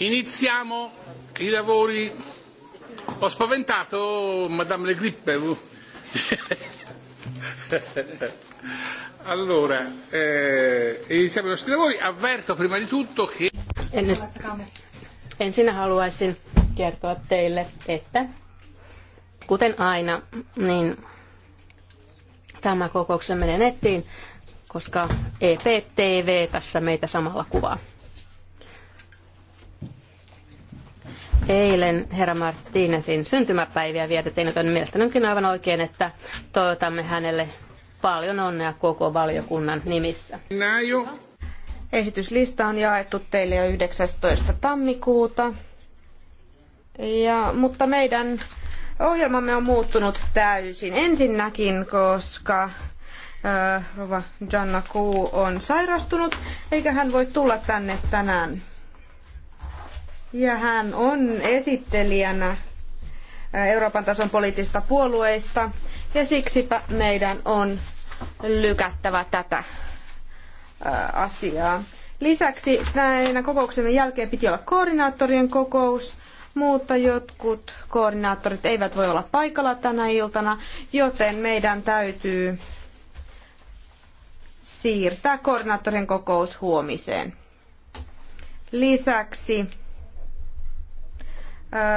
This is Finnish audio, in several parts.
Iniziamo i lavori. Ho spaventato Madame Le Grippe. allora, eh, iniziamo i nostri lavori. Avverto prima di tutto che... ensin haluaisin kertoa teille, että kuten aina, niin tämä kokouksen menee nettiin, koska EPTV tässä meitä samalla kuvaa. Eilen herra Martinezin syntymäpäiviä vietettiin, joten mielestäni onkin aivan oikein, että toivotamme hänelle paljon onnea koko valiokunnan nimissä. Näin Esityslista on jaettu teille jo 19. tammikuuta. Ja, mutta meidän ohjelmamme on muuttunut täysin. Ensinnäkin, koska äh, Janna Kuu on sairastunut, eikä hän voi tulla tänne tänään. Ja hän on esittelijänä Euroopan tason poliittisista puolueista, ja siksipä meidän on lykättävä tätä asiaa. Lisäksi näinä kokouksemme jälkeen piti olla koordinaattorien kokous, mutta jotkut koordinaattorit eivät voi olla paikalla tänä iltana, joten meidän täytyy siirtää koordinaattorien kokous huomiseen. Lisäksi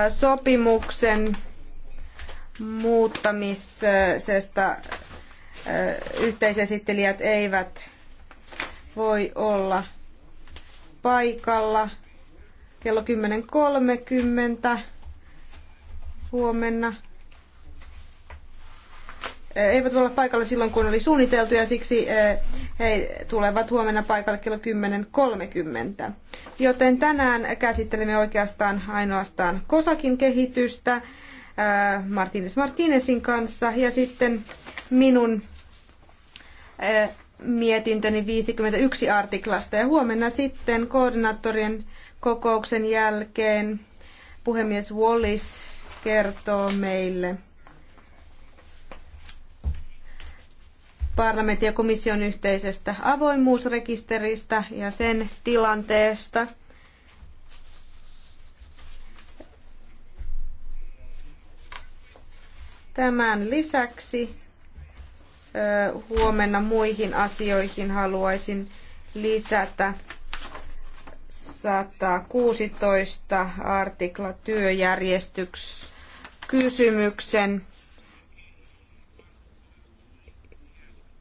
sopimuksen muuttamisesta yhteisesittelijät eivät voi olla paikalla kello 10.30 huomenna eivät voi olla paikalla silloin, kun oli suunniteltu ja siksi eh, he tulevat huomenna paikalle kello 10.30. Joten tänään käsittelemme oikeastaan ainoastaan Kosakin kehitystä eh, Martinez Martinezin kanssa ja sitten minun eh, mietintöni 51 artiklasta ja huomenna sitten koordinaattorien kokouksen jälkeen puhemies Wallis kertoo meille – parlamentin ja komission yhteisestä avoimuusrekisteristä ja sen tilanteesta. Tämän lisäksi huomenna muihin asioihin haluaisin lisätä 116 artikla työjärjestyksen kysymyksen.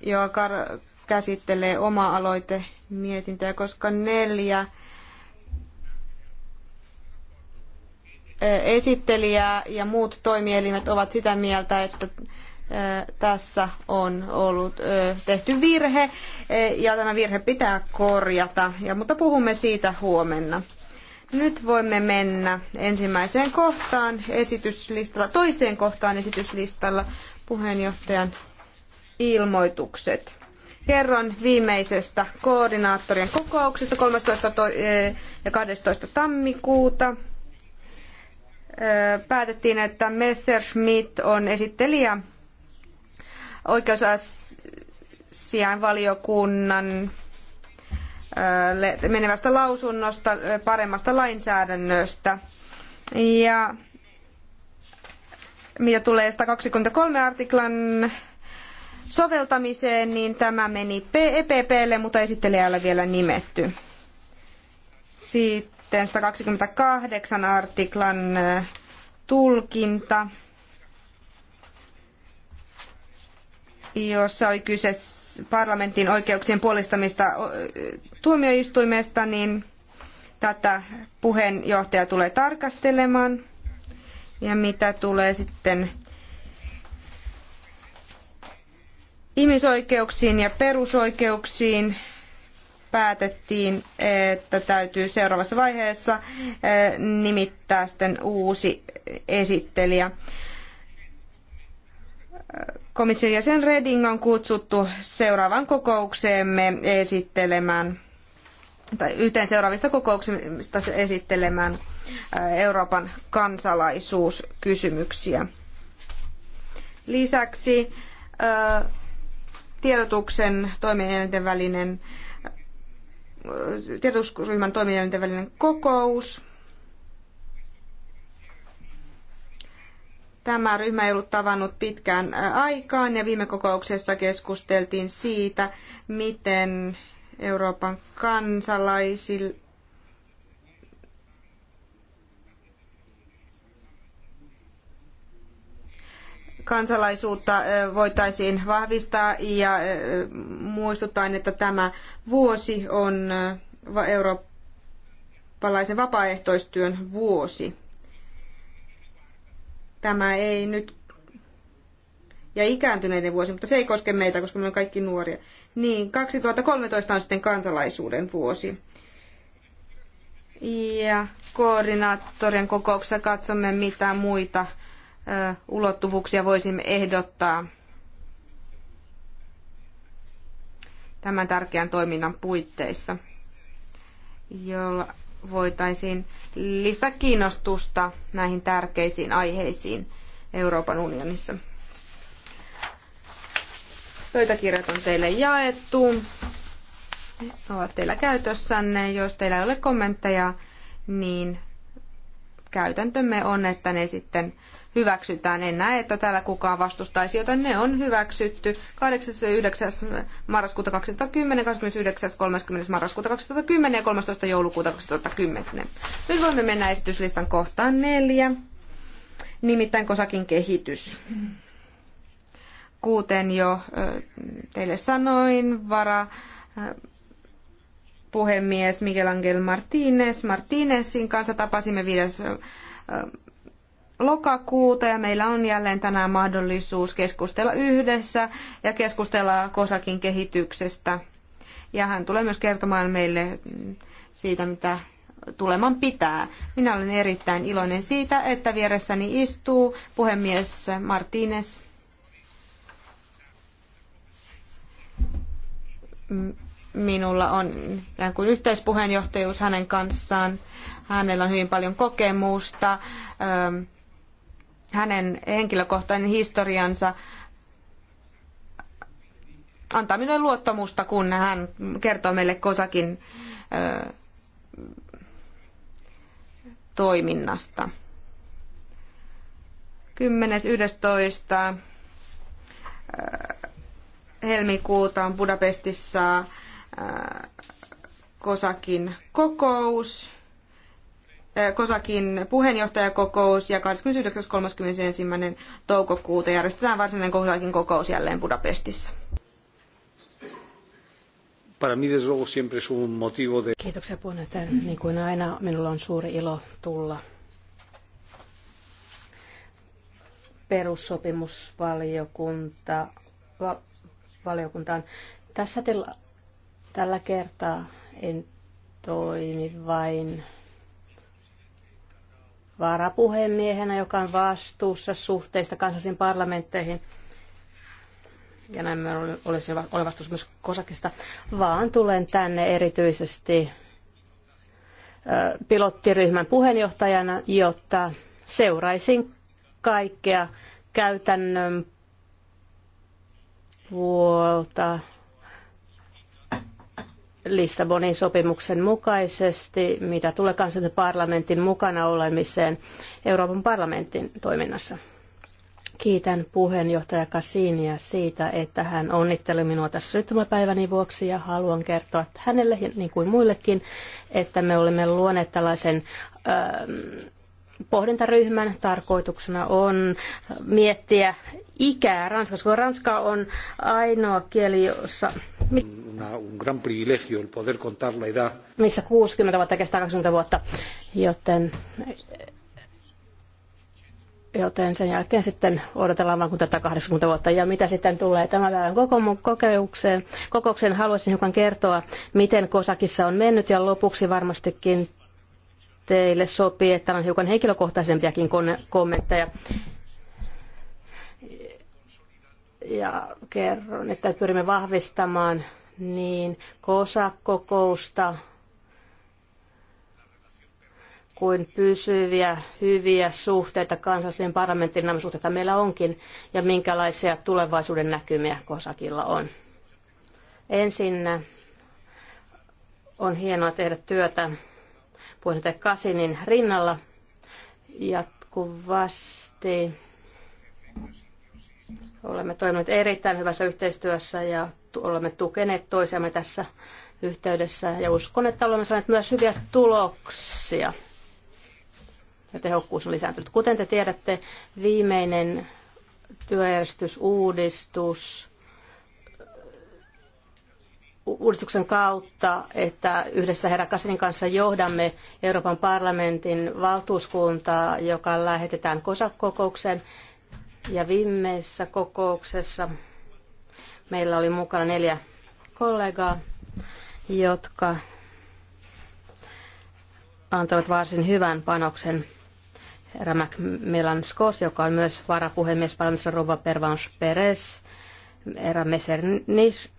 joka käsittelee oma-aloite mietintöä, koska neljä eh, esittelijää ja muut toimielimet ovat sitä mieltä, että eh, tässä on ollut eh, tehty virhe ja tämä virhe pitää korjata, ja, mutta puhumme siitä huomenna. Nyt voimme mennä ensimmäiseen kohtaan esityslistalla, toiseen kohtaan esityslistalla puheenjohtajan ilmoitukset. Kerron viimeisestä koordinaattorien kokouksesta 13. Eh, ja 12. tammikuuta. Eh, päätettiin, että Messerschmitt on esittelijä oikeusasian valiokunnan eh, menevästä lausunnosta paremmasta lainsäädännöstä. Ja mitä tulee 123 artiklan soveltamiseen, niin tämä meni EPPlle, mutta esittelijä ei ole vielä nimetty. Sitten 128 artiklan äh, tulkinta, jossa oli kyse parlamentin oikeuksien puolistamista tuomioistuimesta, niin tätä puheenjohtaja tulee tarkastelemaan. Ja mitä tulee sitten ihmisoikeuksiin ja perusoikeuksiin päätettiin, että täytyy seuraavassa vaiheessa eh, nimittää sitten uusi esittelijä. Komission jäsen Reding on kutsuttu seuraavan kokoukseemme esittelemään tai yhteen seuraavista kokouksista esittelemään eh, Euroopan kansalaisuuskysymyksiä. Lisäksi eh, tiedotuksen toimielinten välinen tiedotusryhmän toimielinten välinen kokous. Tämä ryhmä ei ollut tavannut pitkään aikaan ja viime kokouksessa keskusteltiin siitä, miten Euroopan kansalaisille kansalaisuutta voitaisiin vahvistaa ja muistutan, että tämä vuosi on eurooppalaisen vapaaehtoistyön vuosi. Tämä ei nyt ja ikääntyneiden vuosi, mutta se ei koske meitä, koska me olemme kaikki nuoria. Niin, 2013 on sitten kansalaisuuden vuosi. Ja koordinaattorien kokouksessa katsomme, mitä muita ulottuvuuksia voisimme ehdottaa tämän tärkeän toiminnan puitteissa, jolla voitaisiin lisätä kiinnostusta näihin tärkeisiin aiheisiin Euroopan unionissa. Pöytäkirjat on teille jaettu, ne ovat teillä käytössänne. Jos teillä ei ole kommentteja, niin käytäntömme on, että ne sitten hyväksytään. En näe, että täällä kukaan vastustaisi, joten ne on hyväksytty 8. 9. marraskuuta 2010, 29. marraskuuta 2010 ja 13. joulukuuta 2010. Nyt voimme mennä esityslistan kohtaan neljä, nimittäin Kosakin kehitys. Kuten jo teille sanoin, vara puhemies Miguel Angel Martinez. Martinezin kanssa tapasimme 5 lokakuuta ja meillä on jälleen tänään mahdollisuus keskustella yhdessä ja keskustella Kosakin kehityksestä. Ja hän tulee myös kertomaan meille siitä, mitä tuleman pitää. Minä olen erittäin iloinen siitä, että vieressäni istuu puhemies Martínez. Minulla on ikään kuin yhteispuheenjohtajuus hänen kanssaan. Hänellä on hyvin paljon kokemusta. Ähm, hänen henkilökohtainen historiansa antaa minulle luottamusta, kun hän kertoo meille Kosakin ö, toiminnasta. 10.11. helmikuuta on Budapestissa Kosakin kokous. Kosakin puheenjohtajakokous ja 29.31. toukokuuta järjestetään varsinainen Kosakin kokous jälleen Budapestissa. Kiitoksia puheenjohtaja. Niin kuin aina, minulla on suuri ilo tulla perussopimusvaliokuntaan. Tässä tällä kertaa en toimi vain varapuhemiehenä, joka on vastuussa suhteista kansallisiin parlamentteihin. Ja näin olisi ole vastuussa myös Kosakista, vaan tulen tänne erityisesti pilottiryhmän puheenjohtajana, jotta seuraisin kaikkea käytännön puolta Lissabonin sopimuksen mukaisesti, mitä tulee kansallisen parlamentin mukana olemiseen Euroopan parlamentin toiminnassa. Kiitän puheenjohtaja Kasinia siitä, että hän onnitteli minua tässä syntymäpäiväni vuoksi ja haluan kertoa hänelle, niin kuin muillekin, että me olemme luoneet tällaisen öö, Pohdintaryhmän tarkoituksena on miettiä ikää Ranskassa, koska Ranska on ainoa kieli, jossa missä 60 vuotta kestää 20 vuotta, joten, joten sen jälkeen sitten odotellaan vain kun tätä 80 vuotta. Ja mitä sitten tulee tämän päivän kokoukseen, kokoukseen haluaisin hiukan kertoa, miten Kosakissa on mennyt ja lopuksi varmastikin teille sopii, että on hiukan henkilökohtaisempiakin kommentteja. Ja kerron, että pyrimme vahvistamaan niin kosakokousta kuin pysyviä hyviä suhteita kansallisen parlamentin nämä suhteita meillä onkin ja minkälaisia tulevaisuuden näkymiä kosakilla on. Ensin on hienoa tehdä työtä puheenjohtaja Kasinin rinnalla jatkuvasti. Olemme toimineet erittäin hyvässä yhteistyössä ja olemme tukeneet toisiamme tässä yhteydessä ja uskon, että olemme saaneet myös hyviä tuloksia. Ja tehokkuus on lisääntynyt. Kuten te tiedätte, viimeinen työjärjestysuudistus uudistuksen kautta, että yhdessä herra Kasinin kanssa johdamme Euroopan parlamentin valtuuskuntaa, joka lähetetään COSAC-kokoukseen. Ja viimeisessä kokouksessa meillä oli mukana neljä kollegaa, jotka antoivat varsin hyvän panoksen. Herra Melan Skos, joka on myös varapuhemies parlamentissa Rova Pervans Perez, Era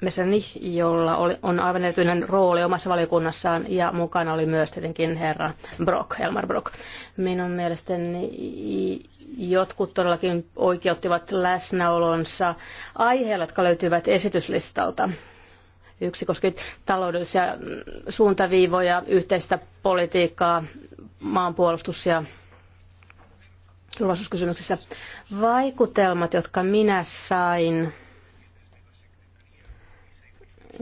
Messernich, jolla oli, on aivan erityinen rooli omassa valiokunnassaan ja mukana oli myös tietenkin herra Brock, Helmar Brock. Minun mielestäni jotkut todellakin oikeuttivat läsnäolonsa aiheella, jotka löytyivät esityslistalta. Yksi koski taloudellisia suuntaviivoja, yhteistä politiikkaa, maanpuolustus ja turvallisuuskysymyksissä. Vaikutelmat, jotka minä sain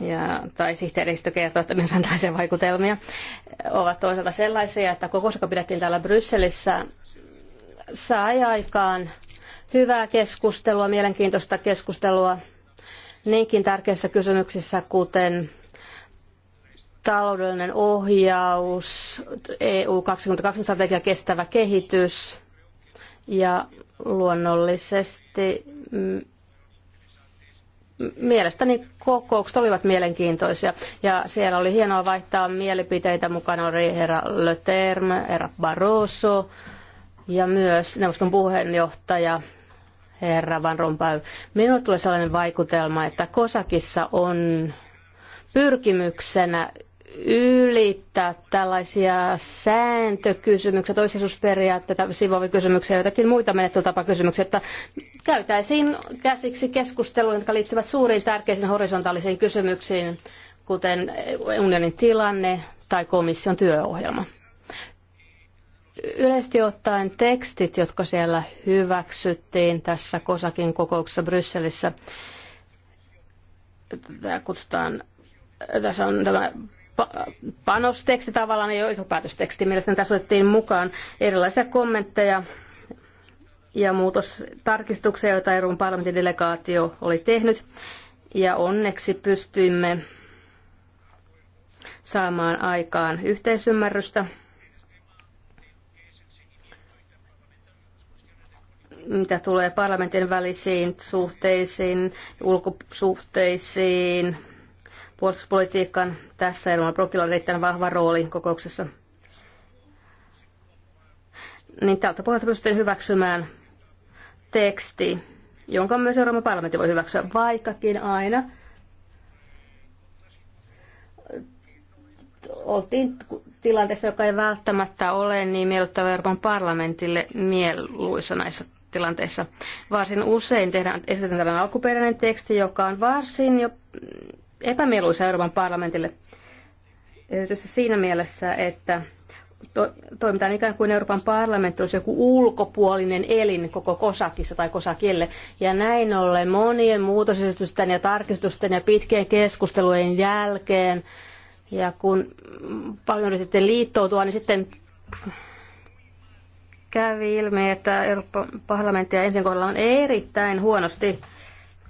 ja, tai sihteeristö kertoo, että minä vaikutelmia, ovat toisaalta sellaisia, että kokous, joka pidettiin täällä Brysselissä, sai aikaan hyvää keskustelua, mielenkiintoista keskustelua niinkin tärkeissä kysymyksissä, kuten taloudellinen ohjaus, EU 2020 strategia kestävä kehitys ja luonnollisesti mm, mielestäni kokoukset olivat mielenkiintoisia ja siellä oli hienoa vaihtaa mielipiteitä. Mukana oli herra Le Terme, herra Barroso ja myös neuvoston puheenjohtaja herra Van Rompuy. Minulle tulee sellainen vaikutelma, että Kosakissa on pyrkimyksenä ylittää tällaisia sääntökysymyksiä, toisisuusperiaatteita, sivuovikysymyksiä, joitakin muita menettelytapakysymyksiä, että käytäisiin käsiksi keskusteluun, jotka liittyvät suuriin tärkeisiin horisontaalisiin kysymyksiin, kuten unionin tilanne tai komission työohjelma. Yleisesti ottaen tekstit, jotka siellä hyväksyttiin tässä Kosakin kokouksessa Brysselissä, tämä kutsutaan, tässä on tämä panosteksti tavallaan ei ole Mielestäni tässä otettiin mukaan erilaisia kommentteja ja muutostarkistuksia, joita Euroopan parlamentin delegaatio oli tehnyt. Ja onneksi pystyimme saamaan aikaan yhteisymmärrystä. mitä tulee parlamentin välisiin suhteisiin, ulkosuhteisiin, puolustuspolitiikkaan. Tässä Elmar Brokilla on erittäin vahva rooli kokouksessa. Niin tältä pohjalta pystyttiin hyväksymään teksti, jonka myös Euroopan parlamentti voi hyväksyä, vaikkakin aina oltiin tilanteessa, joka ei välttämättä ole niin miellyttävä Euroopan parlamentille mieluisa näissä tilanteissa. Varsin usein tehdään, esitetään tällainen alkuperäinen teksti, joka on varsin jo epämieluisa Euroopan parlamentille, erityisesti siinä mielessä, että to, toimitaan ikään kuin Euroopan parlamentti olisi joku ulkopuolinen elin koko kosakissa tai kosakille. Ja näin ollen monien muutosesitysten ja tarkistusten ja pitkien keskustelujen jälkeen, ja kun paljon sitten liittoutua, niin sitten kävi ilmi, että Euroopan parlamenttia ensin kohdalla on erittäin huonosti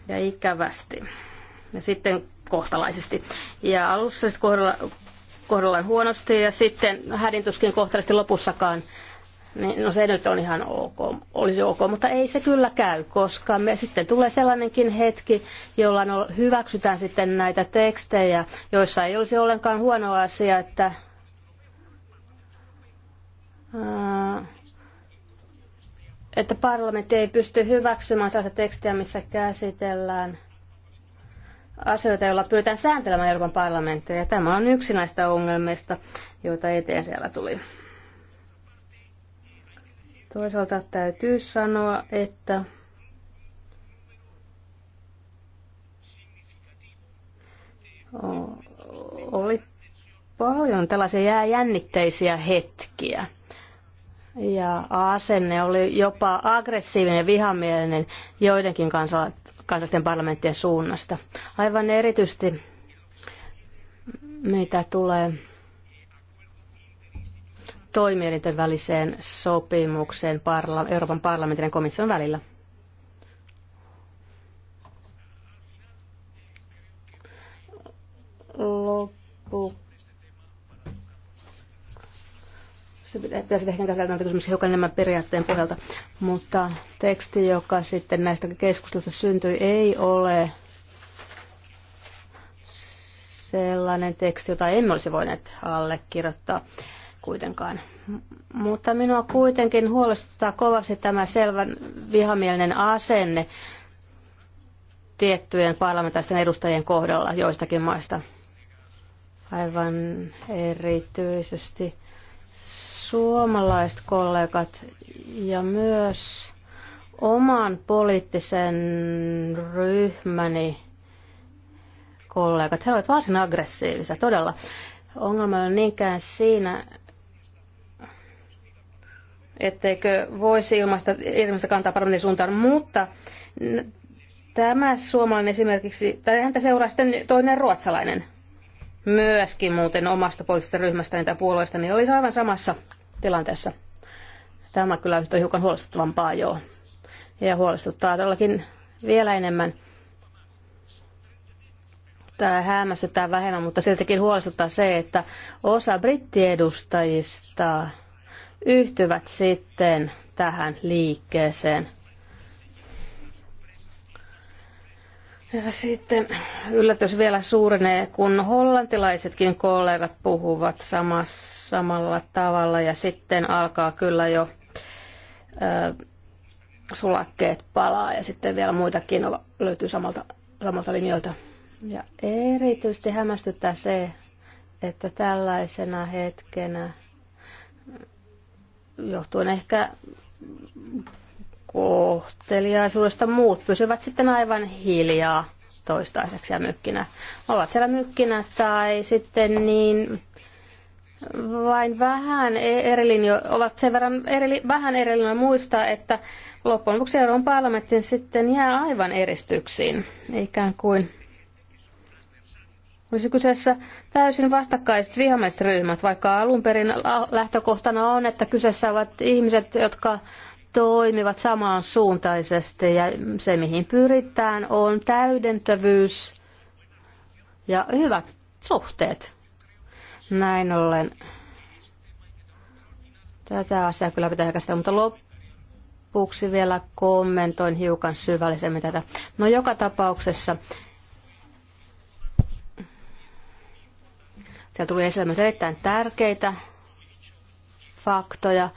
ja ikävästi. Ja sitten kohtalaisesti. Ja alussa kohdalla, kohdellaan huonosti ja sitten tuskin kohtalaisesti lopussakaan. Niin, no se nyt on ihan ok, olisi ok, mutta ei se kyllä käy, koska me sitten tulee sellainenkin hetki, jolla no, hyväksytään sitten näitä tekstejä, joissa ei olisi ollenkaan huono asia, että että parlamentti ei pysty hyväksymään sellaista tekstiä, missä käsitellään – asioita, joilla pyritään sääntelemään Euroopan parlamentteja. Tämä on yksi näistä ongelmista, joita eteen siellä tuli. Toisaalta täytyy sanoa, että oli paljon tällaisia jännitteisiä hetkiä. Ja asenne oli jopa aggressiivinen ja vihamielinen joidenkin kansallisten parlamenttien suunnasta. Aivan erityisesti mitä tulee toimielinten väliseen sopimukseen parla- Euroopan parlamentin ja komission välillä. Lopuksi se pitäisi ehkä käsitellä näitä kysymyksiä hiukan enemmän periaatteen pohjalta, mutta teksti, joka sitten näistä keskustelusta syntyi, ei ole sellainen teksti, jota emme olisi voineet allekirjoittaa kuitenkaan. Mutta minua kuitenkin huolestuttaa kovasti tämä selvän vihamielinen asenne tiettyjen parlamentaisten edustajien kohdalla joistakin maista. Aivan erityisesti suomalaiset kollegat ja myös oman poliittisen ryhmäni kollegat, he olivat varsin aggressiivisia, todella. Ongelma on niinkään siinä, etteikö voisi ilmaista, ilmaista kantaa paremmin suuntaan, mutta tämä suomalainen esimerkiksi, tai häntä seuraa sitten toinen ruotsalainen myöskin muuten omasta poliittisesta ryhmästä tai puolueestani, niin olisi aivan samassa tilanteessa. Tämä kyllä on hiukan huolestuttavampaa joo. Ja huolestuttaa todellakin vielä enemmän. Tämä hämmästyttää vähemmän, mutta siltikin huolestuttaa se, että osa brittiedustajista yhtyvät sitten tähän liikkeeseen – Ja sitten yllätys vielä suurenee, kun hollantilaisetkin kollegat puhuvat samassa, samalla tavalla ja sitten alkaa kyllä jo ö, sulakkeet palaa ja sitten vielä muitakin löytyy samalta, samalta linjoilta. Ja erityisesti hämmästyttää se, että tällaisena hetkenä johtuen ehkä kohteliaisuudesta muut pysyvät sitten aivan hiljaa toistaiseksi ja mykkinä. Ovat siellä mykkinä tai sitten niin vain vähän e- eri linjo, ovat sen verran eri, vähän eri muistaa, että loppujen lopuksi Euroopan parlamentin sitten jää aivan eristyksiin, ikään kuin olisi kyseessä täysin vastakkaiset vihamaiset ryhmät, vaikka alun perin lähtökohtana on, että kyseessä ovat ihmiset, jotka toimivat samansuuntaisesti suuntaisesti ja se mihin pyritään on täydentävyys ja hyvät suhteet. Näin ollen tätä asiaa kyllä pitää käsitellä, mutta lopuksi vielä kommentoin hiukan syvällisemmin tätä. No joka tapauksessa siellä tuli esille myös erittäin tärkeitä faktoja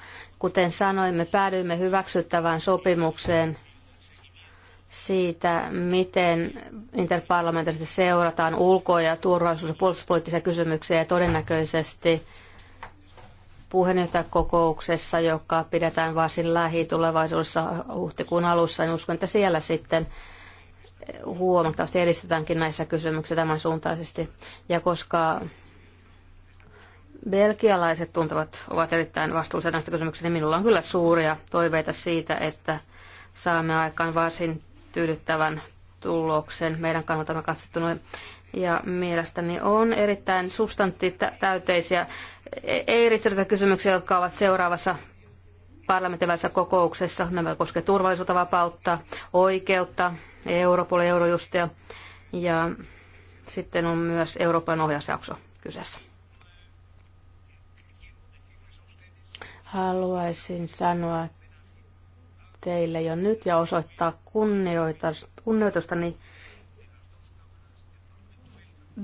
Kuten sanoimme, päädyimme hyväksyttävään sopimukseen siitä, miten interparlamentaarisesti seurataan ulko- ja turvallisuus- ja puolustuspoliittisia kysymyksiä ja todennäköisesti puheenjohtajakokouksessa, joka pidetään varsin lähitulevaisuudessa huhtikuun alussa, niin uskon, että siellä sitten huomattavasti edistetäänkin näissä kysymyksissä tämän suuntaisesti. Ja koska belgialaiset tuntuvat ovat erittäin vastuullisia näistä kysymyksistä, niin minulla on kyllä suuria toiveita siitä, että saamme aikaan varsin tyydyttävän tuloksen meidän kannaltamme katsottuna. Ja mielestäni on erittäin substanssitäyteisiä, ei ristiriitaisia kysymyksiä, jotka ovat seuraavassa parlamentin kokouksessa. Nämä koskevat turvallisuutta, vapautta, oikeutta, Europol, Eurojustia ja sitten on myös Euroopan ohjausjakso kyseessä. Haluaisin sanoa teille jo nyt ja osoittaa kunnioitustani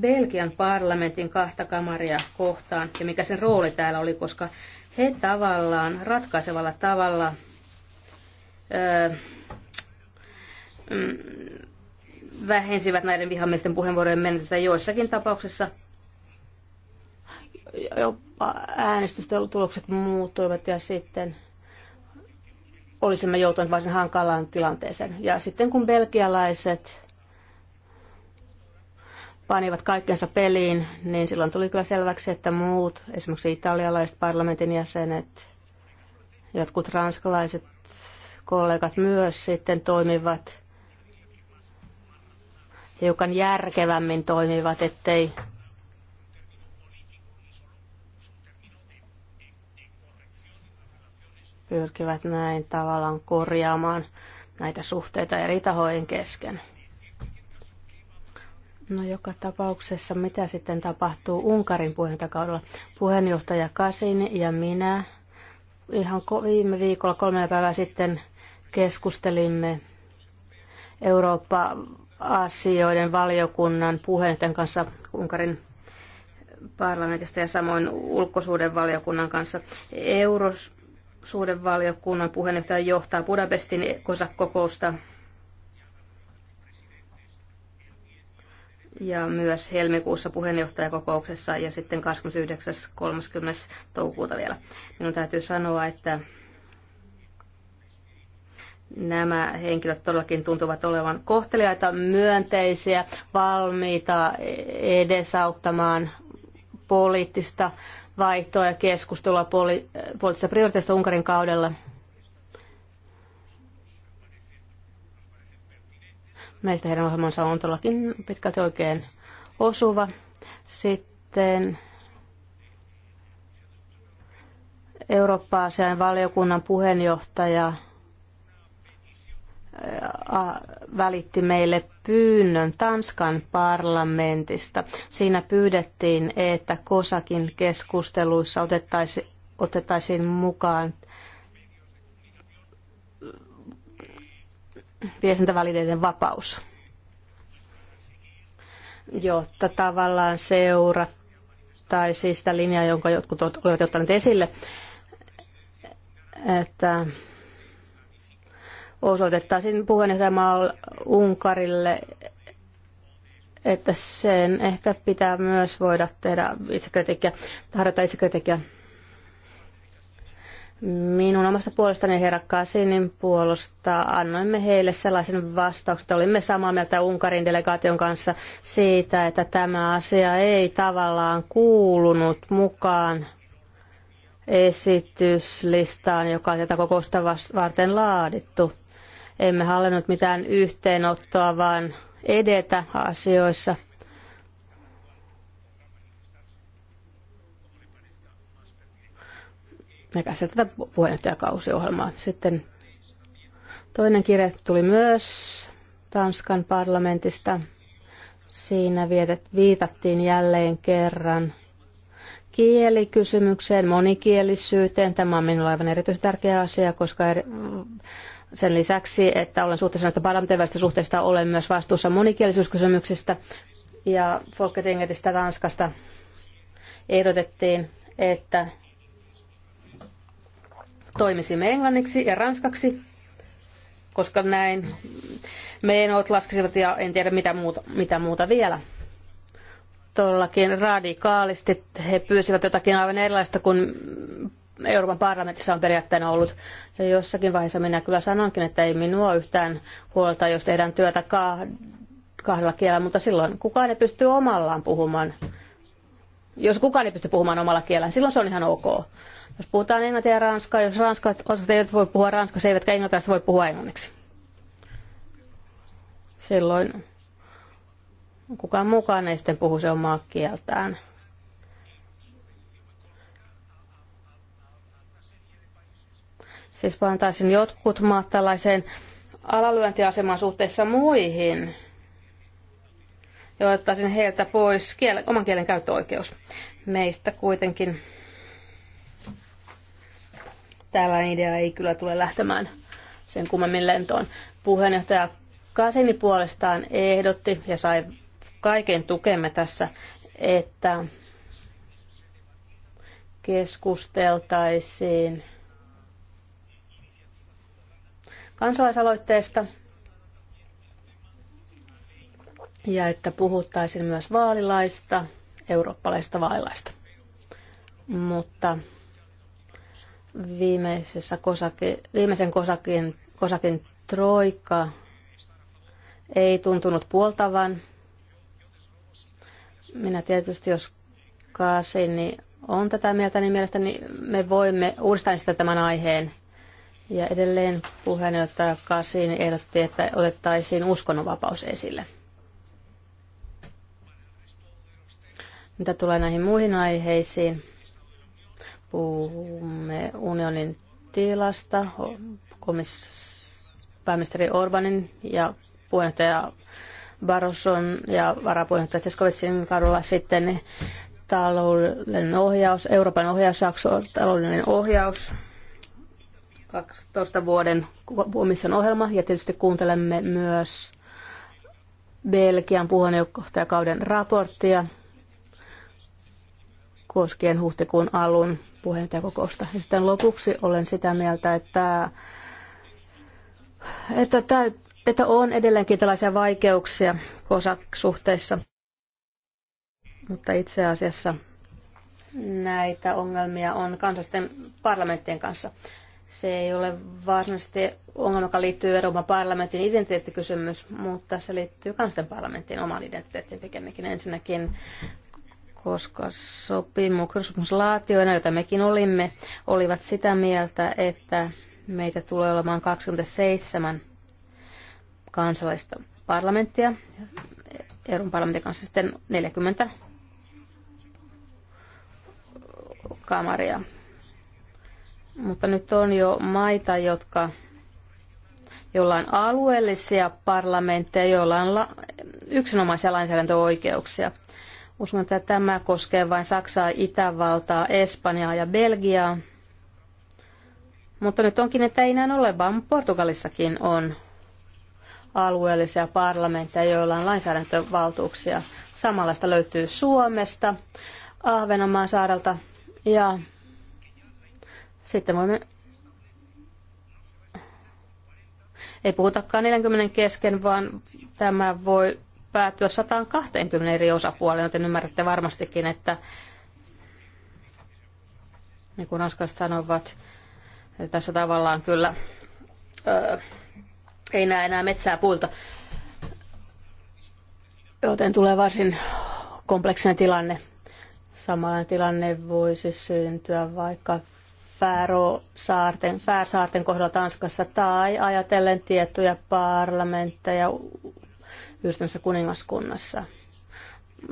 Belgian parlamentin kahta kamaria kohtaan ja mikä sen rooli täällä oli, koska he tavallaan ratkaisevalla tavalla öö, mm, vähensivät näiden vihamielisten puheenvuorojen mennessä joissakin tapauksissa jopa äänestystulokset muuttuivat ja sitten olisimme joutuneet varsin hankalaan tilanteeseen. Ja sitten kun belgialaiset panivat kaikkensa peliin, niin silloin tuli kyllä selväksi, että muut, esimerkiksi italialaiset parlamentin jäsenet, jotkut ranskalaiset kollegat myös sitten toimivat hiukan järkevämmin toimivat, ettei pyrkivät näin tavallaan korjaamaan näitä suhteita eri tahojen kesken. No joka tapauksessa, mitä sitten tapahtuu Unkarin puheenjohtajakaudella? Puheenjohtaja Kasin ja minä ihan viime viikolla kolme päivää sitten keskustelimme Eurooppa-asioiden valiokunnan puheenjohtajan kanssa Unkarin parlamentista ja samoin ulkosuuden valiokunnan kanssa. Euros, valiokunnan puheenjohtaja johtaa Budapestin kosakokousta ja myös helmikuussa puheenjohtajakokouksessa ja sitten 29.30. toukokuuta vielä. Minun täytyy sanoa, että nämä henkilöt todellakin tuntuvat olevan kohteliaita, myönteisiä, valmiita e- edesauttamaan poliittista vaihtoa ja keskustelua poli- poliittisista prioriteista Unkarin kaudella. Meistä heidän ohjelmansa on todellakin pitkälti oikein osuva. Sitten Eurooppa-asian valiokunnan puheenjohtaja – välitti meille pyynnön Tanskan parlamentista. Siinä pyydettiin, että Kosakin keskusteluissa otettaisiin, otettaisiin mukaan viestintävälineiden vapaus, jotta tavallaan seurattaisiin sitä linjaa, jonka jotkut olivat ottaneet esille, että osoitettaisiin puheenjohtajamaa Unkarille, että sen ehkä pitää myös voida tehdä itsekritiikkiä, harjoittaa itsekritiikkiä. Minun omasta puolestani herra Kasinin puolusta annoimme heille sellaisen vastauksen, että olimme samaa mieltä Unkarin delegaation kanssa siitä, että tämä asia ei tavallaan kuulunut mukaan esityslistaan, joka on tätä kokousta varten laadittu. Emme hallinnut mitään yhteenottoa, vaan edetä asioissa. Me käsitellään tätä puheenjohtajakausiohjelmaa. Sitten toinen kirja tuli myös Tanskan parlamentista. Siinä vietet, viitattiin jälleen kerran kielikysymykseen, monikielisyyteen. Tämä on minulle aivan erityisen tärkeä asia, koska eri, sen lisäksi, että olen suhteessa näistä parlamentin suhteista, olen myös vastuussa monikielisyyskysymyksistä ja Folketingetistä Tanskasta ehdotettiin, että toimisimme englanniksi ja ranskaksi, koska näin meenot laskisivat ja en tiedä mitä muuta, mitä muuta vielä. Todellakin radikaalisti he pyysivät jotakin aivan erilaista kuin Euroopan parlamentissa on periaatteena ollut. Ja jossakin vaiheessa minä kyllä sanonkin, että ei minua yhtään huolta, jos tehdään työtä kahdella kielellä, mutta silloin kukaan ei pysty omallaan puhumaan. Jos kukaan ei pysty puhumaan omalla kielellä, silloin se on ihan ok. Jos puhutaan englantia ja ranskaa, jos ranskat osat eivät voi puhua ranskaa, se eivätkä englantia, voi puhua englanniksi. Silloin kukaan mukaan ei sitten puhu se omaa kieltään Siis pantaisin jotkut maat tällaiseen alalyöntiasemaan suhteessa muihin ja ottaisin heiltä pois kielen, oman kielen käyttöoikeus. Meistä kuitenkin tällainen idea ei kyllä tule lähtemään sen kummemmin lentoon. Puheenjohtaja Kasini puolestaan ehdotti ja sai kaiken tukemme tässä, että keskusteltaisiin kansalaisaloitteesta ja että puhuttaisiin myös vaalilaista, eurooppalaista vaalilaista. Mutta viimeisessä kosake, viimeisen kosakin, kosakin troika ei tuntunut puoltavan. Minä tietysti, jos niin on tätä mieltä, niin mielestäni me voimme uudistaa sitä tämän aiheen ja edelleen puheenjohtaja Kasin ehdotti, että otettaisiin uskonnonvapaus esille. Mitä tulee näihin muihin aiheisiin, puhumme unionin tilasta, pääministeri Orbanin ja puheenjohtaja Barroson ja varapuheenjohtaja Tseskovitsin kadulla sitten talouden ohjaus, Euroopan ohjausjakso, taloudellinen ohjaus 12 vuoden komission ohjelma ja tietysti kuuntelemme myös Belgian puheenjohtajakauden raporttia koskien huhtikuun alun puheenjohtajakokousta. Ja sitten lopuksi olen sitä mieltä, että, että, että on edelleenkin tällaisia vaikeuksia kosaksuhteissa, mutta itse asiassa näitä ongelmia on kansallisten parlamenttien kanssa. Se ei ole varsinaisesti ongelma, joka liittyy Euroopan parlamentin identiteettikysymys, mutta se liittyy kansan parlamentin oman identiteettiin pikemminkin ensinnäkin koska sopimuslaatioina, joita mekin olimme, olivat sitä mieltä, että meitä tulee olemaan 27 kansallista parlamenttia, Euroopan parlamentin kanssa sitten 40 kamaria mutta nyt on jo maita, jotka joilla on alueellisia parlamentteja, joilla on la- yksinomaisia lainsäädäntöoikeuksia. Uskon, että tämä koskee vain Saksaa, Itävaltaa, Espanjaa ja Belgiaa. Mutta nyt onkin, että ei näin ole, vaan Portugalissakin on alueellisia parlamentteja, joilla on lainsäädäntövaltuuksia. Samanlaista löytyy Suomesta, Ahvenanmaan saarelta ja sitten voimme ei puhutakaan 40 kesken, vaan tämä voi päätyä 120 eri osapuoleen, joten ymmärrätte varmastikin, että niin kuin ranskalaiset sanovat, tässä tavallaan kyllä öö, ei näe enää metsää puilta, joten tulee varsin kompleksinen tilanne. Samanlainen tilanne voisi syntyä vaikka Fääro-saarten, Fäärsaarten kohdalla Tanskassa tai ajatellen tiettyjä parlamentteja yhdistämässä kuningaskunnassa.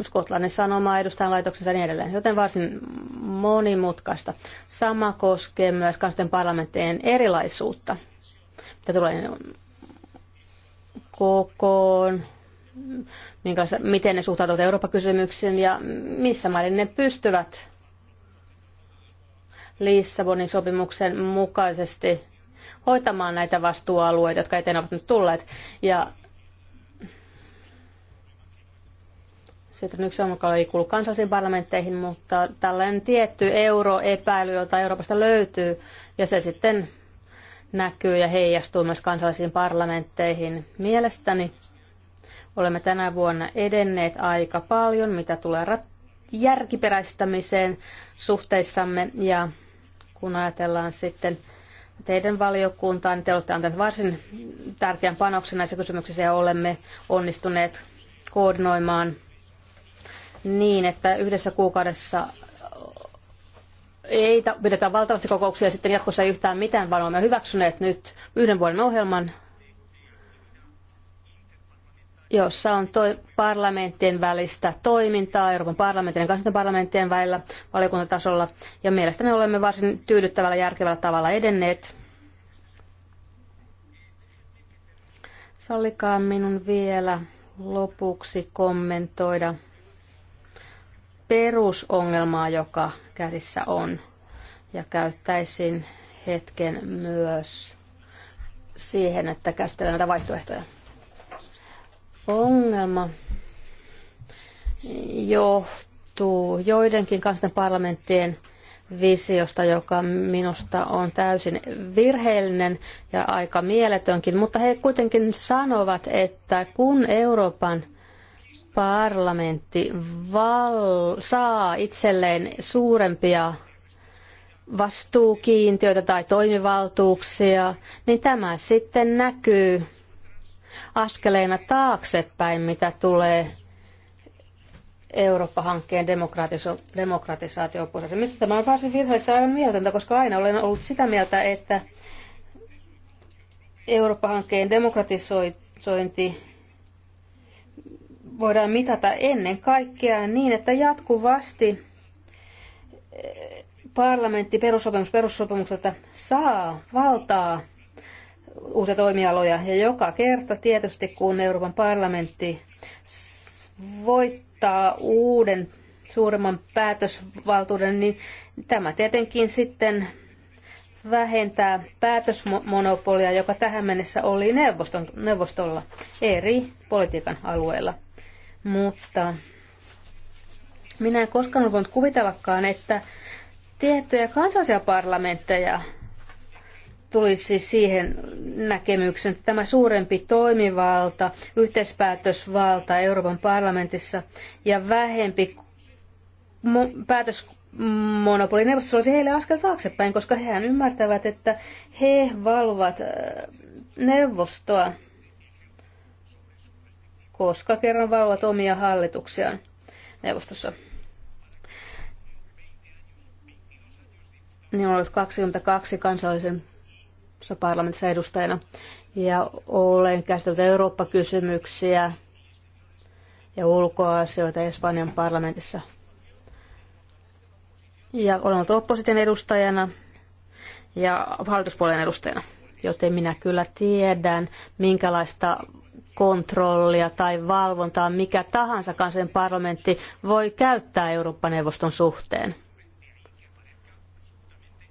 Skotlannin sanoma edustajan laitoksessa ja niin edelleen, joten varsin monimutkaista. Sama koskee myös kansallisten parlamenttien erilaisuutta, mitä tulee kokoon, miten ne suhtautuvat Euroopan kysymyksiin ja missä määrin ne pystyvät Lissabonin sopimuksen mukaisesti hoitamaan näitä vastuualueita, jotka eteen ovat nyt tulleet. Ja sitten yksi on, ei kuulu kansallisiin parlamentteihin, mutta tällainen tietty euroepäily, jota Euroopasta löytyy, ja se sitten näkyy ja heijastuu myös kansallisiin parlamentteihin. Mielestäni olemme tänä vuonna edenneet aika paljon, mitä tulee järkiperäistämiseen suhteissamme, ja kun ajatellaan sitten teidän valiokuntaa, niin te olette antaneet varsin tärkeän panoksen näissä kysymyksissä ja olemme onnistuneet koordinoimaan niin, että yhdessä kuukaudessa ei pidetä valtavasti kokouksia sitten jatkossa ei yhtään mitään, vaan olemme hyväksyneet nyt yhden vuoden ohjelman jossa on toi parlamenttien välistä toimintaa Euroopan parlamentin ja kansallisten parlamenttien välillä valiokuntatasolla. Ja mielestäni olemme varsin tyydyttävällä järkevällä tavalla edenneet. Sallikaa minun vielä lopuksi kommentoida perusongelmaa, joka käsissä on. Ja käyttäisin hetken myös siihen, että käsitellään näitä vaihtoehtoja. Ongelma johtuu joidenkin kansan parlamenttien visiosta, joka minusta on täysin virheellinen ja aika mieletönkin, mutta he kuitenkin sanovat, että kun Euroopan parlamentti val- saa itselleen suurempia vastuukiintiöitä tai toimivaltuuksia, niin tämä sitten näkyy askeleena taaksepäin, mitä tulee Eurooppa-hankkeen demokratisaatioprosessi. Mistä tämä on varsin virheellistä aivan mieltä, koska aina olen ollut sitä mieltä, että Eurooppa-hankkeen demokratisointi voidaan mitata ennen kaikkea niin, että jatkuvasti parlamentti perussopimus perussopimukselta saa valtaa uusia toimialoja. Ja joka kerta tietysti, kun Euroopan parlamentti voittaa uuden suuremman päätösvaltuuden, niin tämä tietenkin sitten vähentää päätösmonopolia, joka tähän mennessä oli neuvoston, neuvostolla eri politiikan alueilla. Mutta minä en koskaan voinut kuvitellakaan, että tiettyjä kansallisia parlamentteja tulisi siihen näkemyksen, että tämä suurempi toimivalta, yhteispäätösvalta Euroopan parlamentissa ja vähempi päätös monopolineuvostossa olisi heille askel taaksepäin, koska hehän ymmärtävät, että he valvovat äh, neuvostoa, koska kerran valvovat omia hallituksiaan neuvostossa. Niin on ollut 22 kansallisen parlamentissa edustajana. Ja olen käsitellyt Eurooppa-kysymyksiä ja ulkoasioita Espanjan parlamentissa. Ja olen ollut opposition edustajana ja hallituspuolen edustajana, joten minä kyllä tiedän, minkälaista kontrollia tai valvontaa mikä tahansa kansallinen parlamentti voi käyttää Eurooppa-neuvoston suhteen.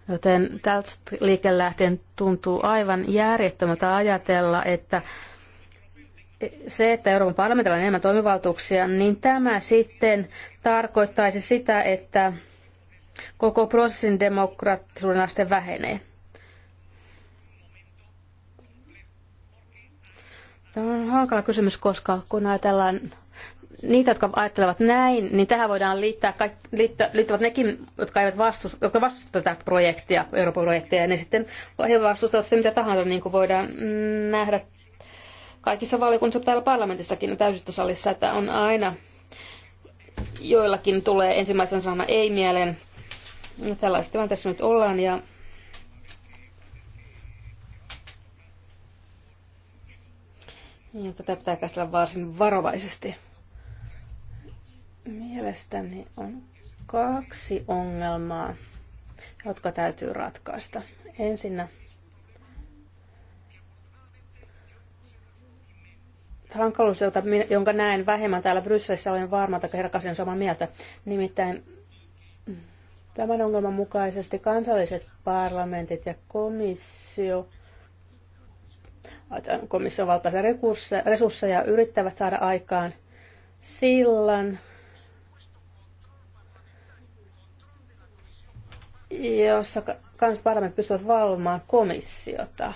Joten tältä liikelähteen tuntuu aivan järjettömältä ajatella, että se, että Euroopan parlamentilla on enemmän toimivaltuuksia, niin tämä sitten tarkoittaisi sitä, että koko prosessin demokraattisuuden aste vähenee. Tämä on hankala kysymys, koska kun ajatellaan niitä, jotka ajattelevat näin, niin tähän voidaan liittää kaikki, liittävät nekin, jotka eivät vastusta, jotka vastustavat tätä projektia, Euroopan projektia, ja ne sitten he vastustavat sitä mitä tahansa, niin kuin voidaan mm, nähdä kaikissa valiokunnissa täällä parlamentissakin täysistösalissa, että on aina joillakin tulee ensimmäisen sana ei mieleen. No, tällaisessa tilanteessa nyt ollaan ja Ja tätä pitää käsitellä varsin varovaisesti. Mielestäni on kaksi ongelmaa, jotka täytyy ratkaista. Ensinnä hankaluus, jota, jonka näen vähemmän täällä Brysselissä, olen varma, että herra samaa mieltä. Nimittäin tämän ongelman mukaisesti kansalliset parlamentit ja komissio äh, komission valtaisia resursseja yrittävät saada aikaan sillan jossa kansalaiset pystyvät valvomaan komissiota.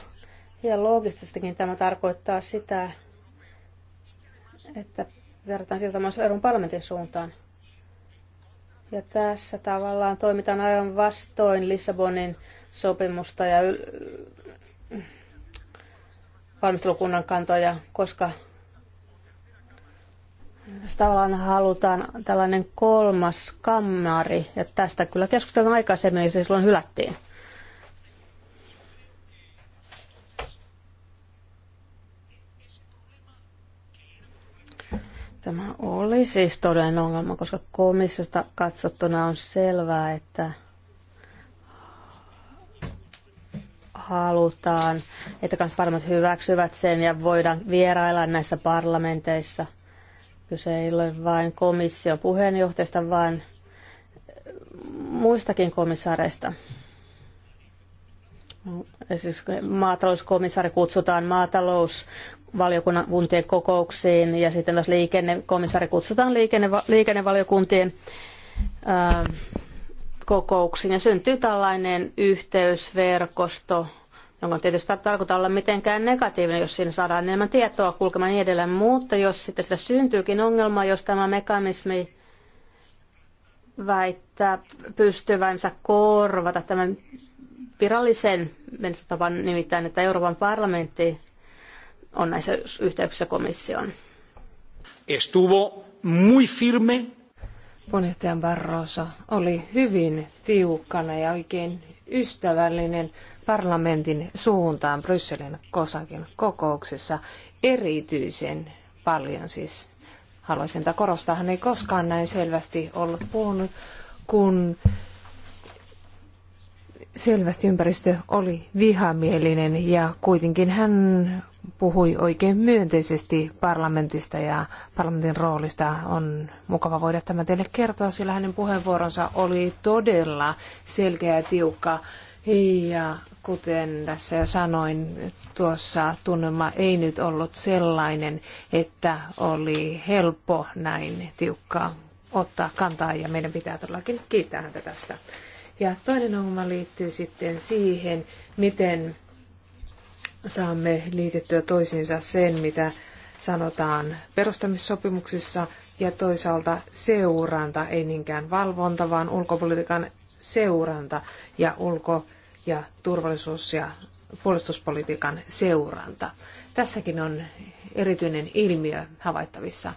Ja loogistisestikin tämä tarkoittaa sitä, että verrataan siltä myös Euroopan parlamentin suuntaan. Ja tässä tavallaan toimitaan aivan vastoin Lissabonin sopimusta ja valmistelukunnan kantoja, koska Siis tavallaan halutaan tällainen kolmas kammari, ja tästä kyllä keskustellaan aikaisemmin, ja se silloin hylättiin. Tämä oli siis todellinen ongelma, koska komissiosta katsottuna on selvää, että halutaan, että kanssa hyväksyvät sen ja voidaan vierailla näissä parlamenteissa – Kyse ei ole vain komission puheenjohtajasta, vaan muistakin komissaareista. Esimerkiksi maatalouskomissaari kutsutaan maatalousvaliokuntien kokouksiin ja sitten taas liikennekomissaari kutsutaan liikenne, liikennevaliokuntien ää, kokouksiin ja syntyy tällainen yhteysverkosto, jonka tietysti tarkoita olla mitenkään negatiivinen, jos siinä saadaan enemmän tietoa kulkemaan niin edelleen. Mutta jos sitten sitä syntyykin ongelma, jos tämä mekanismi väittää pystyvänsä korvata tämän virallisen menetetavan nimittäin, että Euroopan parlamentti on näissä yhteyksissä komission. Estuvo muy firme. Puheenjohtaja Barroso oli hyvin tiukkana ja oikein ystävällinen parlamentin suuntaan Brysselin kosakin kokouksessa erityisen paljon siis. Haluaisin tätä korostaa, hän ei koskaan näin selvästi ollut puhunut, kun selvästi ympäristö oli vihamielinen ja kuitenkin hän puhui oikein myönteisesti parlamentista ja parlamentin roolista. On mukava voida tämä teille kertoa, sillä hänen puheenvuoronsa oli todella selkeä ja tiukka. Ja kuten tässä jo sanoin, tuossa tunnelma ei nyt ollut sellainen, että oli helppo näin tiukkaa ottaa kantaa ja meidän pitää todellakin kiittää häntä tästä. Ja toinen ongelma liittyy sitten siihen, miten saamme liitettyä toisiinsa sen, mitä sanotaan perustamissopimuksissa ja toisaalta seuranta, ei niinkään valvonta, vaan ulkopolitiikan seuranta ja ulko- ja turvallisuus- ja puolustuspolitiikan seuranta. Tässäkin on erityinen ilmiö havaittavissa.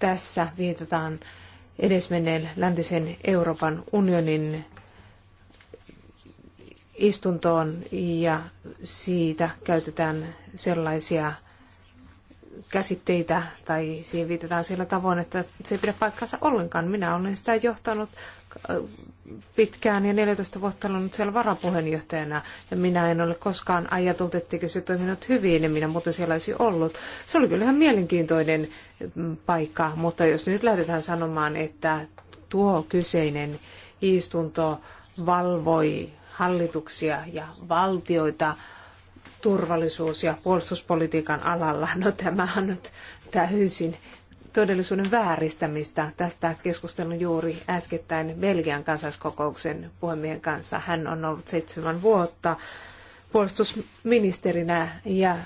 Tässä viitataan edesmenneen läntisen Euroopan unionin istuntoon ja siitä käytetään sellaisia käsitteitä tai siihen viitataan sillä tavoin, että se ei pidä paikkansa ollenkaan. Minä olen sitä johtanut pitkään ja 14 vuotta ollut siellä varapuheenjohtajana ja minä en ole koskaan ajatellut, etteikö se toiminut hyvin ja minä muuten siellä olisi ollut. Se oli kyllähän mielenkiintoinen mm, paikka, mutta jos nyt lähdetään sanomaan, että tuo kyseinen istunto valvoi hallituksia ja valtioita turvallisuus- ja puolustuspolitiikan alalla, no tämä on nyt täysin todellisuuden vääristämistä. Tästä keskustelun juuri äskettäin Belgian kansalliskokouksen puhemiehen kanssa. Hän on ollut seitsemän vuotta puolustusministerinä ja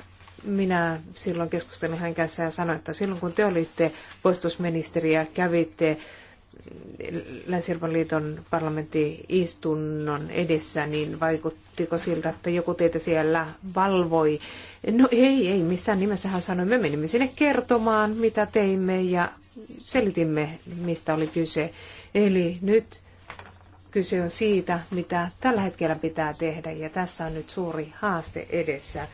minä silloin keskustelin hänen kanssaan ja sanoin, että silloin kun te olitte puolustusministeri ja kävitte länsi liiton parlamenttiistunnon edessä, niin vaikuttiko siltä, että joku teitä siellä valvoi? No ei, ei missään nimessä hän sanoi. Me menimme sinne kertomaan, mitä teimme ja selitimme, mistä oli kyse. Eli nyt kyse on siitä, mitä tällä hetkellä pitää tehdä ja tässä on nyt suuri haaste edessä.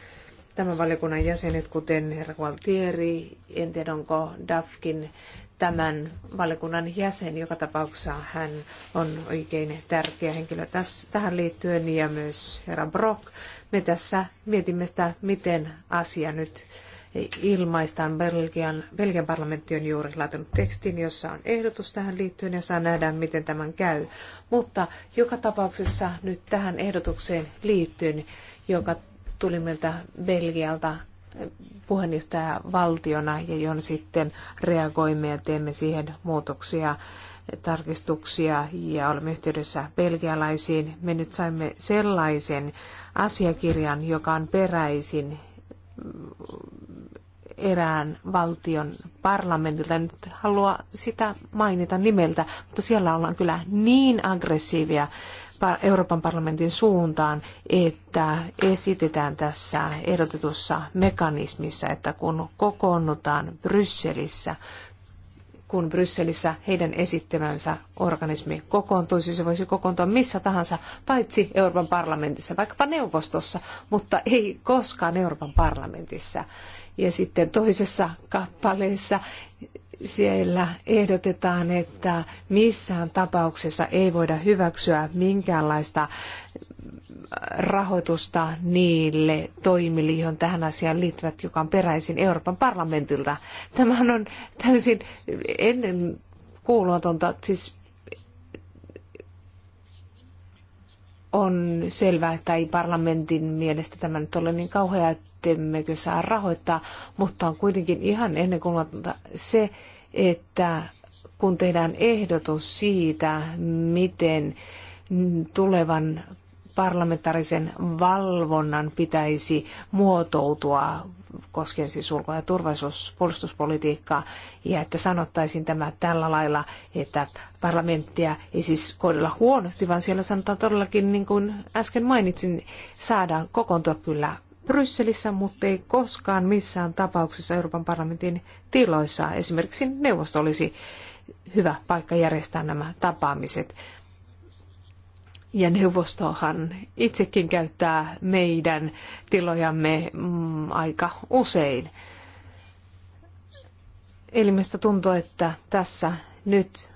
Tämän valiokunnan jäsenet, kuten herra Gualtieri, en tiedä onko DAFkin tämän valiokunnan jäsen. Joka tapauksessa hän on oikein tärkeä henkilö tässä, tähän liittyen ja myös herra Brock. Me tässä mietimme sitä, miten asia nyt ilmaistaan. Belgian, Belgian parlamentti on juuri laatinut tekstin, jossa on ehdotus tähän liittyen ja saa nähdä, miten tämän käy. Mutta joka tapauksessa nyt tähän ehdotukseen liittyen, joka tuli meiltä Belgialta, puheenjohtajavaltiona, ja johon sitten reagoimme ja teemme siihen muutoksia, tarkistuksia ja olemme yhteydessä belgialaisiin. Me nyt saimme sellaisen asiakirjan, joka on peräisin erään valtion parlamentilta. En nyt halua sitä mainita nimeltä, mutta siellä ollaan kyllä niin aggressiivia Euroopan parlamentin suuntaan, että esitetään tässä ehdotetussa mekanismissa, että kun kokoonnutaan Brysselissä, kun Brysselissä heidän esittämänsä organismi kokoontuisi, se voisi kokoontua missä tahansa, paitsi Euroopan parlamentissa, vaikkapa neuvostossa, mutta ei koskaan Euroopan parlamentissa. Ja sitten toisessa kappaleessa siellä ehdotetaan, että missään tapauksessa ei voida hyväksyä minkäänlaista rahoitusta niille toimille, johon tähän asiaan liittyvät, joka on peräisin Euroopan parlamentilta. Tämä on täysin ennen kuulumatonta, siis on selvää, että ei parlamentin mielestä tämä nyt ole niin kauhea, ettemmekö saa rahoittaa, mutta on kuitenkin ihan ennen kuulumatonta se, että kun tehdään ehdotus siitä, miten tulevan parlamentaarisen valvonnan pitäisi muotoutua koskien siis ulko- ja turvallisuuspuolustuspolitiikkaa, ja että sanottaisiin tämä tällä lailla, että parlamenttia ei siis kohdella huonosti, vaan siellä sanotaan todellakin, niin kuin äsken mainitsin, saadaan kokoontua kyllä Brysselissä, mutta ei koskaan missään tapauksessa Euroopan parlamentin tiloissa. Esimerkiksi neuvosto olisi hyvä paikka järjestää nämä tapaamiset. Ja neuvostohan itsekin käyttää meidän tilojamme mm, aika usein. Eli minusta tuntuu, että tässä nyt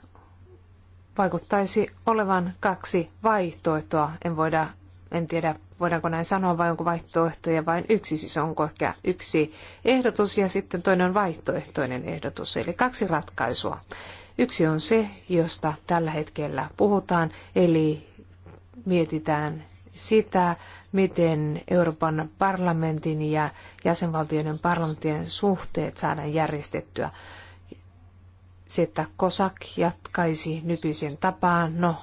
vaikuttaisi olevan kaksi vaihtoehtoa. En voida en tiedä, voidaanko näin sanoa vai onko vaihtoehtoja vain yksi, siis onko ehkä yksi ehdotus ja sitten toinen on vaihtoehtoinen ehdotus, eli kaksi ratkaisua. Yksi on se, josta tällä hetkellä puhutaan, eli mietitään sitä, miten Euroopan parlamentin ja jäsenvaltioiden parlamenttien suhteet saadaan järjestettyä. Se, että COSAC jatkaisi nykyisen tapaan, no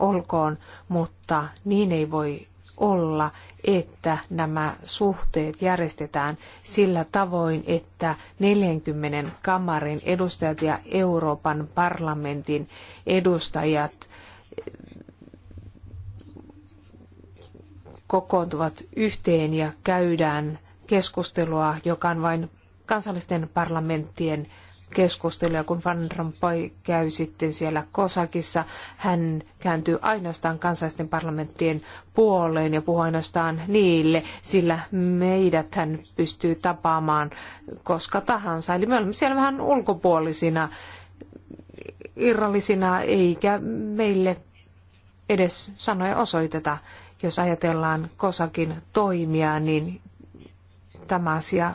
olkoon, mutta niin ei voi olla, että nämä suhteet järjestetään sillä tavoin, että 40 kamarin edustajat ja Euroopan parlamentin edustajat eh, kokoontuvat yhteen ja käydään keskustelua, joka on vain kansallisten parlamenttien keskusteluja, kun Van Rompuy käy sitten siellä Kosakissa. Hän kääntyy ainoastaan kansallisten parlamenttien puoleen ja puhuu ainoastaan niille, sillä meidät hän pystyy tapaamaan koska tahansa. Eli me olemme siellä vähän ulkopuolisina, irrallisina, eikä meille edes sanoja osoiteta. Jos ajatellaan Kosakin toimia, niin tämä asia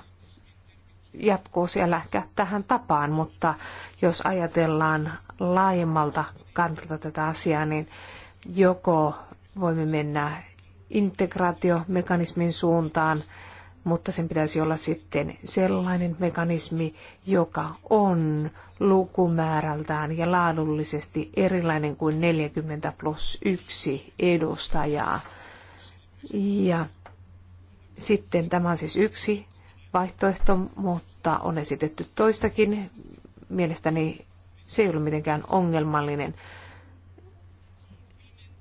jatkuu siellä ehkä tähän tapaan, mutta jos ajatellaan laajemmalta kantilta tätä asiaa, niin joko voimme mennä integraatiomekanismin suuntaan, mutta sen pitäisi olla sitten sellainen mekanismi, joka on lukumäärältään ja laadullisesti erilainen kuin 40 plus 1 edustajaa. Ja sitten tämä on siis yksi vaihtoehto, mutta on esitetty toistakin. Mielestäni se ei ole mitenkään ongelmallinen.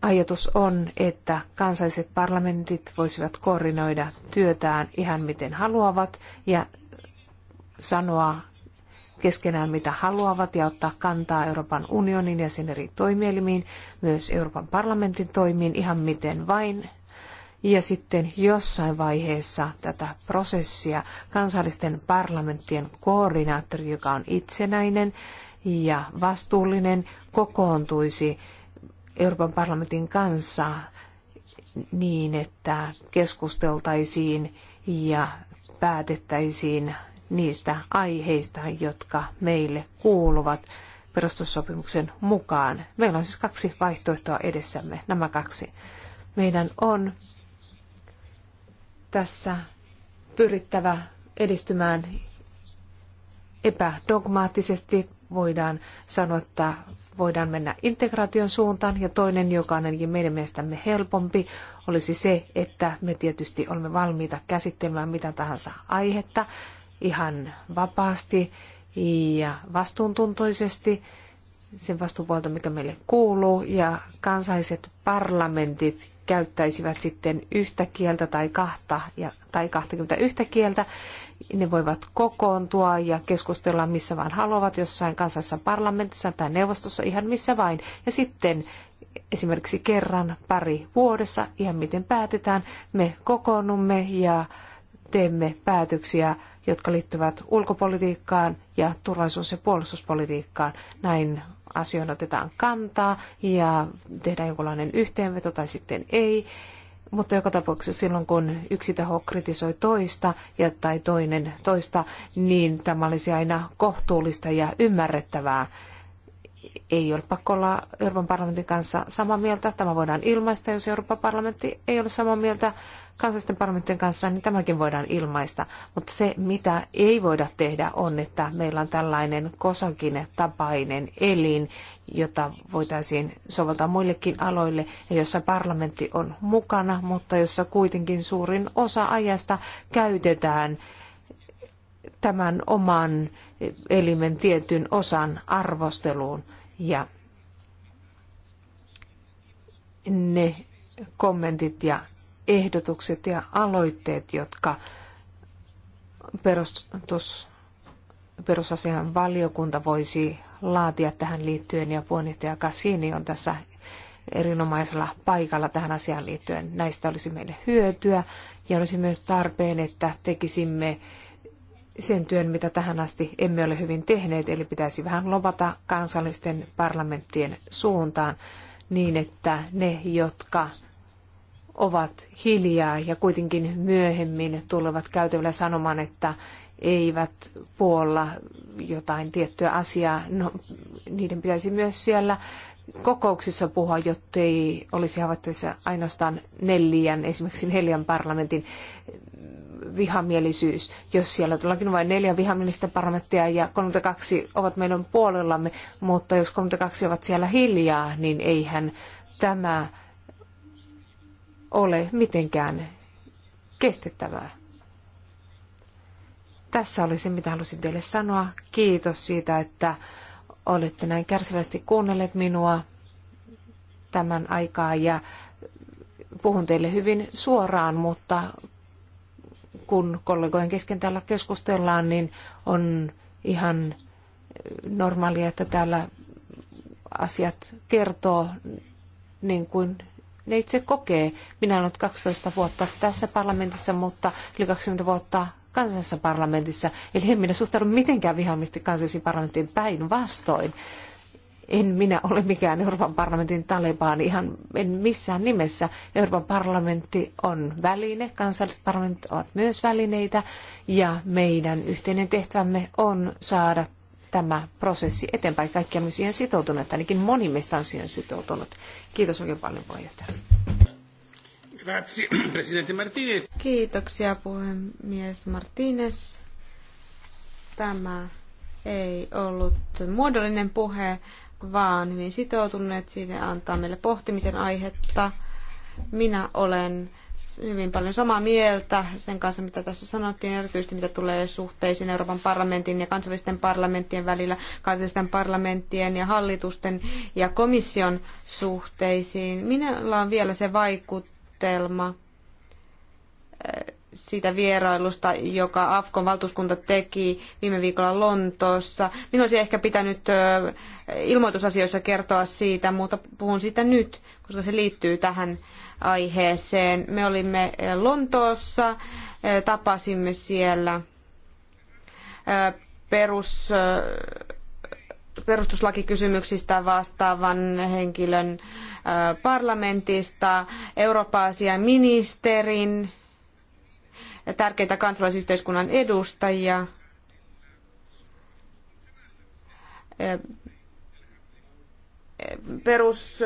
Ajatus on, että kansalliset parlamentit voisivat koordinoida työtään ihan miten haluavat ja sanoa keskenään mitä haluavat ja ottaa kantaa Euroopan unionin ja sen eri toimielimiin, myös Euroopan parlamentin toimiin ihan miten vain ja sitten jossain vaiheessa tätä prosessia kansallisten parlamenttien koordinaattori, joka on itsenäinen ja vastuullinen, kokoontuisi Euroopan parlamentin kanssa niin, että keskusteltaisiin ja päätettäisiin niistä aiheista, jotka meille kuuluvat perustussopimuksen mukaan. Meillä on siis kaksi vaihtoehtoa edessämme, nämä kaksi. Meidän on tässä pyrittävä edistymään epädogmaattisesti. Voidaan sanoa, että voidaan mennä integraation suuntaan ja toinen, joka on ainakin meidän mielestämme helpompi, olisi se, että me tietysti olemme valmiita käsittelemään mitä tahansa aihetta ihan vapaasti ja vastuuntuntoisesti sen vastuuvalta, mikä meille kuuluu, ja kansalliset parlamentit käyttäisivät sitten yhtä kieltä tai kahta ja, tai 21 kieltä. Ne voivat kokoontua ja keskustella missä vain haluavat, jossain kansallisessa parlamentissa tai neuvostossa, ihan missä vain. Ja sitten esimerkiksi kerran pari vuodessa, ihan miten päätetään, me kokoonnumme ja teemme päätöksiä jotka liittyvät ulkopolitiikkaan ja turvallisuus- ja puolustuspolitiikkaan. Näin asioihin otetaan kantaa ja tehdään jonkinlainen yhteenveto tai sitten ei. Mutta joka tapauksessa silloin, kun yksi taho kritisoi toista ja, tai toinen toista, niin tämä olisi aina kohtuullista ja ymmärrettävää ei ole pakko olla Euroopan parlamentin kanssa samaa mieltä. Tämä voidaan ilmaista, jos Euroopan parlamentti ei ole samaa mieltä kansallisten parlamenttien kanssa, niin tämäkin voidaan ilmaista. Mutta se, mitä ei voida tehdä, on, että meillä on tällainen kosakin tapainen elin, jota voitaisiin soveltaa muillekin aloille, ja jossa parlamentti on mukana, mutta jossa kuitenkin suurin osa ajasta käytetään tämän oman elimen tietyn osan arvosteluun ja ne kommentit ja ehdotukset ja aloitteet, jotka perustus, perusasian valiokunta voisi laatia tähän liittyen ja puheenjohtaja Cassini on tässä erinomaisella paikalla tähän asiaan liittyen. Näistä olisi meille hyötyä ja olisi myös tarpeen, että tekisimme sen työn, mitä tähän asti emme ole hyvin tehneet, eli pitäisi vähän lobata kansallisten parlamenttien suuntaan niin, että ne, jotka ovat hiljaa ja kuitenkin myöhemmin tulevat käytävillä sanomaan, että eivät puolla jotain tiettyä asiaa. No, niiden pitäisi myös siellä kokouksissa puhua, jottei olisi havaittavissa ainoastaan neljän, esimerkiksi neljän parlamentin vihamielisyys, jos siellä tullakin vain neljä vihamielistä parlamenttia ja 32 ovat meidän puolellamme, mutta jos 32 ovat siellä hiljaa, niin eihän tämä ole mitenkään kestettävää. Tässä oli se, mitä halusin teille sanoa. Kiitos siitä, että olette näin kärsivästi kuunnelleet minua tämän aikaa ja puhun teille hyvin suoraan, mutta kun kollegojen kesken täällä keskustellaan, niin on ihan normaalia, että täällä asiat kertoo niin kuin ne itse kokee. Minä olen ollut 12 vuotta tässä parlamentissa, mutta yli 20 vuotta kansallisessa parlamentissa. Eli en minä suhtaudu mitenkään vihamisti kansallisiin parlamenttiin päinvastoin. En minä ole mikään Euroopan parlamentin talebaan, ihan en missään nimessä. Euroopan parlamentti on väline, kansalliset parlamentit ovat myös välineitä ja meidän yhteinen tehtävämme on saada tämä prosessi eteenpäin. Kaikki on siihen sitoutuneet, ainakin moni meistä on siihen sitoutunut. Kiitos oikein paljon puheenjohtaja. Kiitoksia puhemies Martinez. Tämä ei ollut muodollinen puhe, vaan hyvin sitoutuneet. Siinä antaa meille pohtimisen aihetta minä olen hyvin paljon samaa mieltä sen kanssa, mitä tässä sanottiin, erityisesti mitä tulee suhteisiin Euroopan parlamentin ja kansallisten parlamenttien välillä, kansallisten parlamenttien ja hallitusten ja komission suhteisiin. Minulla on vielä se vaikutelma, siitä vierailusta, joka Afkon valtuuskunta teki viime viikolla Lontoossa. Minun olisi ehkä pitänyt ilmoitusasioissa kertoa siitä, mutta puhun siitä nyt, koska se liittyy tähän aiheeseen. Me olimme Lontoossa, tapasimme siellä perus, perustuslakikysymyksistä vastaavan henkilön parlamentista, Eurooppa-asian ministerin, tärkeitä kansalaisyhteiskunnan edustajia. Perus,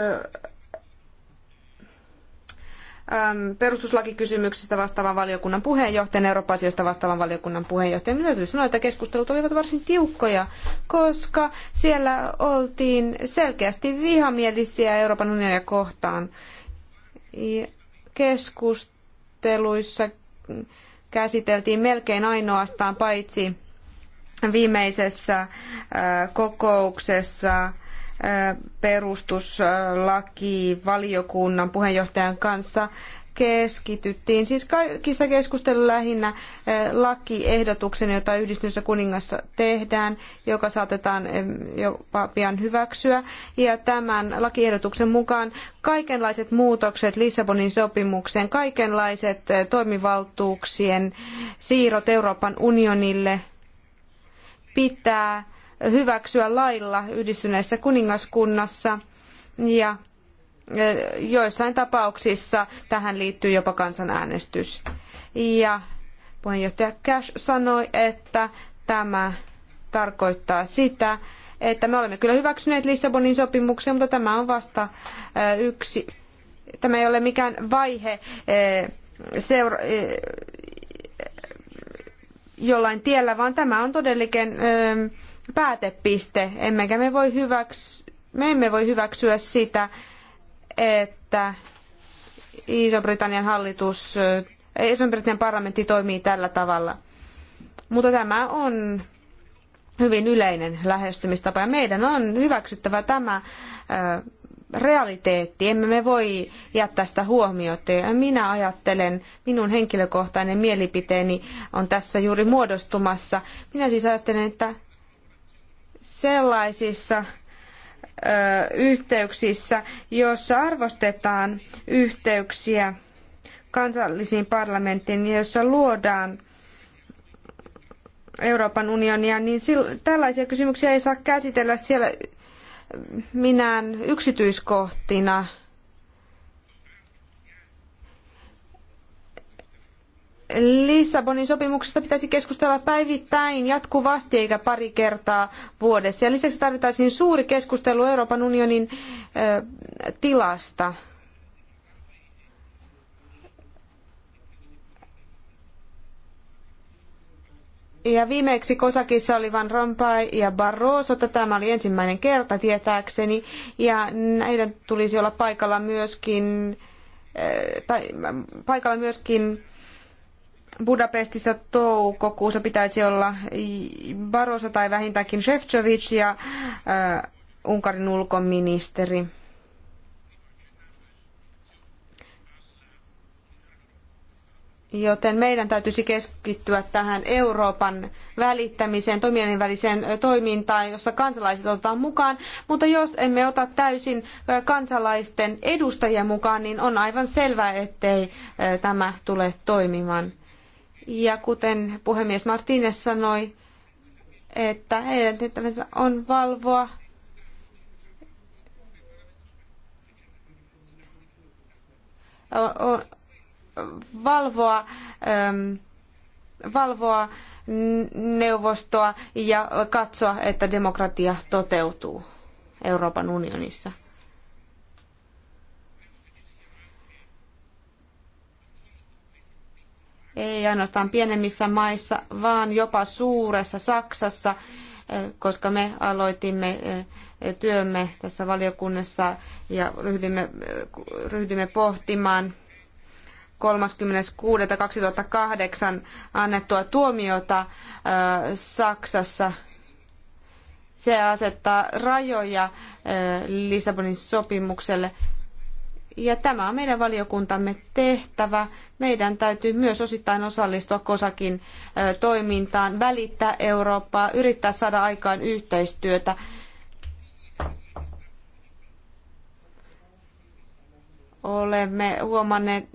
ähm, perustuslakikysymyksistä vastaavan valiokunnan puheenjohtajan, eurooppa-asioista vastaavan valiokunnan puheenjohtajan. Minun täytyy sanoa, että keskustelut olivat varsin tiukkoja, koska siellä oltiin selkeästi vihamielisiä Euroopan unionia kohtaan. Keskusteluissa käsiteltiin melkein ainoastaan paitsi viimeisessä kokouksessa perustuslakivaliokunnan puheenjohtajan kanssa keskityttiin siis kaikissa keskustelu lähinnä eh, lakiehdotuksen, jota yhdistyneessä kuningassa tehdään, joka saatetaan eh, jopa pian hyväksyä. Ja tämän lakiehdotuksen mukaan kaikenlaiset muutokset Lissabonin sopimukseen, kaikenlaiset eh, toimivaltuuksien siirrot Euroopan unionille pitää hyväksyä lailla yhdistyneessä kuningaskunnassa ja joissain tapauksissa tähän liittyy jopa kansanäänestys. Ja puheenjohtaja Cash sanoi, että tämä tarkoittaa sitä, että me olemme kyllä hyväksyneet Lissabonin sopimuksen, mutta tämä on vasta yksi, tämä ei ole mikään vaihe seura- jollain tiellä, vaan tämä on todellinen päätepiste, emmekä me voi hyväksyä, me emme voi hyväksyä sitä, että Iso-Britannian hallitus, eh, Iso-Britannian parlamentti toimii tällä tavalla. Mutta tämä on hyvin yleinen lähestymistapa ja meidän on hyväksyttävä tämä eh, realiteetti. Emme me voi jättää sitä huomiota. Ja minä ajattelen, minun henkilökohtainen mielipiteeni on tässä juuri muodostumassa. Minä siis ajattelen, että sellaisissa yhteyksissä, jossa arvostetaan yhteyksiä kansallisiin parlamenttiin, jossa luodaan Euroopan unionia, niin tällaisia kysymyksiä ei saa käsitellä siellä minään yksityiskohtina Lissabonin sopimuksesta pitäisi keskustella päivittäin jatkuvasti eikä pari kertaa vuodessa. Ja lisäksi tarvittaisiin suuri keskustelu Euroopan unionin tilasta. Ja viimeksi Kosakissa oli Van Rompuy ja Barroso. Tämä oli ensimmäinen kerta tietääkseni. Ja heidän tulisi olla paikalla myöskin, tai, paikalla myöskin Budapestissa toukokuussa pitäisi olla Barroso tai vähintäänkin Shevchovic ja äh, Unkarin ulkoministeri. Joten meidän täytyisi keskittyä tähän Euroopan välittämiseen, toimijoiden väliseen äh, toimintaan, jossa kansalaiset otetaan mukaan. Mutta jos emme ota täysin äh, kansalaisten edustajia mukaan, niin on aivan selvää, ettei tämä tule toimimaan. Ja kuten puhemies Martínez sanoi, että heidän tehtävänsä on valvoa valvoa, ähm, valvoa neuvostoa ja katsoa, että demokratia toteutuu Euroopan unionissa. ei ainoastaan pienemmissä maissa, vaan jopa suuressa Saksassa, eh, koska me aloitimme eh, työmme tässä valiokunnassa ja ryhdymme, eh, ryhdymme pohtimaan 36.2008 annettua tuomiota Saksassa. Se asettaa rajoja Lissabonin sopimukselle ja tämä on meidän valiokuntamme tehtävä. Meidän täytyy myös osittain osallistua Kosakin toimintaan, välittää Eurooppaa, yrittää saada aikaan yhteistyötä. Olemme huomanneet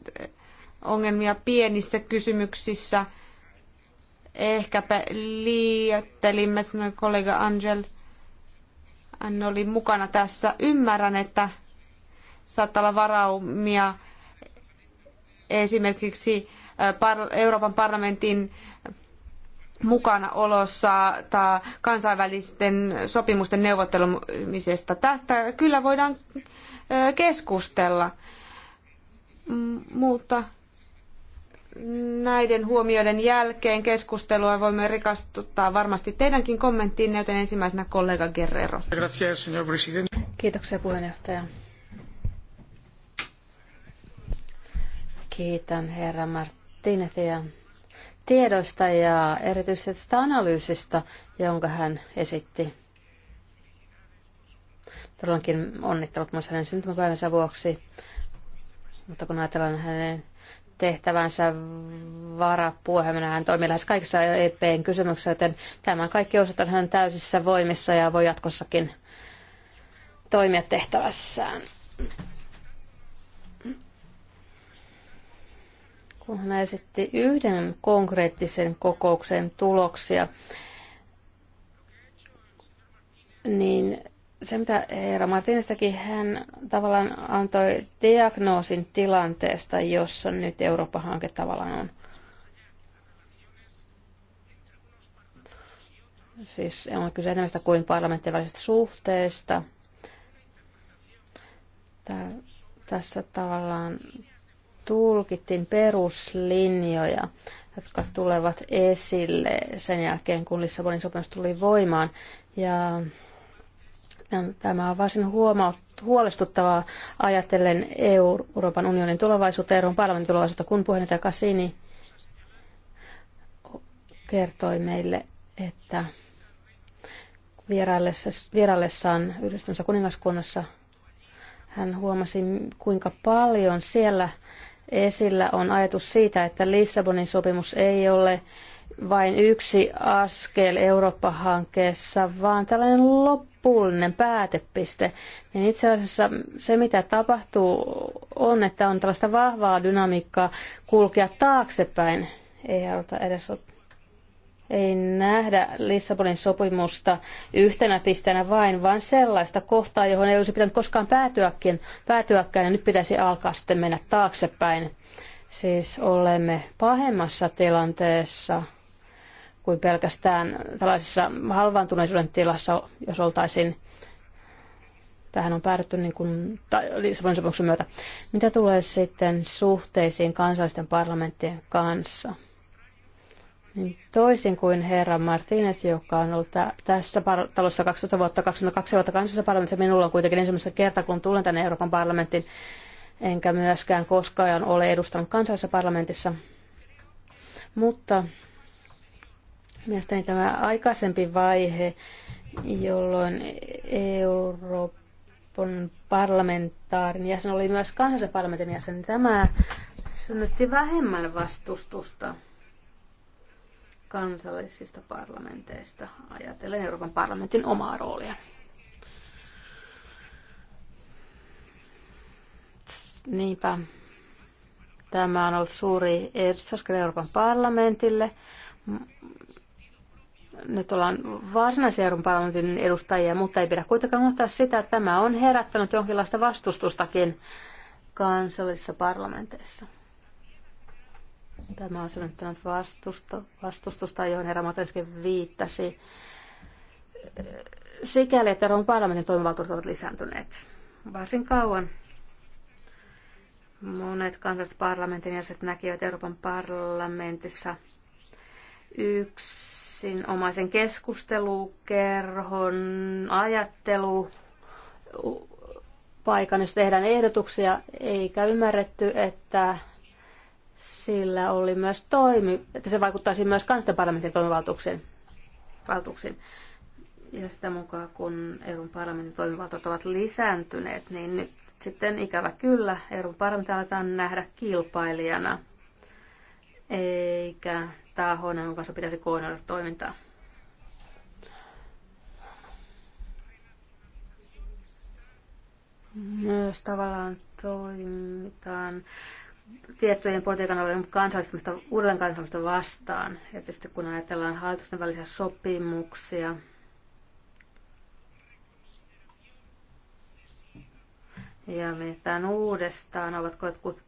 ongelmia pienissä kysymyksissä. Ehkäpä liioittelimme, sanoi kollega Angel. Hän oli mukana tässä. Ymmärrän, että saattaa olla varaumia esimerkiksi Euroopan parlamentin mukanaolossa tai kansainvälisten sopimusten neuvottelemisesta. Tästä kyllä voidaan keskustella, mutta näiden huomioiden jälkeen keskustelua voimme rikastuttaa varmasti teidänkin kommenttiinne, joten ensimmäisenä kollega Guerrero. Kiitoksia puheenjohtaja. Kiitän herra Martinetia tiedosta ja erityisesti sitä analyysistä, jonka hän esitti. Todellakin onnittelut myös hänen syntymäpäivänsä vuoksi, mutta kun ajatellaan hänen tehtävänsä varapuhemina. Hän toimii lähes kaikissa EPn kysymyksissä, joten tämän kaikki osoitan hän täysissä voimissa ja voi jatkossakin toimia tehtävässään. kun hän esitti yhden konkreettisen kokouksen tuloksia, niin se, mitä herra Martinez teki, hän tavallaan antoi diagnoosin tilanteesta, jossa nyt Eurooppa-hanke tavallaan on. Siis on kyse enemmän kuin parlamenttien välisestä suhteesta. Tää, tässä tavallaan tulkittiin peruslinjoja, jotka tulevat esille sen jälkeen, kun Lissabonin sopimus tuli voimaan. Ja tämä on varsin huolestuttavaa ajatellen Euroopan unionin tulevaisuutta, Euroopan parlamentin tulevaisuutta, kun puheenjohtaja Cassini kertoi meille, että vieraillessaan yhdistyneessä kuningaskunnassa hän huomasi, kuinka paljon siellä esillä on ajatus siitä, että Lissabonin sopimus ei ole vain yksi askel Eurooppa-hankkeessa, vaan tällainen lopullinen päätepiste, niin itse asiassa se, mitä tapahtuu, on, että on tällaista vahvaa dynamiikkaa kulkea taaksepäin. Ei haluta edes ottaa ei nähdä Lissabonin sopimusta yhtenä pisteenä vain, vaan sellaista kohtaa, johon ei olisi pitänyt koskaan päätyäkin, päätyäkään, ja nyt pitäisi alkaa sitten mennä taaksepäin. Siis olemme pahemmassa tilanteessa kuin pelkästään tällaisessa halvaantuneisuuden tilassa, jos oltaisiin tähän on päädytty niin kuin, tai Lissabonin sopimuksen myötä. Mitä tulee sitten suhteisiin kansallisten parlamenttien kanssa? Toisin kuin herra Martinet, joka on ollut tässä talossa 12 vuotta, 22 vuotta kansallisessa parlamentissa, minulla on kuitenkin ensimmäistä kertaa, kun tulen tänne Euroopan parlamenttiin, enkä myöskään koskaan ole edustanut kansallisessa parlamentissa. Mutta mielestäni tämä aikaisempi vaihe, jolloin Euroopan parlamentaarin jäsen oli myös kansallisen parlamentin jäsen, niin tämä synnytti vähemmän vastustusta kansallisista parlamenteista ajatellen Euroopan parlamentin omaa roolia. Niinpä. Tämä on ollut suuri edustuskel Euroopan parlamentille. Nyt ollaan varsinaisia Euroopan parlamentin edustajia, mutta ei pidä kuitenkaan unohtaa sitä, että tämä on herättänyt jonkinlaista vastustustakin kansallisissa parlamenteissa. Tämä on synnyttänyt vastusta, vastustusta, johon herra Matenskin viittasi. Sikäli, että Euroopan parlamentin toimivaltuudet ovat lisääntyneet varsin kauan. Monet kansalliset parlamentin jäsenet näkivät Euroopan parlamentissa yksinomaisen keskustelukerhon ajattelu paikan, jos tehdään ehdotuksia, eikä ymmärretty, että sillä oli myös toimi, että se vaikuttaisi myös kansan parlamentin toimivaltuuksiin. Valtuuksiin. Ja sitä mukaan, kun EUn parlamentin toimivaltuudet ovat lisääntyneet, niin nyt sitten ikävä kyllä EUn parlamentti aletaan nähdä kilpailijana, eikä tahona, jonka kanssa pitäisi koordinoida toimintaa. Myös tavallaan toimitaan tiettyjen politiikan alueen kansallistamista, uudelleen kansallista vastaan. Ja kun ajatellaan hallitusten välisiä sopimuksia, ja mietitään uudestaan, ovatko jotkut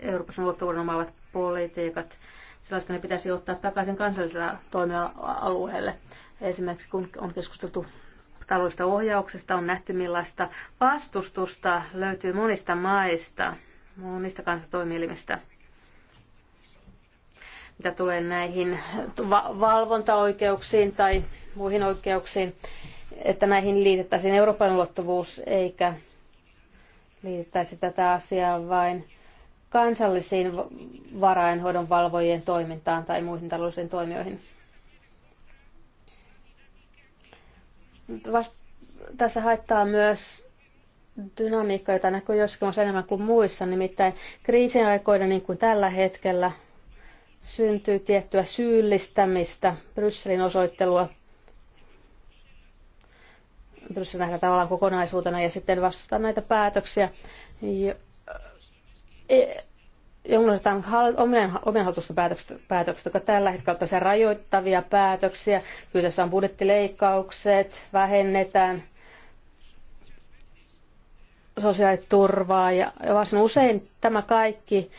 Euroopan ulottuvuuden omaavat politiikat, sellaista ne pitäisi ottaa takaisin kansallisella toimialueelle. Esimerkiksi kun on keskusteltu taloudellisesta ohjauksesta, on nähty millaista vastustusta löytyy monista maista – kanssa toimielimistä. Mitä tulee näihin valvontaoikeuksiin tai muihin oikeuksiin, että näihin liitettäisiin Euroopan ulottuvuus eikä liitettäisi tätä asiaa vain kansallisiin varainhoidon valvojien toimintaan tai muihin taloudellisiin toimijoihin. Vast- tässä haittaa myös dynamiikka, jota näkyy joskin on enemmän kuin muissa, nimittäin kriisin aikoina niin kuin tällä hetkellä syntyy tiettyä syyllistämistä, Brysselin osoittelua. Bryssel nähdään tavallaan kokonaisuutena ja sitten vastustaa näitä päätöksiä. Ja, e, ja unohdetaan omien, omien päätökset, jotka tällä hetkellä ovat rajoittavia päätöksiä. Kyllä tässä on budjettileikkaukset, vähennetään – sosiaaliturvaa ja varsin usein tämä kaikki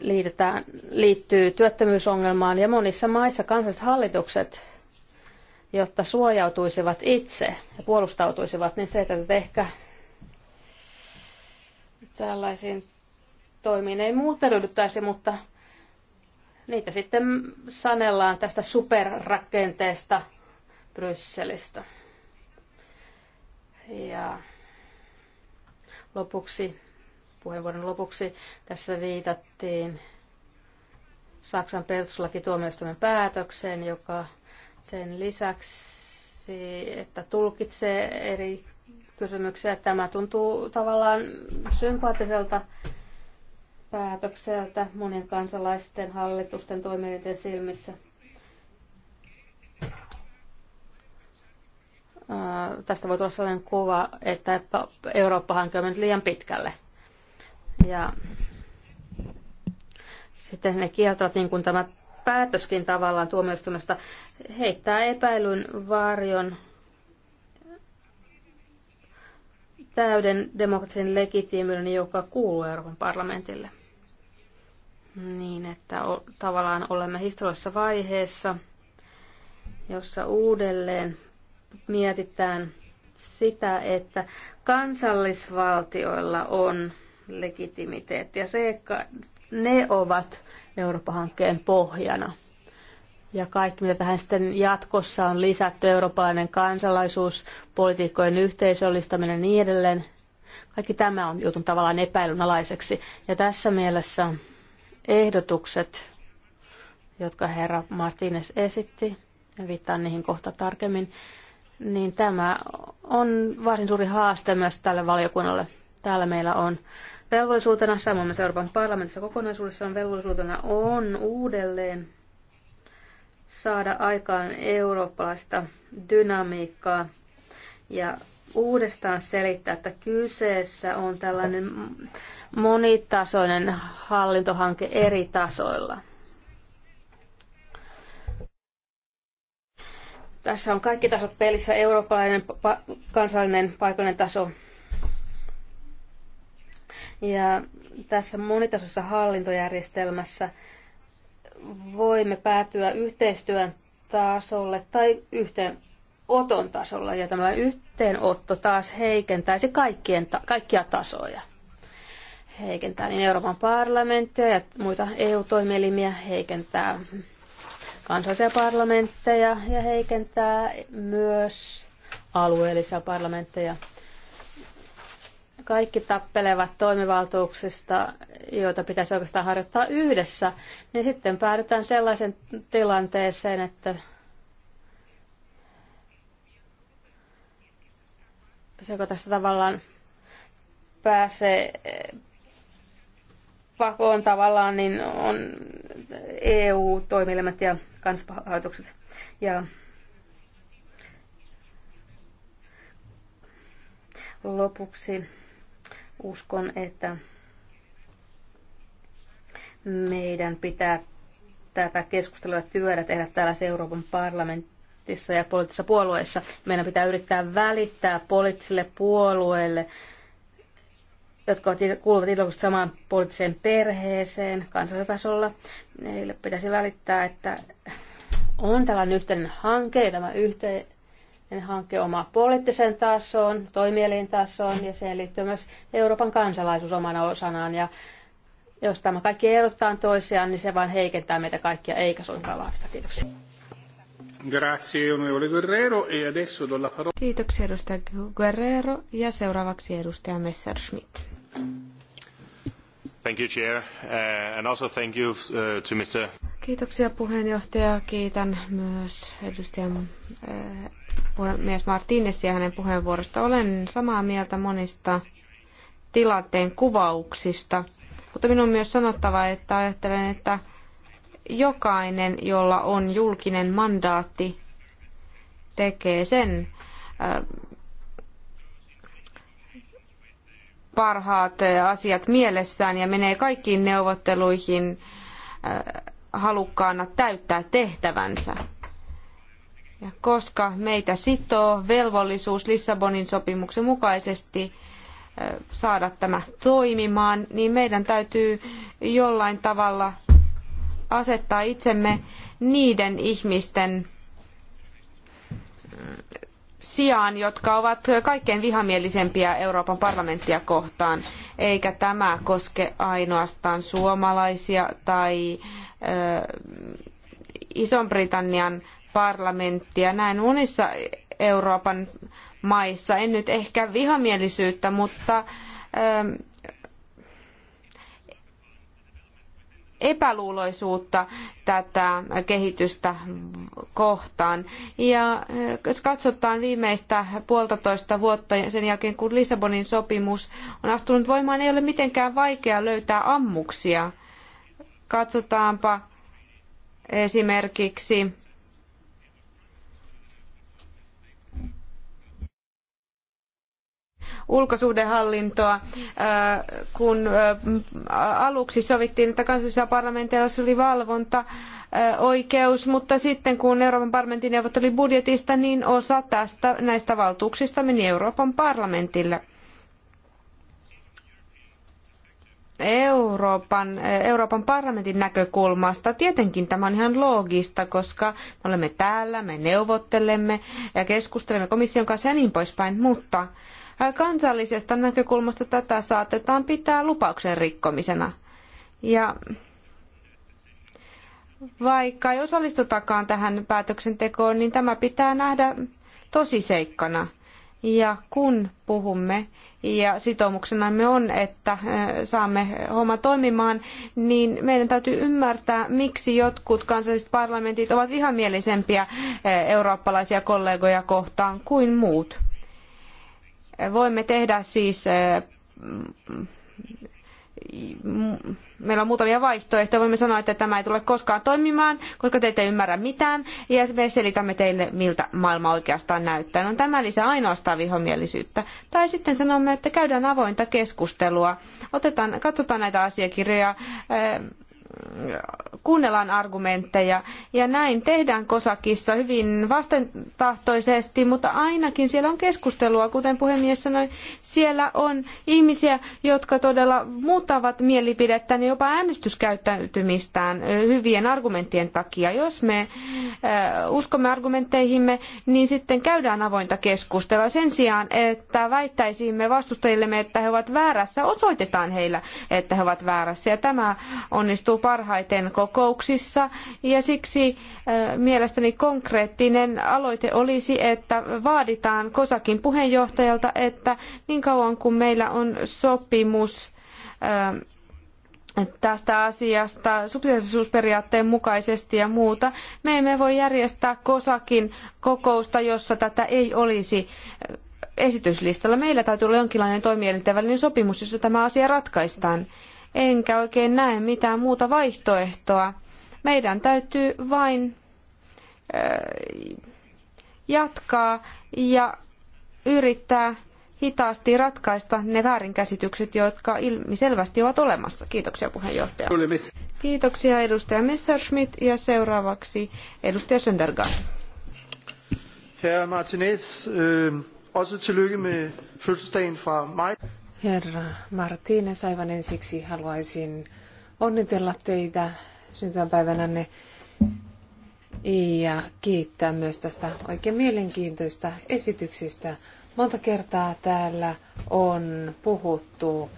liitetään, liittyy työttömyysongelmaan ja monissa maissa kansalliset hallitukset, jotta suojautuisivat itse ja puolustautuisivat, niin se, että ehkä tällaisiin toimiin ei muuten ryhdyttäisi, mutta niitä sitten sanellaan tästä superrakenteesta Brysselistä. Ja Lopuksi, puheenvuoron lopuksi, tässä viitattiin Saksan perustuslakituomioistuimen päätökseen, joka sen lisäksi, että tulkitsee eri kysymyksiä. Tämä tuntuu tavallaan sympaattiselta päätökseltä monien kansalaisten, hallitusten, toimijoiden silmissä tästä voi tulla sellainen kuva, että Eurooppahan on mennyt liian pitkälle. Ja sitten ne kieltävät, niin kuin tämä päätöskin tavallaan tuomioistuimesta, heittää epäilyn varjon täyden demokratisen legitiimiyden, joka kuuluu Euroopan parlamentille. Niin, että o- tavallaan olemme historiallisessa vaiheessa, jossa uudelleen mietitään sitä, että kansallisvaltioilla on legitimiteetti ja se, että ne ovat Euroopan hankkeen pohjana. Ja kaikki, mitä tähän sitten jatkossa on lisätty, eurooppalainen kansalaisuus, politiikkojen yhteisöllistäminen ja niin edelleen, kaikki tämä on joutunut tavallaan epäilyn alaiseksi. Ja tässä mielessä ehdotukset, jotka herra Martínez esitti, ja viittaan niihin kohta tarkemmin, niin tämä on varsin suuri haaste myös tälle valiokunnalle. Täällä meillä on velvollisuutena, samoin myös Euroopan parlamentissa kokonaisuudessaan velvollisuutena on uudelleen saada aikaan eurooppalaista dynamiikkaa ja uudestaan selittää, että kyseessä on tällainen monitasoinen hallintohanke eri tasoilla – Tässä on kaikki tasot pelissä, eurooppalainen, pa- kansallinen, paikallinen taso. Ja tässä monitasossa hallintojärjestelmässä voimme päätyä yhteistyön tasolle tai yhteen oton tasolla ja tämä yhteenotto taas heikentäisi kaikkien ta- kaikkia tasoja. Heikentää niin Euroopan parlamenttia ja muita EU-toimielimiä, heikentää kansallisia parlamentteja ja heikentää myös alueellisia parlamentteja. Kaikki tappelevat toimivaltuuksista, joita pitäisi oikeastaan harjoittaa yhdessä, niin sitten päädytään sellaisen tilanteeseen, että se, tästä tavallaan pääsee pakoon tavallaan, niin on EU-toimielimet ja kansalaishallitukset. Ja lopuksi uskon, että meidän pitää tätä keskustelua ja työtä tehdä täällä Euroopan parlamentissa ja poliittisissa puolueissa. Meidän pitää yrittää välittää poliittisille puolueille jotka kuuluvat ilmeisesti samaan poliittiseen perheeseen kansallisella Heille pitäisi välittää, että on tällainen yhteinen hanke, ja tämä yhteinen hanke oma poliittisen tasoon, toimielin tasoon, ja siihen liittyy myös Euroopan kansalaisuus omana osanaan. Ja jos tämä kaikki erottaa toisiaan, niin se vain heikentää meitä kaikkia, eikä suinkaan vahvista. Kiitoksia. Guerrero. E adesso do la parola. Kiitoksia, edustaja Guerrero. Ja seuraavaksi edustaja Messerschmidt. Thank you, Chair. Uh, and also thank you uh, to Mr. Kiitoksia puheenjohtaja. Kiitän myös edustajan uh, puhemies Martinesia hänen puheenvuorosta. Olen samaa mieltä monista tilanteen kuvauksista, mutta minun on myös sanottava, että ajattelen, että jokainen, jolla on julkinen mandaatti, tekee sen parhaat eh, asiat mielessään ja menee kaikkiin neuvotteluihin eh, halukkaana täyttää tehtävänsä. Ja koska meitä sitoo velvollisuus Lissabonin sopimuksen mukaisesti eh, saada tämä toimimaan, niin meidän täytyy jollain tavalla asettaa itsemme niiden ihmisten sijaan, jotka ovat kaikkein vihamielisempiä Euroopan parlamenttia kohtaan, eikä tämä koske ainoastaan suomalaisia tai Ison-Britannian parlamenttia. Näin monissa Euroopan maissa, en nyt ehkä vihamielisyyttä, mutta epäluuloisuutta tätä kehitystä kohtaan. Ja eh, jos katsotaan viimeistä puolitoista vuotta sen jälkeen, kun Lissabonin sopimus on astunut voimaan, ei ole mitenkään vaikea löytää ammuksia. Katsotaanpa esimerkiksi ulkosuhdehallintoa, äh, kun äh, aluksi sovittiin, että kansallisilla parlamenteilla oli valvonta äh, oikeus, mutta sitten kun Euroopan parlamentti neuvotteli budjetista, niin osa tästä, näistä valtuuksista meni Euroopan parlamentille. Euroopan, Euroopan parlamentin näkökulmasta tietenkin tämä on ihan loogista, koska me olemme täällä, me neuvottelemme ja keskustelemme komission kanssa ja niin poispäin, mutta kansallisesta näkökulmasta tätä saatetaan pitää lupauksen rikkomisena. Ja vaikka ei osallistutakaan tähän päätöksentekoon, niin tämä pitää nähdä tosiseikkana. Ja kun puhumme ja sitoumuksenamme on, että saamme homma toimimaan, niin meidän täytyy ymmärtää, miksi jotkut kansalliset parlamentit ovat vihamielisempiä eurooppalaisia kollegoja kohtaan kuin muut. Voimme tehdä siis eh, meillä on muutamia vaihtoehtoja. Voimme sanoa, että tämä ei tule koskaan toimimaan, koska te ette ymmärrä mitään, ja me selitämme teille, miltä maailma oikeastaan näyttää. No tämä lisää ainoastaan vihamielisyyttä. Tai sitten sanomme, että käydään avointa keskustelua, Otetaan, katsotaan näitä asiakirjoja, eh, kuunnellaan argumentteja. Ja näin tehdään Kosakissa hyvin vastentahtoisesti, mutta ainakin siellä on keskustelua, kuten puhemies sanoi. Siellä on ihmisiä, jotka todella muuttavat mielipidettä, niin jopa äänestyskäyttäytymistään hyvien argumenttien takia. Jos me äh, uskomme argumentteihimme, niin sitten käydään avointa keskustelua. Sen sijaan, että väittäisimme vastustajillemme, että he ovat väärässä, osoitetaan heillä, että he ovat väärässä. Ja tämä onnistuu parhaiten kokouksissa ja siksi mielestäni konkreettinen aloite olisi, että vaaditaan Kosakin puheenjohtajalta, että niin kauan kuin meillä on sopimus tästä asiasta subsidiarisuusperiaatteen mukaisesti ja muuta. Me emme voi järjestää kosakin kokousta, jossa tätä ei olisi esityslistalla. Meillä täytyy olla jonkinlainen toimielinten välinen sopimus, jossa tämä asia ratkaistaan enkä oikein näe mitään muuta vaihtoehtoa. Meidän täytyy vain jatkaa ja yrittää hitaasti ratkaista ne väärinkäsitykset, jotka ilmiselvästi ovat olemassa. Kiitoksia puheenjohtaja. Kiitoksia edustaja Messerschmidt ja seuraavaksi edustaja Söndergaard. Herr Martinez, øh, også tillykke med fødselsdagen fra mig. Herra Martine aivan ensiksi haluaisin onnitella teitä syntymäpäivänänne ja kiittää myös tästä oikein mielenkiintoista esityksestä. Monta kertaa täällä on puhuttu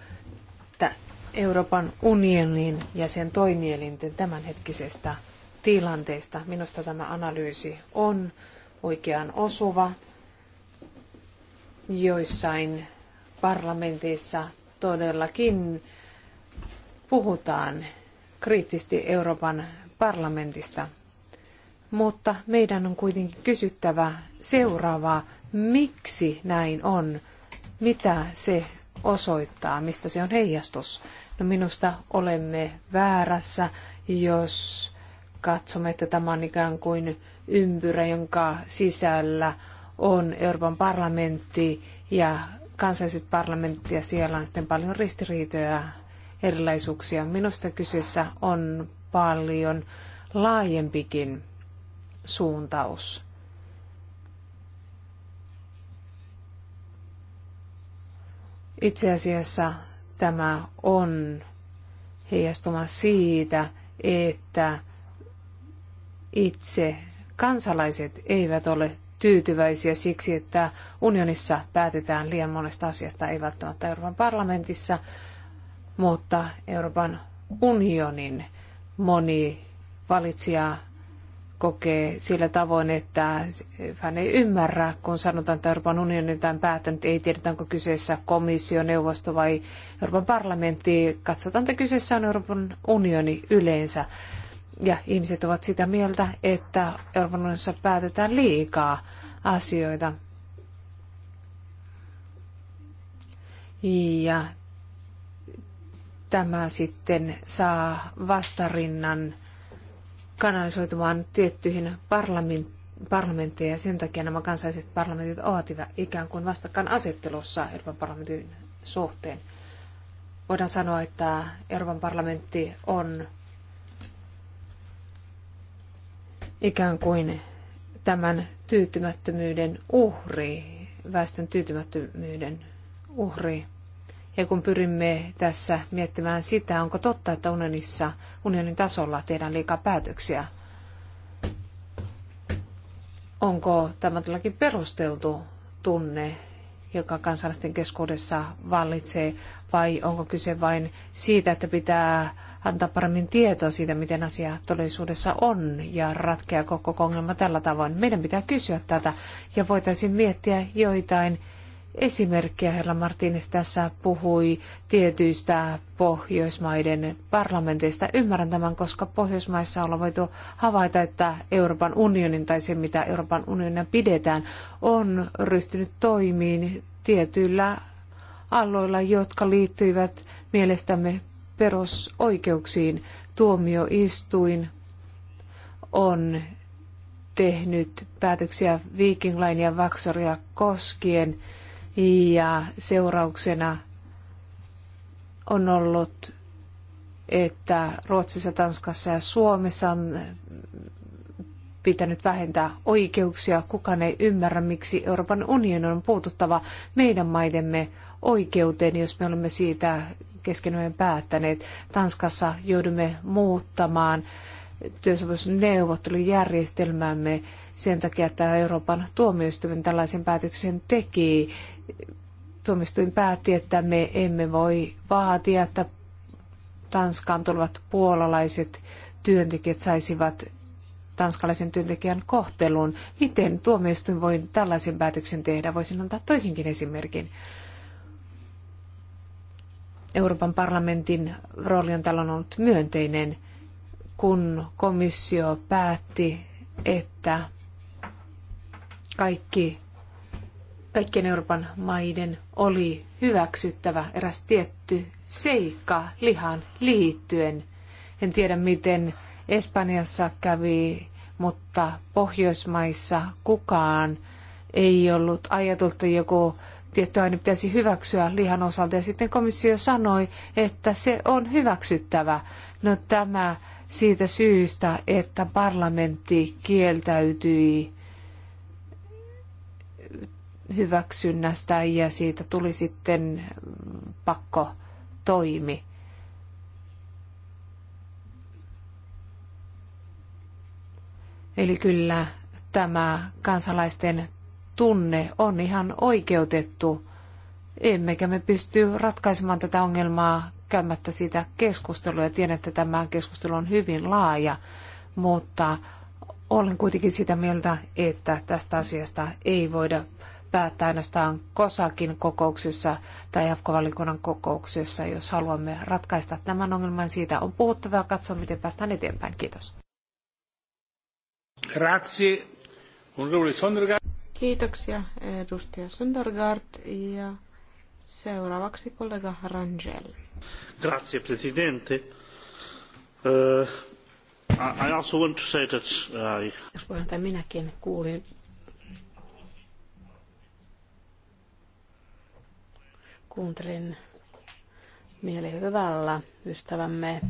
Euroopan unionin ja sen toimielinten tämänhetkisestä tilanteesta. Minusta tämä analyysi on oikeaan osuva. Joissain parlamentissa todellakin puhutaan kriittisesti Euroopan parlamentista. Mutta meidän on kuitenkin kysyttävä seuraavaa, miksi näin on, mitä se osoittaa, mistä se on heijastus. No minusta olemme väärässä, jos katsomme, että tämä on ikään kuin ympyrä, jonka sisällä on Euroopan parlamentti ja kansalliset parlamentti ja siellä on sitten paljon ristiriitoja ja erilaisuuksia. Minusta kyseessä on paljon laajempikin suuntaus. Itse asiassa tämä on heijastuma siitä, että itse kansalaiset eivät ole tyytyväisiä siksi, että unionissa päätetään liian monesta asiasta, ei välttämättä Euroopan parlamentissa, mutta Euroopan unionin moni valitsija kokee sillä tavoin, että hän ei ymmärrä, kun sanotaan, että Euroopan unioni on tämän päättänyt, ei tiedetä, onko kyseessä komissio, neuvosto vai Euroopan parlamentti. Katsotaan, että kyseessä on Euroopan unioni yleensä. Ja ihmiset ovat sitä mieltä, että Euroopan unionissa päätetään liikaa asioita. Ja tämä sitten saa vastarinnan kanalisoitumaan tiettyihin parlamentteihin ja sen takia nämä kansalliset parlamentit ovat ikään kuin vastakkain asettelussa Euroopan parlamentin suhteen. Voidaan sanoa, että Euroopan parlamentti on ikään kuin tämän tyytymättömyyden uhri, väestön tyytymättömyyden uhri. Ja kun pyrimme tässä miettimään sitä, onko totta, että unionissa, unionin tasolla tehdään liikaa päätöksiä, onko tämä todellakin perusteltu tunne, joka kansalaisten keskuudessa vallitsee, vai onko kyse vain siitä, että pitää antaa paremmin tietoa siitä, miten asia todellisuudessa on ja ratkeako koko ongelma tällä tavoin. Meidän pitää kysyä tätä ja voitaisiin miettiä joitain esimerkkejä. Herra Martínez tässä puhui tietyistä Pohjoismaiden parlamenteista. Ymmärrän tämän, koska Pohjoismaissa ollaan voitu havaita, että Euroopan unionin tai se, mitä Euroopan unionina pidetään, on ryhtynyt toimiin tietyillä aloilla, jotka liittyivät mielestämme perusoikeuksiin. Tuomioistuin on tehnyt päätöksiä Viking Line ja Vaxoria koskien ja seurauksena on ollut, että Ruotsissa, Tanskassa ja Suomessa on pitänyt vähentää oikeuksia. Kukaan ei ymmärrä, miksi Euroopan unionin on puututtava meidän maidemme oikeuteen, jos me olemme siitä keskenämme päättäneet. Tanskassa joudumme muuttamaan työsopimusneuvottelujärjestelmäämme sen takia, että Euroopan tuomioistuin tällaisen päätöksen teki. Tuomioistuin päätti, että me emme voi vaatia, että Tanskaan tulevat puolalaiset työntekijät saisivat tanskalaisen työntekijän kohteluun. Miten tuomioistuin voi tällaisen päätöksen tehdä? Voisin antaa toisinkin esimerkin. Euroopan parlamentin rooli on tällä ollut myönteinen, kun komissio päätti, että kaikki, kaikkien Euroopan maiden oli hyväksyttävä eräs tietty seikka lihan liittyen. En tiedä, miten Espanjassa kävi, mutta Pohjoismaissa kukaan ei ollut ajateltu joku tietty aine pitäisi hyväksyä lihan osalta. Ja sitten komissio sanoi, että se on hyväksyttävä. No tämä siitä syystä, että parlamentti kieltäytyi hyväksynnästä ja siitä tuli sitten pakko toimi. Eli kyllä tämä kansalaisten tunne on ihan oikeutettu, emmekä me pysty ratkaisemaan tätä ongelmaa käymättä siitä keskustelua. Tiedän, että tämä keskustelu on hyvin laaja, mutta olen kuitenkin sitä mieltä, että tästä asiasta ei voida päättää ainoastaan kosakin kokouksessa tai jatkovalikunnan kokouksessa, jos haluamme ratkaista tämän ongelman. Siitä on puhuttava ja katsoa, miten päästään eteenpäin. Kiitos. Grazie. Kiitoksia edustaja Sundergaard ja seuraavaksi kollega Rangel. Grazie presidente. Uh, I also want to say that I... Jos puheenjohtaja, minäkin kuulin kuuntelin mielihyvällä ystävämme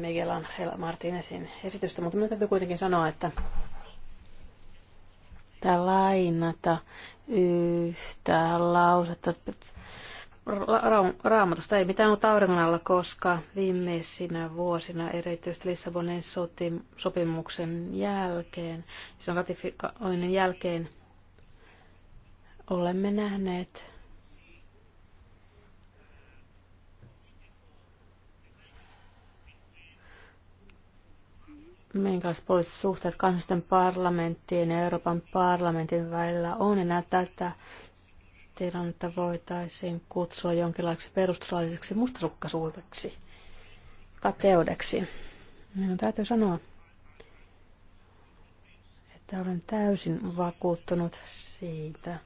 Miguel Angel Martinezin esitystä, mutta minun täytyy kuitenkin sanoa, että yrittää lainata yhtä lausetta raamatusta. Ei mitään ollut auringon alla, koska viimeisinä vuosina, erityisesti Lissabonin sopimuksen jälkeen, sen siis ratifikoinnin jälkeen, olemme nähneet minkälaiset suhteet kansallisten parlamenttien ja Euroopan parlamentin välillä on, enää tätä tilannetta voitaisiin kutsua jonkinlaiseksi perustuslailliseksi mustasukkaisuudeksi, kateudeksi. Minun täytyy sanoa, että olen täysin vakuuttunut siitä,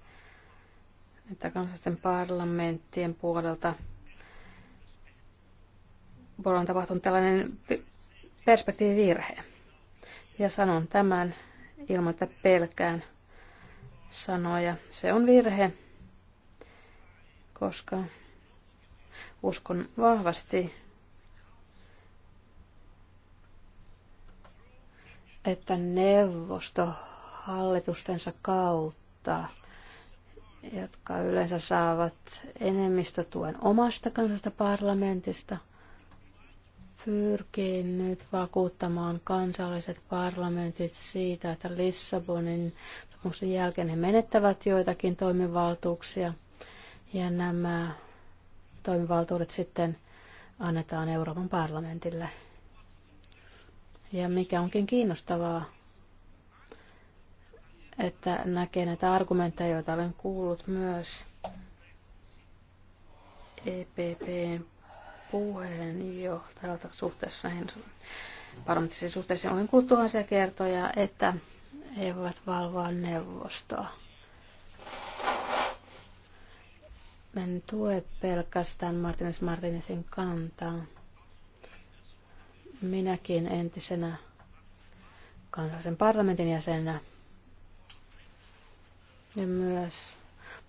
että kansallisten parlamenttien puolelta on tapahtunut tällainen perspektiivivirhe. Ja sanon tämän ilman, että pelkään sanoja. Se on virhe, koska uskon vahvasti, että neuvosto hallitustensa kautta, jotka yleensä saavat enemmistötuen omasta kansasta parlamentista – pyrkii nyt vakuuttamaan kansalliset parlamentit siitä, että Lissabonin sopimuksen jälkeen he menettävät joitakin toimivaltuuksia ja nämä toimivaltuudet sitten annetaan Euroopan parlamentille. Ja mikä onkin kiinnostavaa, että näkee näitä argumentteja, joita olen kuullut myös EPPn täältä suhteessa näihin parlamenttisiin suhteisiin. Olen kuullut tuhansia kertoja, että he voivat valvoa neuvostoa. en tue pelkästään Martinis Martinisin kantaa. Minäkin entisenä kansallisen parlamentin jäsenenä ja myös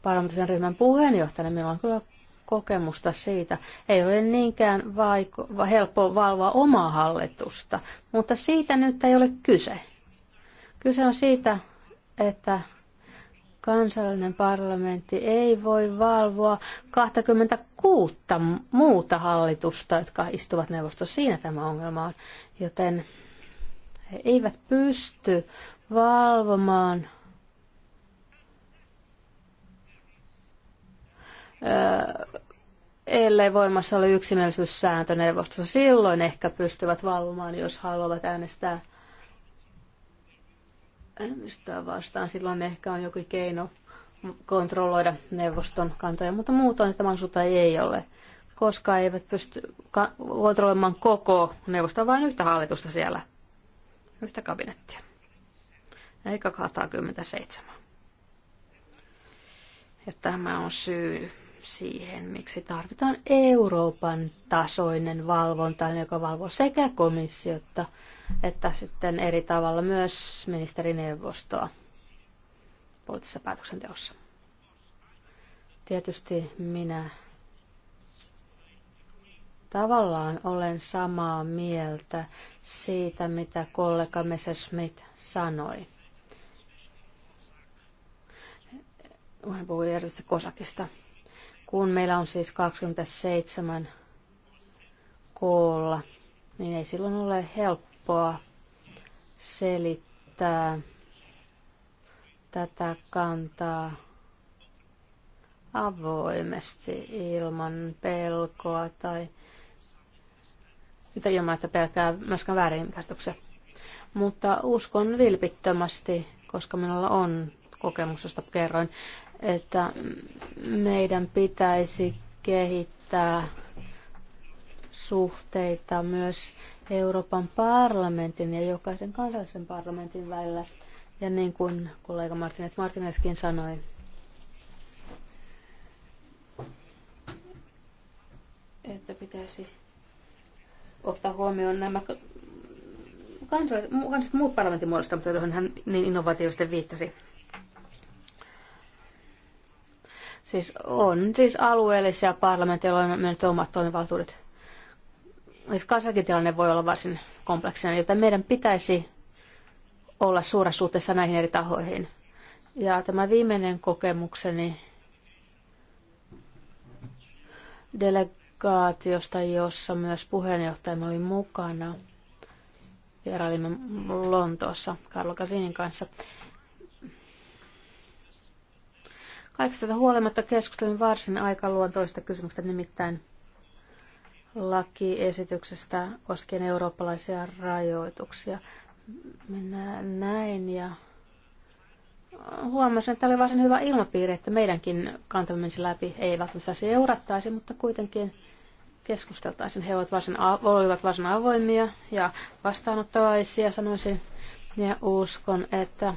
parlamentin ryhmän puheenjohtajana minulla on kyllä kokemusta siitä. Ei ole niinkään vaiko- helppo valvoa omaa hallitusta, mutta siitä nyt ei ole kyse. Kyse on siitä, että kansallinen parlamentti ei voi valvoa 26 muuta hallitusta, jotka istuvat neuvostossa. Siinä tämä ongelma on, joten he eivät pysty valvomaan ellei voimassa ole yksimielisyyssääntö neuvostossa. Silloin ehkä pystyvät valvomaan, jos haluavat äänestää enemmistöä vastaan. Silloin ehkä on joku keino kontrolloida neuvoston kantoja, mutta muutoin tätä mahdollisuutta ei ole, koska eivät pysty kontrolloimaan koko neuvostoa, vain yhtä hallitusta siellä, yhtä kabinettia, eikä 27. Ja tämä on syy siihen, miksi tarvitaan Euroopan tasoinen valvonta, joka valvoo sekä komissiota että sitten eri tavalla myös ministerineuvostoa poliittisessa päätöksenteossa. Tietysti minä tavallaan olen samaa mieltä siitä, mitä kollega Smith sanoi. Hän puhui erityisesti Kosakista. Kun meillä on siis 27 koolla, niin ei silloin ole helppoa selittää tätä kantaa avoimesti ilman pelkoa tai mitä ilman, että pelkää myöskään väärinkäsityksiä. Mutta uskon vilpittömästi, koska minulla on kokemuksesta kerroin, että meidän pitäisi kehittää suhteita myös Euroopan parlamentin ja jokaisen kansallisen parlamentin välillä. Ja niin kuin kollega Martinet Martineskin sanoi, että pitäisi ottaa huomioon nämä kansalliset, kansalliset muut parlamentin muodostamat, joihin hän niin innovatiivisesti viittasi. Siis on siis alueellisia parlamentteja, on mennyt omat toimivaltuudet. Siis kansakin tilanne voi olla varsin kompleksinen, joten meidän pitäisi olla suuressa suhteessa näihin eri tahoihin. Ja tämä viimeinen kokemukseni delegaatiosta, jossa myös puheenjohtajamme oli mukana, vierailimme Lontoossa Karlo Kasinin kanssa, Kaikesta huolimatta keskustelin varsin aikaluontoista kysymystä, nimittäin lakiesityksestä koskien eurooppalaisia rajoituksia. Minä näin ja huomasin, että oli varsin hyvä ilmapiiri, että meidänkin kantamme menisi läpi. Ei välttämättä seurattaisi, mutta kuitenkin keskusteltaisiin. He olivat varsin, olivat varsin avoimia ja vastaanottavaisia, sanoisin. Ja uskon, että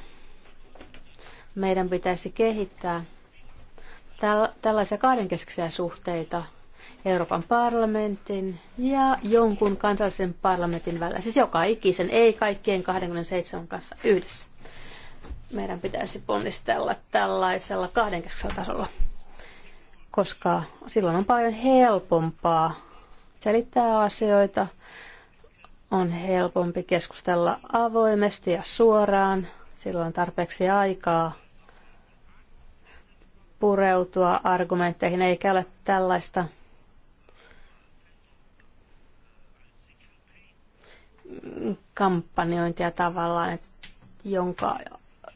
meidän pitäisi kehittää tällaisia kahdenkeskisiä suhteita Euroopan parlamentin ja jonkun kansallisen parlamentin välillä. Siis joka ikisen, ei kaikkien 27 kanssa yhdessä. Meidän pitäisi ponnistella tällaisella kahdenkeskisellä tasolla, koska silloin on paljon helpompaa selittää asioita, on helpompi keskustella avoimesti ja suoraan, silloin on tarpeeksi aikaa pureutua argumentteihin, eikä ole tällaista kampanjointia tavallaan, että jonka,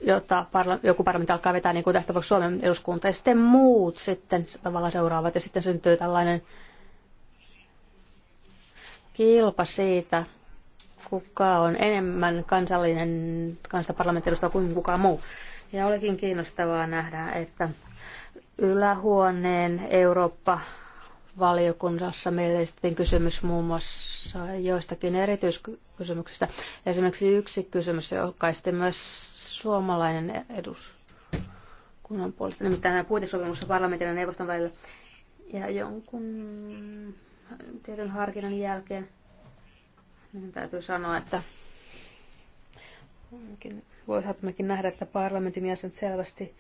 jota parla, joku parlamentti alkaa vetää, niin kuin tästä tapauksessa Suomen eduskunta, ja sitten muut sitten tavallaan seuraavat, ja sitten syntyy tällainen kilpa siitä, kuka on enemmän kansallinen kansanparlamentti kuin kukaan muu. Ja olikin kiinnostavaa nähdä, että ylähuoneen Eurooppa valiokunnassa meille esitettiin kysymys muun muassa joistakin erityiskysymyksistä. Esimerkiksi yksi kysymys, joka sitten myös suomalainen eduskunnan puolesta, nimittäin tämä puitesopimus parlamentin ja neuvoston välillä. Ja jonkun tietyn harkinnan jälkeen niin täytyy sanoa, että voisimmekin nähdä, että parlamentin jäsenet selvästi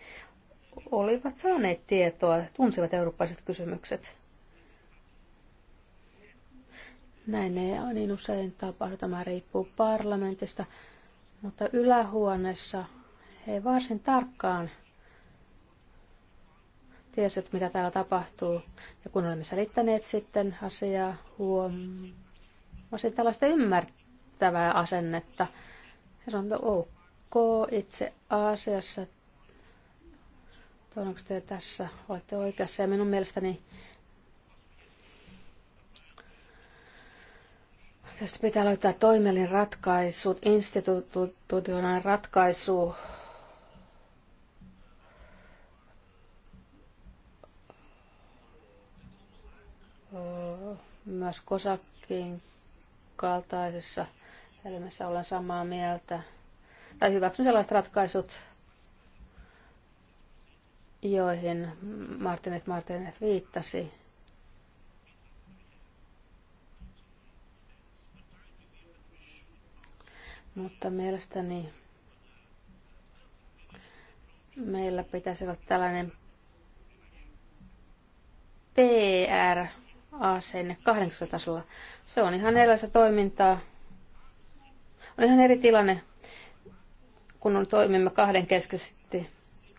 olivat saaneet tietoa, tunsivat eurooppalaiset kysymykset. Näin ei ole niin usein tapahdu. Tämä riippuu parlamentista, mutta ylähuoneessa he varsin tarkkaan tiesivät, mitä täällä tapahtuu. Ja kun olemme selittäneet sitten asiaa, huomasin tällaista ymmärtävää asennetta. He sanoivat, ok, itse asiassa onko te tässä olette oikeassa ja minun mielestäni Tästä pitää löytää toimellinen ratkaisu, institutionaalinen ratkaisu. Myös kosakin kaltaisessa elämässä ollaan samaa mieltä. Tai hyväksyn sellaiset ratkaisut, joihin Martinet Martinet viittasi. Mutta mielestäni meillä pitäisi olla tällainen PR-asenne kahdeksalla tasolla. Se on ihan erilaista toimintaa. On ihan eri tilanne, kun on toimimme kahden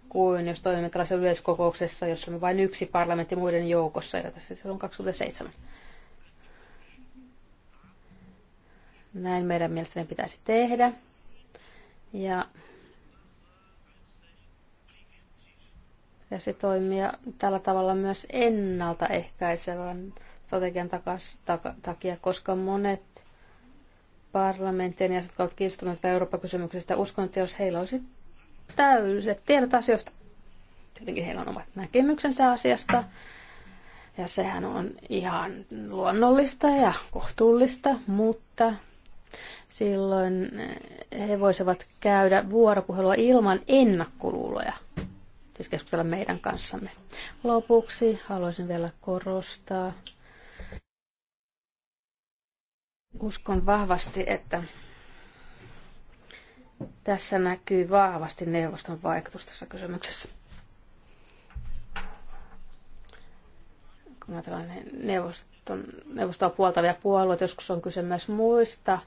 kuin jos toimimme tällaisessa yleiskokouksessa, jossa on vain yksi parlamentti muiden joukossa, joita siis on 27. Näin meidän mielestäni pitäisi tehdä. Ja pitäisi toimia tällä tavalla myös ennaltaehkäisevän strategian takas, tak, takia, koska monet parlamentin jäsenet ovat kiinnostuneet Eurooppa-kysymyksistä. Uskon, että jos heillä olisi täydelliset tiedot asioista. Tietenkin heillä on omat näkemyksensä asiasta. Ja sehän on ihan luonnollista ja kohtuullista, mutta silloin he voisivat käydä vuoropuhelua ilman ennakkoluuloja, siis keskustella meidän kanssamme. Lopuksi haluaisin vielä korostaa. Uskon vahvasti, että tässä näkyy vahvasti neuvoston vaikutus tässä kysymyksessä. Kun ajatellaan neuvoston, neuvostoa puoltavia puolueita, joskus on kyse myös muista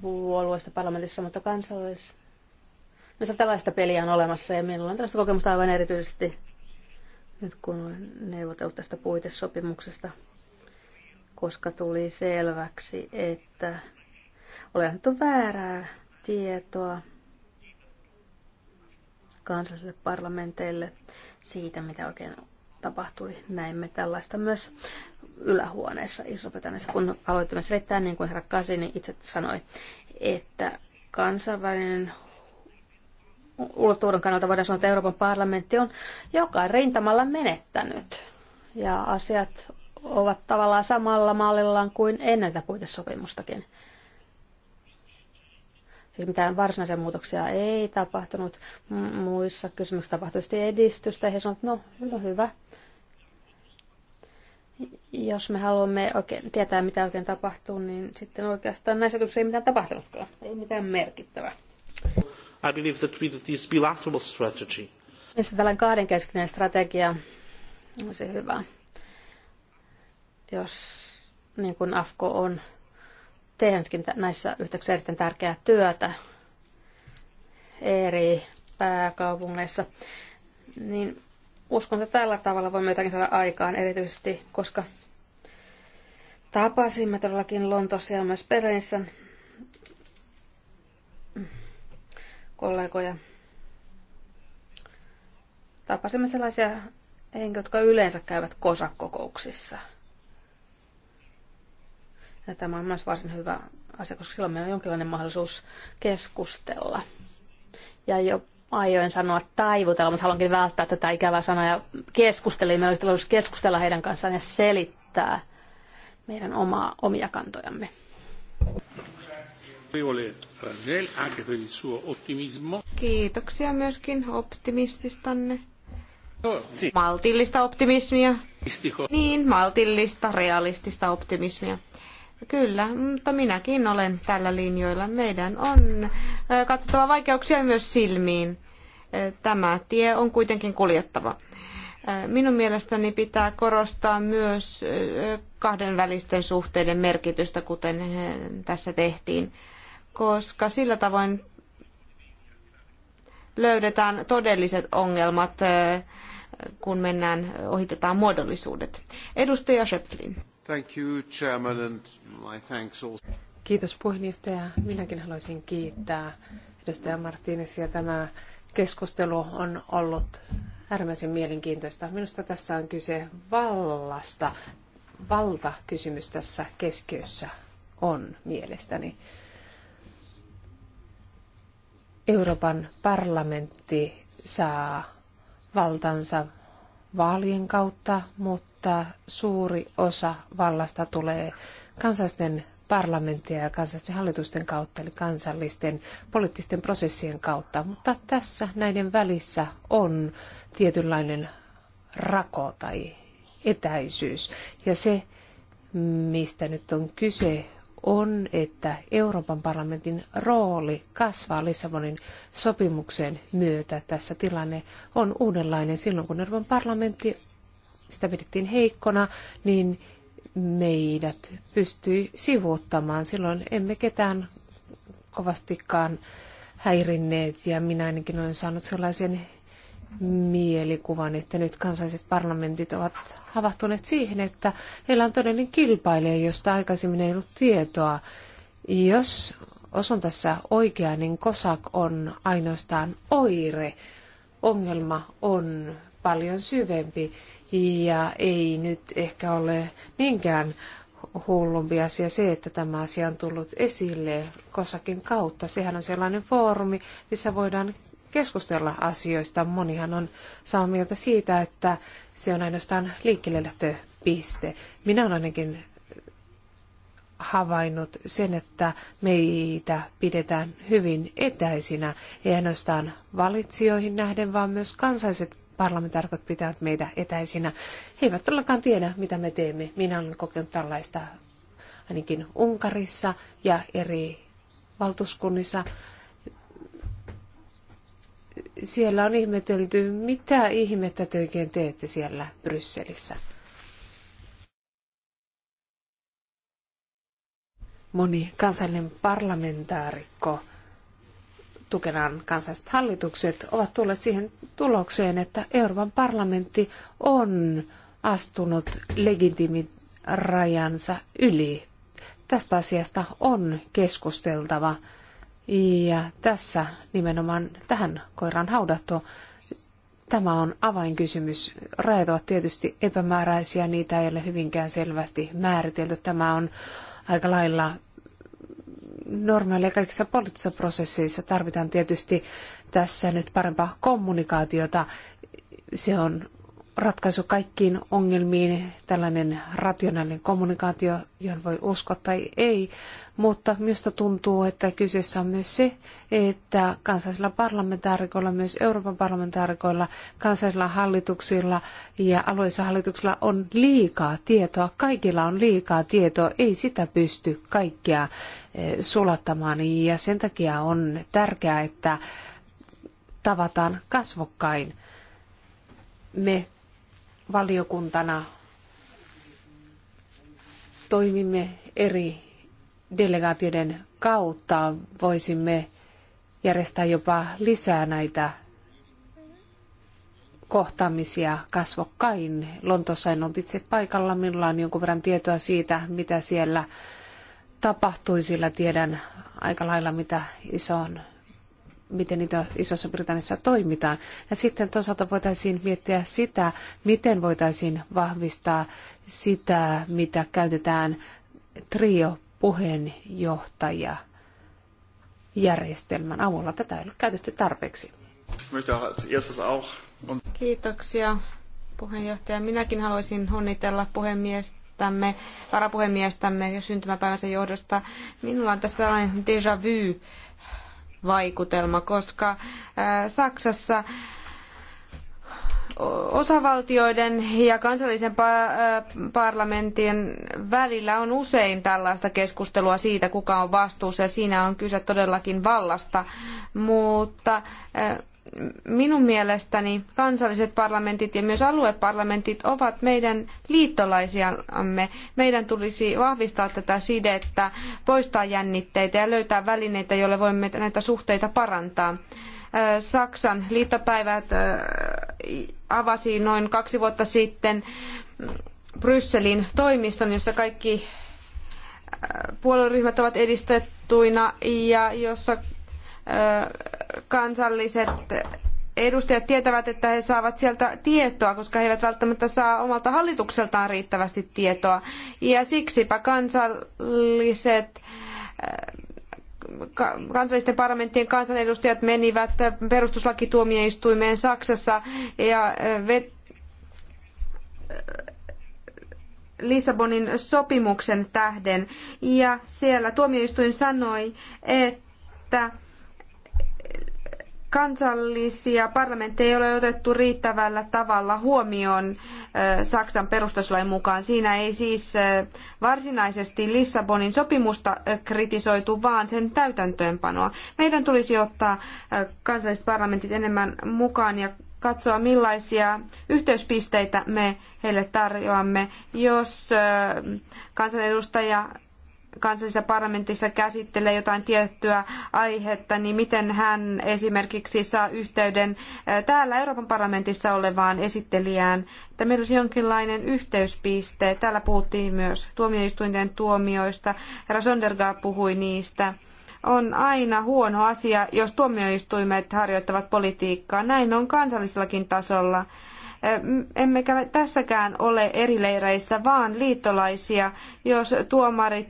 puolueista parlamentissa, mutta kansallisissa. Myös tällaista peliä on olemassa ja minulla on tällaista kokemusta aivan erityisesti nyt kun olen neuvotellut tästä puitesopimuksesta, koska tuli selväksi, että oli annettu väärää tietoa kansallisille parlamenteille siitä, mitä oikein tapahtui. Näimme tällaista myös ylähuoneessa iso kun aloitimme selittää, niin kuin herra Kasini itse sanoi, että kansainvälinen ulottuvuuden kannalta voidaan sanoa, että Euroopan parlamentti on joka rintamalla menettänyt. Ja asiat ovat tavallaan samalla mallillaan kuin ennen tätä puitesopimustakin. Siis mitään varsinaisia muutoksia ei tapahtunut. Muissa kysymyksissä tapahtuisi edistystä. He sanoivat, no, no hyvä. Jos me haluamme oikein tietää, mitä oikein tapahtuu, niin sitten oikeastaan näissä kysymyksissä ei mitään tapahtunutkaan. Ei mitään merkittävää. I believe that with this bilateral strategy. Mielestäni tällainen kahdenkeskinen strategia on hyvä. Jos niin kuin AFKO on tehnytkin näissä yhteyksissä erittäin tärkeää työtä eri pääkaupungeissa, niin uskon, että tällä tavalla voimme jotakin saada aikaan erityisesti, koska tapasimme todellakin Lontossa ja myös Berliinissä kollegoja. Tapasimme sellaisia henkilöitä, jotka yleensä käyvät kosakokouksissa – ja tämä on myös varsin hyvä asia, koska silloin meillä on jonkinlainen mahdollisuus keskustella. Ja jo aioin sanoa taivutella, mutta haluankin välttää tätä ikävää sanaa. Ja keskustelin, meillä olisi tilaisuus keskustella heidän kanssaan ja selittää meidän omaa, omia kantojamme. Kiitoksia myöskin optimististanne. No, maltillista optimismia. Niin, maltillista, realistista optimismia. Kyllä, mutta minäkin olen tällä linjoilla. Meidän on katsottava vaikeuksia myös silmiin. Tämä tie on kuitenkin kuljettava. Minun mielestäni pitää korostaa myös kahdenvälisten suhteiden merkitystä, kuten tässä tehtiin, koska sillä tavoin löydetään todelliset ongelmat, kun mennään, ohitetaan muodollisuudet. Edustaja Schöpflin. Thank you, Chairman, and my thanks also. Kiitos puheenjohtaja. Minäkin haluaisin kiittää edustaja Martinezia. Tämä keskustelu on ollut äärimmäisen mielenkiintoista. Minusta tässä on kyse vallasta. Valtakysymys tässä keskiössä on mielestäni. Euroopan parlamentti saa valtansa vaalien kautta, mutta suuri osa vallasta tulee kansallisten parlamenttien ja kansallisten hallitusten kautta, eli kansallisten poliittisten prosessien kautta. Mutta tässä näiden välissä on tietynlainen rako tai etäisyys. Ja se, mistä nyt on kyse, on, että Euroopan parlamentin rooli kasvaa Lissabonin sopimuksen myötä. Tässä tilanne on uudenlainen. Silloin kun Euroopan parlamentti, sitä pidettiin heikkona, niin meidät pystyi sivuuttamaan. Silloin emme ketään kovastikaan häirinneet ja minä ainakin olen saanut sellaisen mielikuvan, että nyt kansalliset parlamentit ovat havahtuneet siihen, että heillä on todellinen kilpailija, josta aikaisemmin ei ollut tietoa. Jos osun tässä oikea, niin COSAC on ainoastaan oire. Ongelma on paljon syvempi ja ei nyt ehkä ole niinkään hullumpi asia se, että tämä asia on tullut esille kosakin kautta. Sehän on sellainen foorumi, missä voidaan keskustella asioista. Monihan on samaa mieltä siitä, että se on ainoastaan liikkeellelähtöpiste. Minä olen ainakin havainnut sen, että meitä pidetään hyvin etäisinä, ei ainoastaan valitsijoihin nähden, vaan myös kansalliset parlamentaarikot pitävät meitä etäisinä. He eivät todellakaan tiedä, mitä me teemme. Minä olen kokenut tällaista ainakin Unkarissa ja eri valtuuskunnissa siellä on ihmetelty, mitä ihmettä te oikein teette siellä Brysselissä. Moni kansallinen parlamentaarikko tukenaan kansalliset hallitukset ovat tulleet siihen tulokseen, että Euroopan parlamentti on astunut legitimin rajansa yli. Tästä asiasta on keskusteltava ja tässä nimenomaan tähän koiraan haudattu. Tämä on avainkysymys. Rajat ovat tietysti epämääräisiä, niitä ei ole hyvinkään selvästi määritelty. Tämä on aika lailla normaalia kaikissa poliittisissa prosesseissa. Tarvitaan tietysti tässä nyt parempaa kommunikaatiota. Se on ratkaisu kaikkiin ongelmiin, tällainen rationaalinen kommunikaatio, johon voi uskoa tai ei, mutta minusta tuntuu, että kyseessä on myös se, että kansallisilla parlamentaarikoilla, myös Euroopan parlamentaarikoilla, kansallisilla hallituksilla ja alueellisilla on liikaa tietoa, kaikilla on liikaa tietoa, ei sitä pysty kaikkea eh, sulattamaan ja sen takia on tärkeää, että tavataan kasvokkain. Me valiokuntana toimimme eri delegaatioiden kautta. Voisimme järjestää jopa lisää näitä kohtaamisia kasvokkain. Lontossa en ollut itse paikalla, minulla on jonkun verran tietoa siitä, mitä siellä tapahtui, sillä tiedän aika lailla, mitä ison miten niitä Isossa Britanniassa toimitaan. Ja sitten toisaalta voitaisiin miettiä sitä, miten voitaisiin vahvistaa sitä, mitä käytetään trio puheenjohtaja järjestelmän avulla. Tätä ei ole käytetty tarpeeksi. Kiitoksia puheenjohtaja. Minäkin haluaisin onnitella puhemiestämme, varapuhemiestämme ja syntymäpäivänsä johdosta. Minulla on tässä tällainen déjà vu vaikutelma, koska äh, Saksassa osavaltioiden ja kansallisen äh, parlamenttien välillä on usein tällaista keskustelua siitä, kuka on vastuussa ja siinä on kyse todellakin vallasta, mutta äh, minun mielestäni kansalliset parlamentit ja myös alueparlamentit ovat meidän liittolaisiamme. Meidän tulisi vahvistaa tätä sidettä, poistaa jännitteitä ja löytää välineitä, joilla voimme näitä suhteita parantaa. Saksan liittopäivät avasi noin kaksi vuotta sitten Brysselin toimiston, jossa kaikki puolueryhmät ovat edistettuina ja jossa kansalliset edustajat tietävät, että he saavat sieltä tietoa, koska he eivät välttämättä saa omalta hallitukseltaan riittävästi tietoa. Ja siksipä kansalliset kansallisten parlamenttien kansanedustajat menivät perustuslakituomioistuimeen Saksassa ja Lissabonin sopimuksen tähden. Ja siellä tuomioistuin sanoi, että kansallisia parlamentteja ei ole otettu riittävällä tavalla huomioon Saksan perustuslain mukaan. Siinä ei siis varsinaisesti Lissabonin sopimusta kritisoitu, vaan sen täytäntöönpanoa. Meidän tulisi ottaa kansalliset parlamentit enemmän mukaan ja katsoa millaisia yhteyspisteitä me heille tarjoamme. Jos kansanedustaja kansallisessa parlamentissa käsittelee jotain tiettyä aihetta, niin miten hän esimerkiksi saa yhteyden täällä Euroopan parlamentissa olevaan esittelijään, että meillä olisi jonkinlainen yhteyspiste. Täällä puhuttiin myös tuomioistuinten tuomioista, herra Sonderga puhui niistä. On aina huono asia, jos tuomioistuimet harjoittavat politiikkaa. Näin on kansallisellakin tasolla emmekä tässäkään ole eri leireissä, vaan liittolaisia, jos tuomarit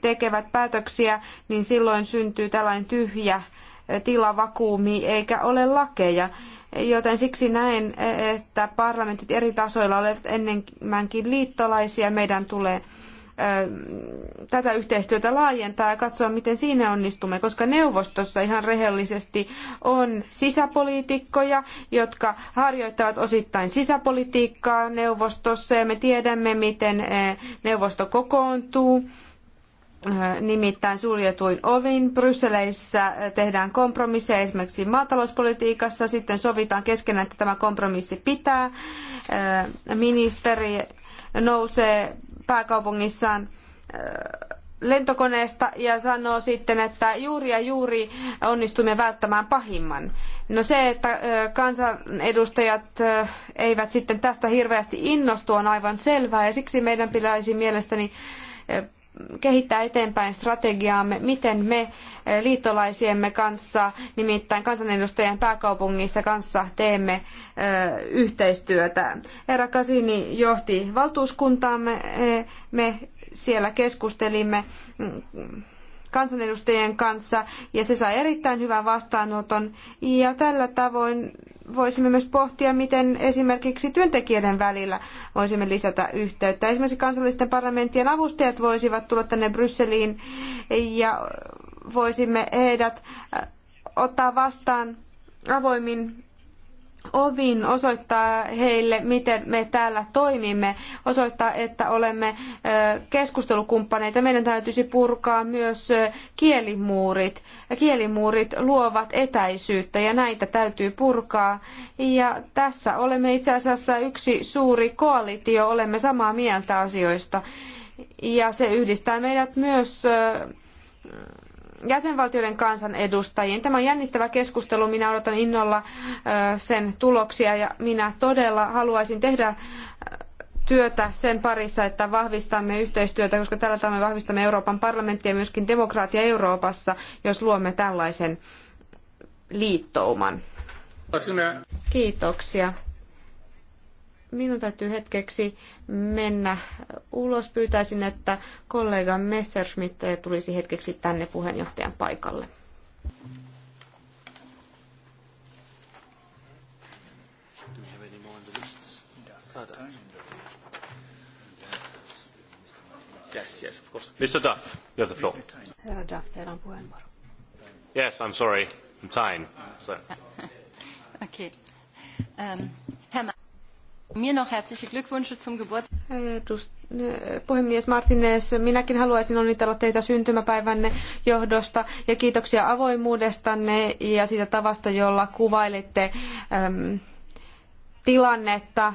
tekevät päätöksiä, niin silloin syntyy tällainen tyhjä tilavakuumi eikä ole lakeja. Joten siksi näen, että parlamentit eri tasoilla ovat enemmänkin liittolaisia. Meidän tulee tätä yhteistyötä laajentaa ja katsoa, miten siinä onnistumme, koska neuvostossa ihan rehellisesti on sisäpoliitikkoja, jotka harjoittavat osittain sisäpolitiikkaa neuvostossa ja me tiedämme, miten neuvosto kokoontuu Äh, nimittäin suljetuin ovin. Brysselissä äh, tehdään kompromisseja esimerkiksi maatalouspolitiikassa, sitten sovitaan keskenään, että tämä kompromissi pitää. Äh, ministeri nousee pääkaupungissaan lentokoneesta ja sanoo sitten, että juuri ja juuri onnistumme välttämään pahimman. No se, että kansanedustajat eivät sitten tästä hirveästi innostu on aivan selvää ja siksi meidän pitäisi mielestäni kehittää eteenpäin strategiaamme, miten me eh, liittolaisiemme kanssa, nimittäin kansanedustajien pääkaupungissa kanssa teemme eh, yhteistyötä. Herra Kasini johti valtuuskuntaamme, eh, me siellä keskustelimme mm, kansanedustajien kanssa ja se sai erittäin hyvän vastaanoton ja tällä tavoin voisimme myös pohtia, miten esimerkiksi työntekijöiden välillä voisimme lisätä yhteyttä. Esimerkiksi kansallisten parlamenttien avustajat voisivat tulla tänne Brysseliin ja voisimme heidät äh, ottaa vastaan avoimin ovin osoittaa heille, miten me täällä toimimme, osoittaa, että olemme keskustelukumppaneita. Meidän täytyisi purkaa myös kielimuurit. Kielimuurit luovat etäisyyttä ja näitä täytyy purkaa. Ja tässä olemme itse asiassa yksi suuri koalitio, olemme samaa mieltä asioista. Ja se yhdistää meidät myös jäsenvaltioiden kansanedustajiin. Tämä on jännittävä keskustelu. Minä odotan innolla sen tuloksia ja minä todella haluaisin tehdä työtä sen parissa, että vahvistamme yhteistyötä, koska tällä tavalla me vahvistamme Euroopan parlamenttia ja myöskin demokraatia Euroopassa, jos luomme tällaisen liittouman. Kiitoksia minun täytyy hetkeksi mennä ulos. Pyytäisin, että kollega Messerschmitt tulisi hetkeksi tänne puheenjohtajan paikalle. Yes, yes, of course. Mr. Duff, you have the floor. Herra Duff, teillä on puheenvuoro. Yes, I'm sorry. I'm tying. So. okay. Um, Äh, puhemies Martinez, minäkin haluaisin onnitella teitä syntymäpäivänne johdosta ja kiitoksia avoimuudestanne ja siitä tavasta, jolla kuvailitte äm, tilannetta.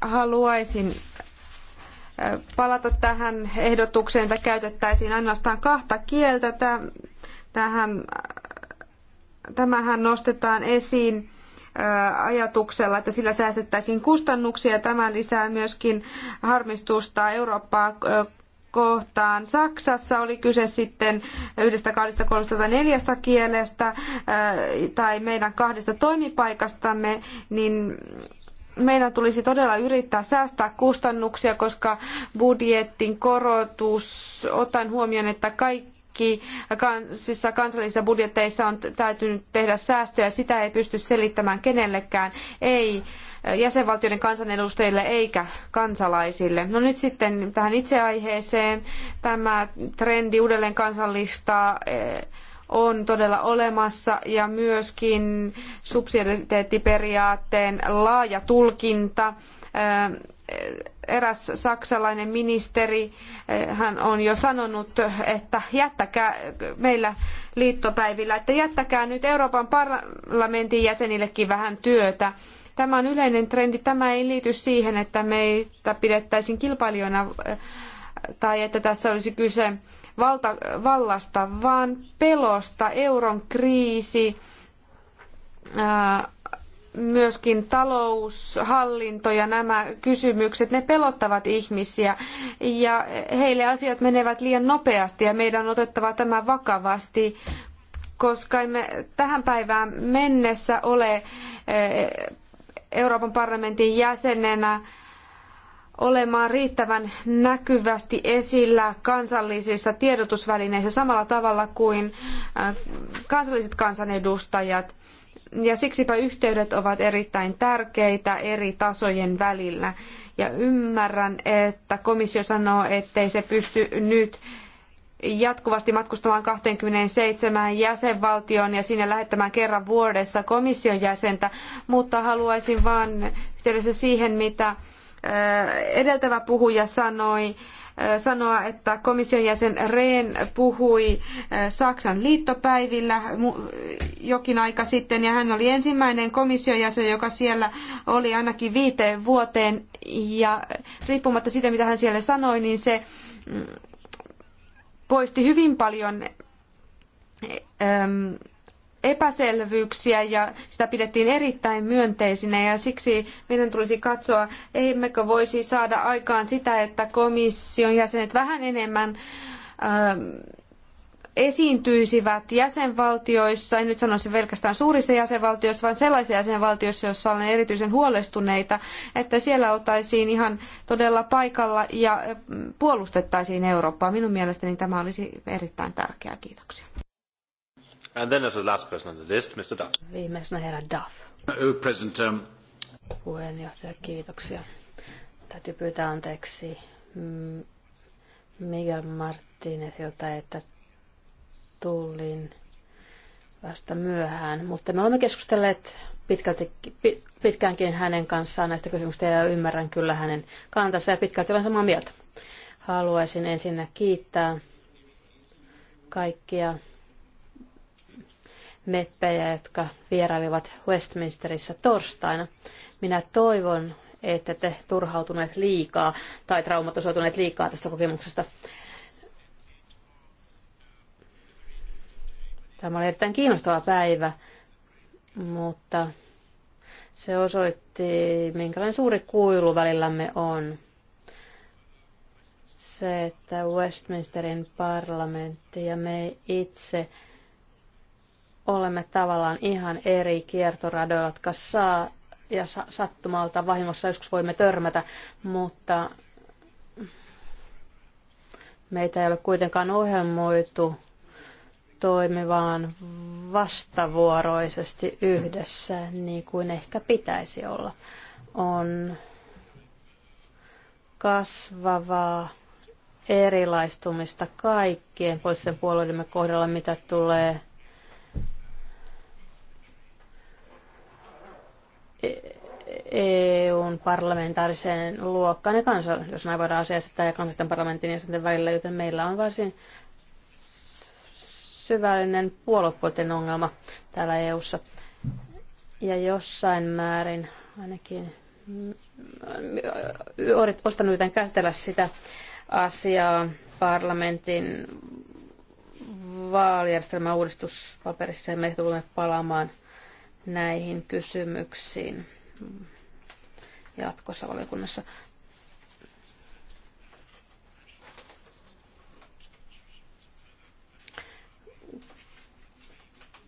Haluaisin palata tähän ehdotukseen, että käytettäisiin ainoastaan kahta kieltä. tämähän nostetaan esiin ajatuksella, että sillä säästettäisiin kustannuksia. Tämä lisää myöskin harmistusta Eurooppaa kohtaan. Saksassa oli kyse sitten yhdestä, kahdesta, kolmesta tai neljästä kielestä tai meidän kahdesta toimipaikastamme, niin meidän tulisi todella yrittää säästää kustannuksia, koska budjetin korotus, ottaen huomioon, että kaikki kaikki kansissa, kansallisissa budjetteissa on täytynyt tehdä säästöjä. Sitä ei pysty selittämään kenellekään, ei jäsenvaltioiden kansanedustajille eikä kansalaisille. No nyt sitten tähän itse aiheeseen. Tämä trendi uudelleen kansallista e, on todella olemassa ja myöskin subsidiariteettiperiaatteen laaja tulkinta e, eräs saksalainen ministeri, eh, hän on jo sanonut, että jättäkää meillä liittopäivillä, että jättäkää nyt Euroopan parlamentin jäsenillekin vähän työtä. Tämä on yleinen trendi. Tämä ei liity siihen, että meistä pidettäisiin kilpailijoina eh, tai että tässä olisi kyse valta, vallasta, vaan pelosta, euron kriisi, ää, myöskin talous, hallinto ja nämä kysymykset, ne pelottavat ihmisiä ja heille asiat menevät liian nopeasti ja meidän on otettava tämä vakavasti, koska emme tähän päivään mennessä ole eh, Euroopan parlamentin jäsenenä olemaan riittävän näkyvästi esillä kansallisissa tiedotusvälineissä samalla tavalla kuin eh, kansalliset kansanedustajat. Ja siksipä yhteydet ovat erittäin tärkeitä eri tasojen välillä. Ja ymmärrän, että komissio sanoo, ettei se pysty nyt jatkuvasti matkustamaan 27 jäsenvaltioon ja sinne lähettämään kerran vuodessa komission jäsentä, mutta haluaisin vain yhteydessä siihen, mitä edeltävä puhuja sanoi, sanoa, että komission jäsen Rehn puhui Saksan liittopäivillä jokin aika sitten, ja hän oli ensimmäinen komission jäsen, joka siellä oli ainakin viiteen vuoteen, ja riippumatta siitä, mitä hän siellä sanoi, niin se mm, poisti hyvin paljon epäselvyyksiä ja sitä pidettiin erittäin myönteisinä ja siksi meidän tulisi katsoa, emmekö voisi saada aikaan sitä, että komission jäsenet vähän enemmän ähm, esiintyisivät jäsenvaltioissa, en nyt sanoisi pelkästään suurissa jäsenvaltioissa, vaan sellaisissa jäsenvaltioissa, joissa olen erityisen huolestuneita, että siellä oltaisiin ihan todella paikalla ja puolustettaisiin Eurooppaa. Minun mielestäni tämä olisi erittäin tärkeää. Kiitoksia. And then as the last person on the list, Mr. Duff. Viimeisenä herra Duff. Uh, um... Puheenjohtaja, kiitoksia. Täytyy pyytää anteeksi mm, Miguel Martinezilta, että tulin vasta myöhään, mutta me olemme keskustelleet pitkälti, pitkäänkin hänen kanssaan näistä kysymyksistä ja ymmärrän kyllä hänen kantansa ja pitkälti olen samaa mieltä. Haluaisin ensinnä kiittää kaikkia meppejä, jotka vierailivat Westminsterissä torstaina. Minä toivon, että te turhautuneet liikaa tai traumatisoituneet liikaa tästä kokemuksesta. Tämä oli erittäin kiinnostava päivä, mutta se osoitti, minkälainen suuri kuilu välillämme on. Se, että Westminsterin parlamentti ja me itse olemme tavallaan ihan eri kiertoradoilla, jotka saa ja sattumalta vahingossa joskus voimme törmätä, mutta meitä ei ole kuitenkaan ohjelmoitu toimivaan vastavuoroisesti yhdessä, niin kuin ehkä pitäisi olla. On kasvavaa erilaistumista kaikkien poliittisen puolueidemme kohdalla, mitä tulee EUn parlamentaariseen luokkaan ja kansan, jos näin voidaan asiasta ja kansallisten parlamentin jäsenten välillä, joten meillä on varsin syvällinen puoluepuolten ongelma täällä EUssa. Ja jossain määrin ainakin ostanut yritän käsitellä sitä asiaa parlamentin vaalijärjestelmän uudistuspaperissa ja me tulemme palaamaan – näihin kysymyksiin jatkossa valiokunnassa.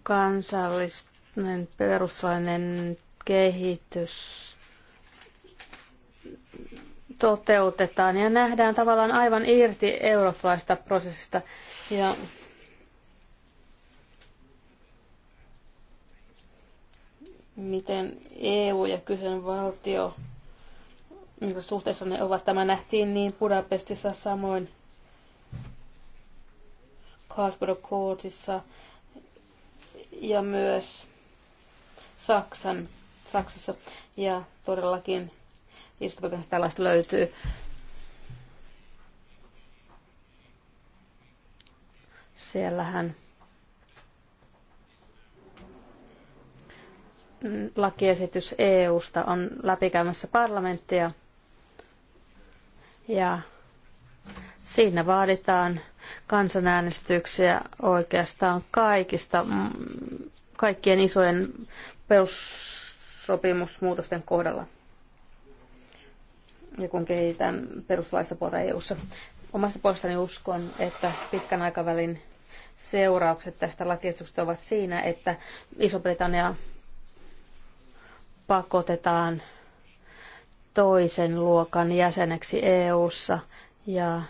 Kansallinen perustuslainen kehitys toteutetaan ja nähdään tavallaan aivan irti eurooppalaisesta prosessista. Ja miten EU ja kyseinen valtio suhteessa ne ovat. Tämä nähtiin niin Budapestissa samoin Karlsbad Courtissa ja myös Saksan, Saksassa. Ja todellakin istupakansa tällaista löytyy. Siellähän lakiesitys EUsta on läpikäymässä parlamenttia ja siinä vaaditaan kansanäänestyksiä oikeastaan kaikista, mm, kaikkien isojen perussopimusmuutosten kohdalla. Ja kun kehitän perustuslaista puolta EUssa. Omasta puolestani uskon, että pitkän aikavälin seuraukset tästä lakiesityksestä ovat siinä, että Iso-Britannia pakotetaan toisen luokan jäseneksi EU:ssa ja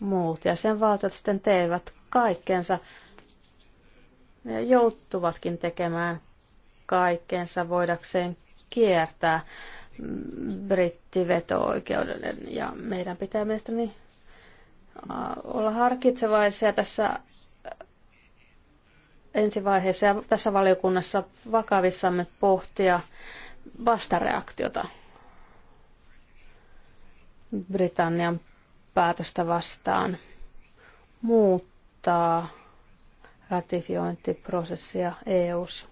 muut jäsenvaltiot sitten teevät kaikkensa ja joutuvatkin tekemään kaikkensa voidakseen kiertää brittiveto-oikeuden ja meidän pitää mielestäni olla harkitsevaisia tässä ensivaiheessa ja tässä valiokunnassa vakavissamme pohtia vastareaktiota Britannian päätöstä vastaan muuttaa ratifiointiprosessia EU:ssa.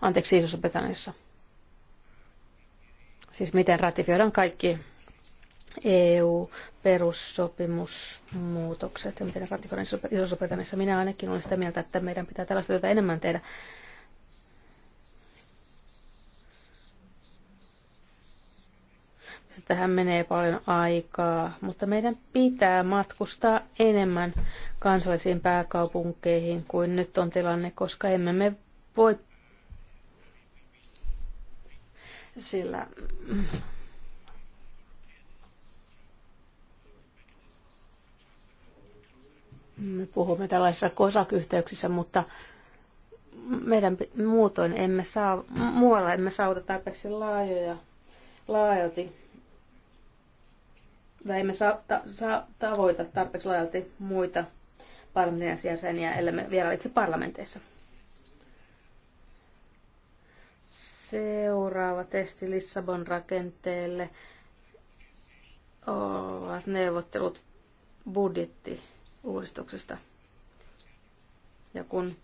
Anteeksi, Isossa-Britanniassa. Siis miten ratifioidaan kaikki EU-perussopimusmuutokset ja miten ne iso Minä ainakin olen sitä mieltä, että meidän pitää tällaista työtä enemmän tehdä. Tähän menee paljon aikaa, mutta meidän pitää matkustaa enemmän kansallisiin pääkaupunkeihin kuin nyt on tilanne, koska emme me voi sillä Me puhumme tällaisissa kosakyhteyksissä, mutta meidän muutoin emme saa, muualla emme saavuta tarpeeksi laajoja, laajalti, tai emme saa, ta, saa tavoita tarpeeksi laajalti muita parlamentin jäseniä, ellei me itse parlamenteissa. Seuraava testi Lissabon rakenteelle ovat neuvottelut budjetti uudistuksesta. Ja kun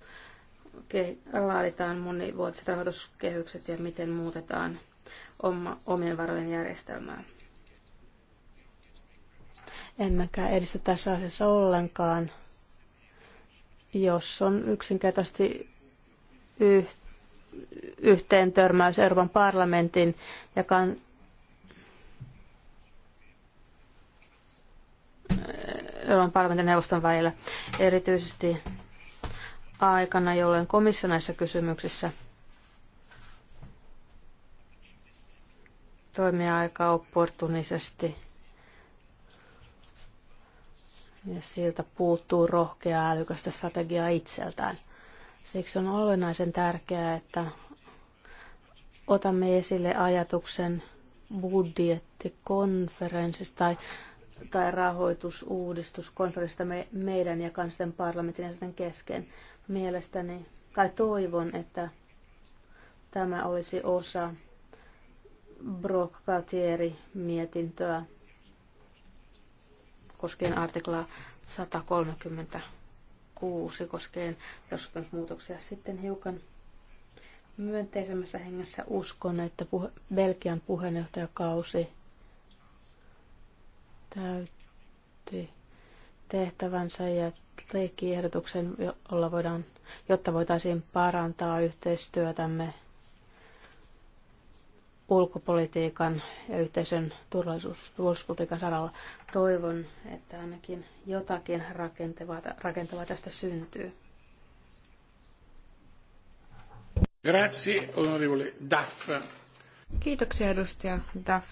laaditaan monivuotiset rahoituskehykset ja miten muutetaan omien varojen järjestelmää. Emmekä edistä tässä asiassa ollenkaan, jos on yksinkertaisesti yh- yhteen törmäys Euroopan parlamentin ja kan- Euroopan parlamentin neuvoston välillä, erityisesti aikana, jolloin komissio näissä kysymyksissä toimii aika opportunisesti ja siltä puuttuu rohkea älykästä strategiaa itseltään. Siksi on olennaisen tärkeää, että otamme esille ajatuksen budjettikonferenssista tai tai konferenssista me, meidän ja kansallisten parlamentin ja kesken. Mielestäni, tai toivon, että tämä olisi osa Brock mietintöä koskien artiklaa 136 koskien perussopimusmuutoksia sitten hiukan myönteisemmässä hengessä uskon, että puhe- Belgian puheenjohtajakausi täytti tehtävänsä ja teki ehdotuksen, jolla voidaan, jotta voitaisiin parantaa yhteistyötämme ulkopolitiikan ja yhteisön turvallisuuspolitiikan saralla. Toivon, että ainakin jotakin rakentavaa, rakentavaa tästä syntyy. Grazie, onorevole Daff. Kiitoksia, edustaja Daff.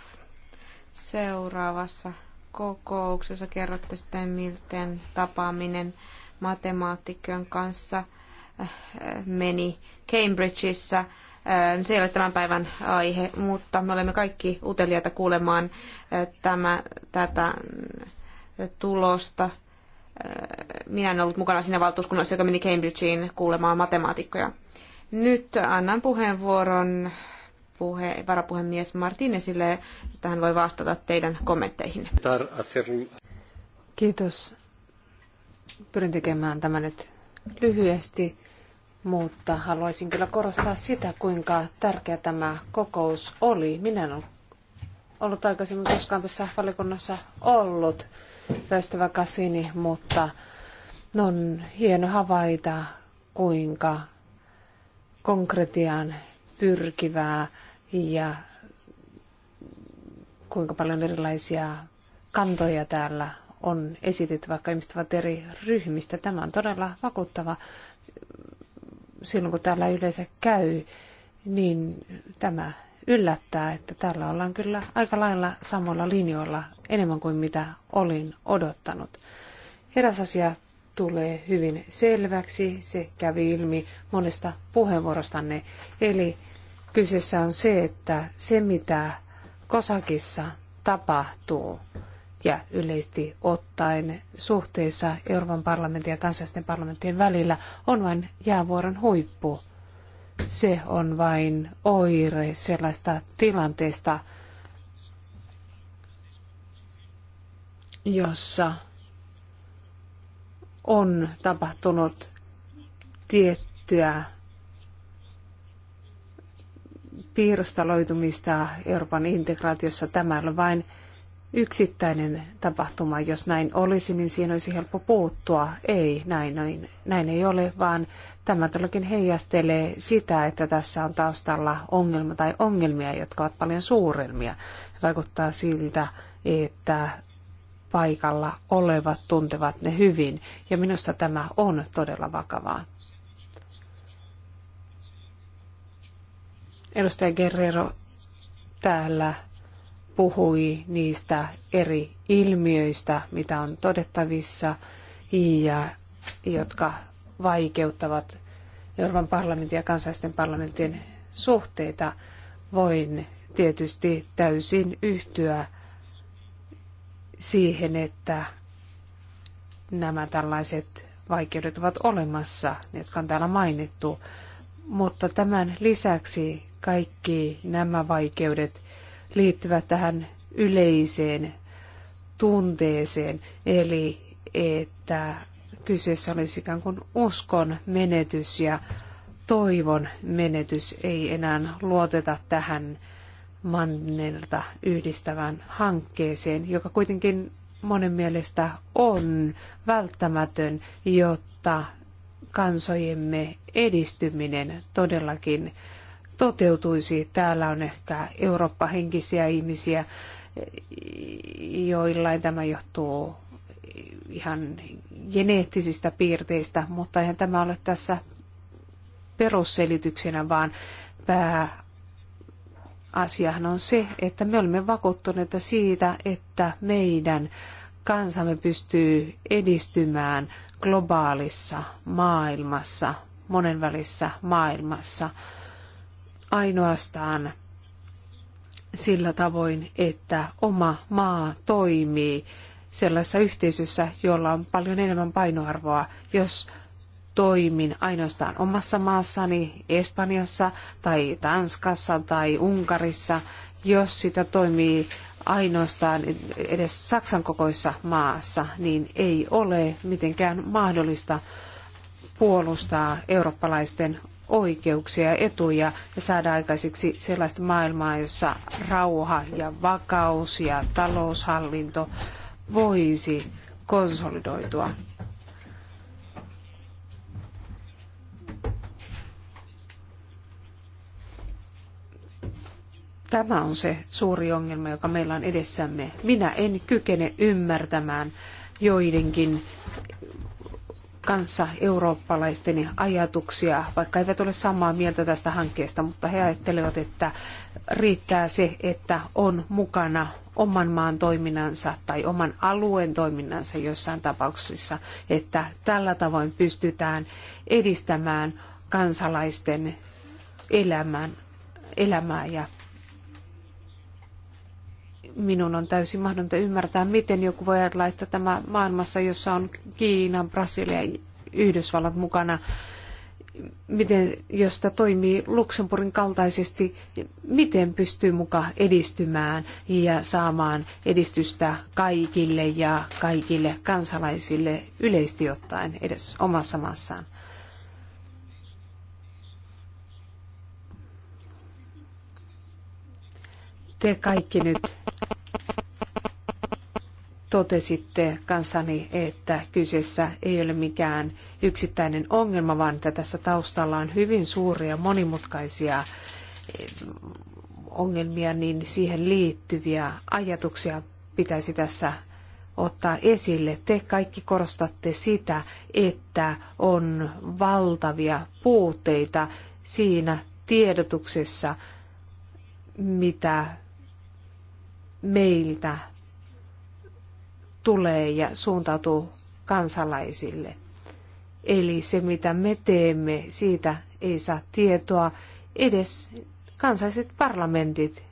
Seuraavassa kokouksessa kerrotte sitten, milten tapaaminen matemaattikön kanssa äh, meni Cambridgeissa. Äh, se ei ole tämän päivän aihe, mutta me olemme kaikki uteliaita kuulemaan äh, tämä, tätä tulosta. Minä en ollut mukana siinä valtuuskunnassa, joka meni Cambridgeen kuulemaan matemaatikkoja. Nyt annan puheenvuoron varapuhemies Martinesille, että hän voi vastata teidän kommentteihinne. Kiitos. Pyrin tekemään tämä nyt lyhyesti, mutta haluaisin kyllä korostaa sitä, kuinka tärkeä tämä kokous oli. Minä en ollut aikaisemmin koskaan tässä valikunnassa ollut väistävä kasini, mutta no on hieno havaita, kuinka konkretiaan pyrkivää ja kuinka paljon erilaisia kantoja täällä on esitetty, vaikka ihmiset ovat eri ryhmistä. Tämä on todella vakuuttava silloin, kun täällä yleensä käy, niin tämä yllättää, että täällä ollaan kyllä aika lailla samoilla linjoilla enemmän kuin mitä olin odottanut. Eräs asia tulee hyvin selväksi, se kävi ilmi monesta puheenvuorostanne, eli Kyseessä on se, että se mitä Kosakissa tapahtuu ja yleisesti ottaen suhteessa Euroopan parlamentin ja kansallisten parlamenttien välillä on vain jäävuoren huippu. Se on vain oire sellaista tilanteesta, jossa on tapahtunut tiettyä piirustaloitumista Euroopan integraatiossa. Tämä on vain yksittäinen tapahtuma. Jos näin olisi, niin siinä olisi helppo puuttua. Ei, näin, näin, näin ei ole, vaan tämä todellakin heijastelee sitä, että tässä on taustalla ongelma tai ongelmia, jotka ovat paljon suuremmia. Vaikuttaa siltä, että paikalla olevat tuntevat ne hyvin, ja minusta tämä on todella vakavaa. Edustaja Guerrero täällä puhui niistä eri ilmiöistä, mitä on todettavissa ja jotka vaikeuttavat Euroopan parlamentin ja kansallisten parlamenttien suhteita. Voin tietysti täysin yhtyä siihen, että nämä tällaiset vaikeudet ovat olemassa, jotka on täällä mainittu. Mutta tämän lisäksi kaikki nämä vaikeudet liittyvät tähän yleiseen tunteeseen, eli että kyseessä olisi ikään kuin uskon menetys ja toivon menetys. Ei enää luoteta tähän mannelta yhdistävään hankkeeseen, joka kuitenkin monen mielestä on välttämätön, jotta kansojemme edistyminen todellakin toteutuisi. Täällä on ehkä Eurooppa-henkisiä ihmisiä, joillain tämä johtuu ihan geneettisistä piirteistä, mutta eihän tämä ole tässä perusselityksenä, vaan pääasiahan on se, että me olemme vakuuttuneita siitä, että meidän kansamme pystyy edistymään globaalissa maailmassa, monenvälisessä maailmassa – ainoastaan sillä tavoin, että oma maa toimii sellaisessa yhteisössä, jolla on paljon enemmän painoarvoa. Jos toimin ainoastaan omassa maassani, Espanjassa tai Tanskassa tai Unkarissa, jos sitä toimii ainoastaan edes Saksan kokoisessa maassa, niin ei ole mitenkään mahdollista puolustaa eurooppalaisten oikeuksia ja etuja ja saada aikaiseksi sellaista maailmaa, jossa rauha ja vakaus ja taloushallinto voisi konsolidoitua. Tämä on se suuri ongelma, joka meillä on edessämme. Minä en kykene ymmärtämään joidenkin kanssa eurooppalaisten ajatuksia, vaikka eivät ole samaa mieltä tästä hankkeesta, mutta he ajattelevat, että riittää se, että on mukana oman maan toiminnansa tai oman alueen toiminnansa joissain tapauksissa, että tällä tavoin pystytään edistämään kansalaisten elämän, elämää ja minun on täysin mahdotonta ymmärtää, miten joku voi ajatella, että tämä maailmassa, jossa on Kiina, Brasilia ja Yhdysvallat mukana, miten, jos toimii Luxemburgin kaltaisesti, miten pystyy muka edistymään ja saamaan edistystä kaikille ja kaikille kansalaisille yleisesti ottaen edes omassa maassaan. Te kaikki nyt totesitte kanssani, että kyseessä ei ole mikään yksittäinen ongelma, vaan että tässä taustalla on hyvin suuria monimutkaisia eh, ongelmia, niin siihen liittyviä ajatuksia pitäisi tässä ottaa esille. Te kaikki korostatte sitä, että on valtavia puutteita siinä tiedotuksessa, mitä meiltä tulee ja suuntautuu kansalaisille. Eli se, mitä me teemme, siitä ei saa tietoa edes kansalliset parlamentit.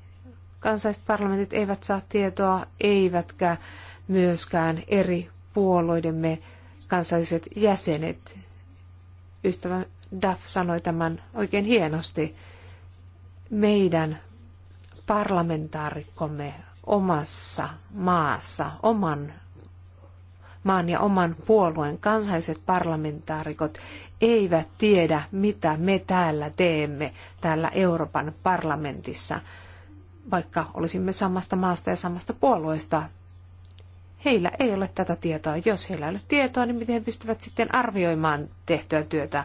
Kansalliset parlamentit eivät saa tietoa, eivätkä myöskään eri puolueidemme kansalliset jäsenet. Ystävä Duff sanoi tämän oikein hienosti. Meidän parlamentaarikkomme omassa maassa, oman maan ja oman puolueen kansalliset parlamentaarikot eivät tiedä, mitä me täällä teemme täällä Euroopan parlamentissa, vaikka olisimme samasta maasta ja samasta puolueesta. Heillä ei ole tätä tietoa. Jos heillä ei ole tietoa, niin miten he pystyvät sitten arvioimaan tehtyä työtä?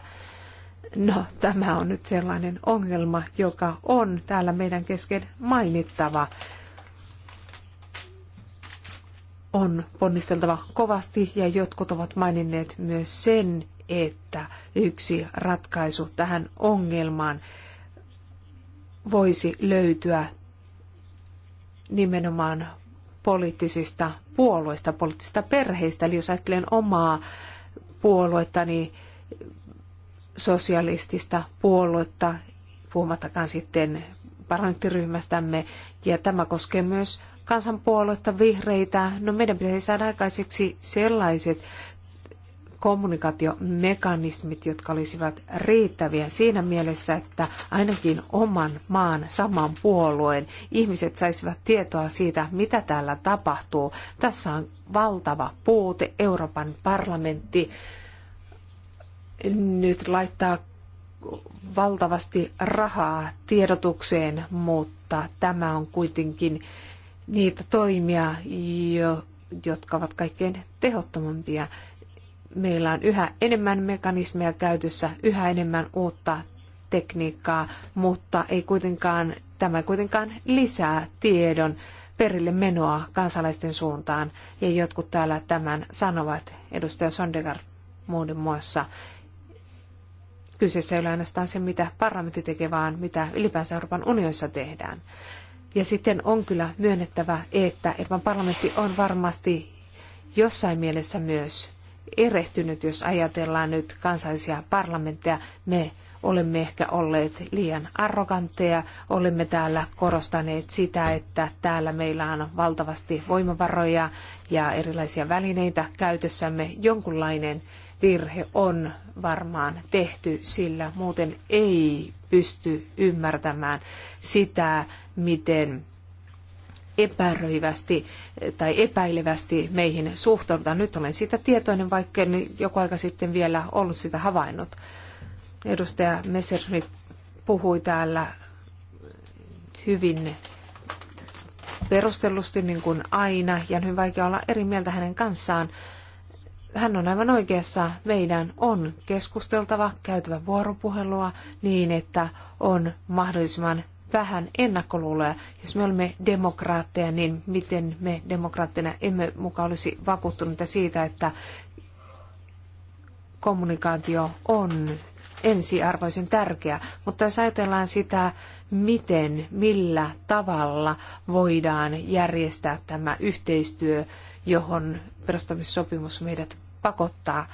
No, tämä on nyt sellainen ongelma, joka on täällä meidän kesken mainittava on ponnisteltava kovasti ja jotkut ovat maininneet myös sen, että yksi ratkaisu tähän ongelmaan voisi löytyä nimenomaan poliittisista puolueista, poliittisista perheistä. Eli jos ajattelen omaa puoluettani, niin sosialistista puoluetta, puhumattakaan sitten parlamenttiryhmästämme, ja tämä koskee myös kansanpuoluetta, vihreitä. No meidän pitäisi saada aikaiseksi sellaiset kommunikaatiomekanismit, jotka olisivat riittäviä siinä mielessä, että ainakin oman maan saman puolueen ihmiset saisivat tietoa siitä, mitä täällä tapahtuu. Tässä on valtava puute. Euroopan parlamentti nyt laittaa valtavasti rahaa tiedotukseen, mutta tämä on kuitenkin niitä toimia, jotka ovat kaikkein tehottomampia. Meillä on yhä enemmän mekanismeja käytössä, yhä enemmän uutta tekniikkaa, mutta ei kuitenkaan, tämä ei kuitenkaan lisää tiedon perille menoa kansalaisten suuntaan. Ja jotkut täällä tämän sanovat, edustaja Sondegar muun muassa. Kyseessä ei ole ainoastaan se, mitä parlamentti tekee, vaan mitä ylipäänsä Euroopan unionissa tehdään. Ja sitten on kyllä myönnettävä, että Euroopan parlamentti on varmasti jossain mielessä myös erehtynyt, jos ajatellaan nyt kansallisia parlamentteja. Me olemme ehkä olleet liian arrogantteja, olemme täällä korostaneet sitä, että täällä meillä on valtavasti voimavaroja ja erilaisia välineitä käytössämme. Jonkunlainen virhe on varmaan tehty, sillä muuten ei pysty ymmärtämään sitä, miten epäröivästi tai epäilevästi meihin suhtaudutaan. Nyt olen siitä tietoinen, vaikka en joku aika sitten vielä ollut sitä havainnut. Edustaja Messerschmidt puhui täällä hyvin perustellusti niin kuin aina, ja on hyvin vaikea olla eri mieltä hänen kanssaan, hän on aivan oikeassa. Meidän on keskusteltava, käytävä vuoropuhelua niin, että on mahdollisimman vähän ennakkoluuloja. Jos me olemme demokraatteja, niin miten me demokraatteina emme muka olisi vakuuttuneita siitä, että kommunikaatio on ensiarvoisen tärkeä. Mutta jos ajatellaan sitä, miten, millä tavalla voidaan järjestää tämä yhteistyö, johon perustamissopimus meidät pakottaa?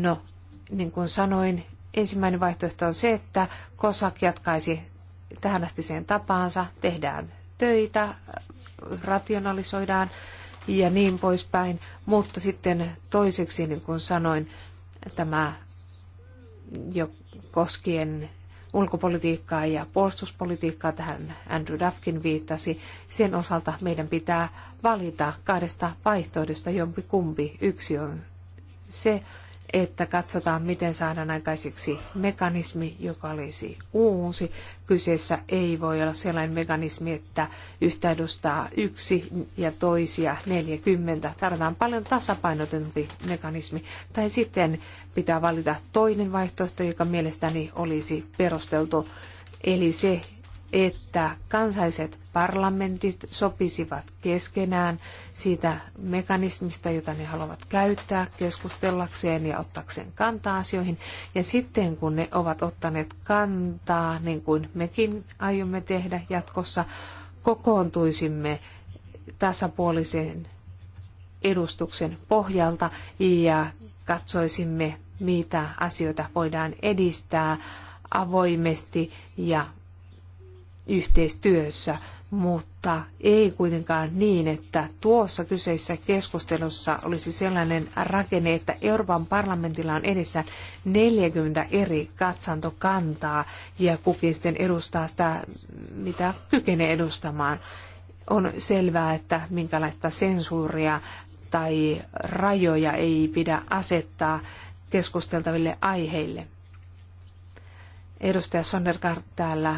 No, niin kuin sanoin, ensimmäinen vaihtoehto on se, että Kosak jatkaisi tähän asti sen tapaansa, tehdään töitä, rationalisoidaan ja niin poispäin. Mutta sitten toiseksi, niin kuin sanoin, tämä jo koskien ulkopolitiikkaa ja puolustuspolitiikkaa, tähän Andrew Duffkin viittasi, sen osalta meidän pitää valita kahdesta vaihtoehdosta jompi kumpi. Yksi on se, että katsotaan, miten saadaan aikaiseksi mekanismi, joka olisi uusi. Kyseessä ei voi olla sellainen mekanismi, että yhtä edustaa yksi ja toisia 40. Tarvitaan paljon tasapainotempi mekanismi. Tai sitten pitää valita toinen vaihtoehto, joka mielestäni olisi perusteltu. Eli se, että kansalliset parlamentit sopisivat keskenään siitä mekanismista, jota ne haluavat käyttää keskustellakseen ja ottaakseen kantaa asioihin. Ja sitten kun ne ovat ottaneet kantaa, niin kuin mekin aiomme tehdä jatkossa, kokoontuisimme tasapuolisen edustuksen pohjalta ja katsoisimme, mitä asioita voidaan edistää avoimesti ja yhteistyössä, mutta ei kuitenkaan niin, että tuossa kyseisessä keskustelussa olisi sellainen rakenne, että Euroopan parlamentilla on edessä 40 eri katsantokantaa ja kukin sitten edustaa sitä, mitä kykenee edustamaan. On selvää, että minkälaista sensuuria tai rajoja ei pidä asettaa keskusteltaville aiheille. Edustaja Sonnergaard täällä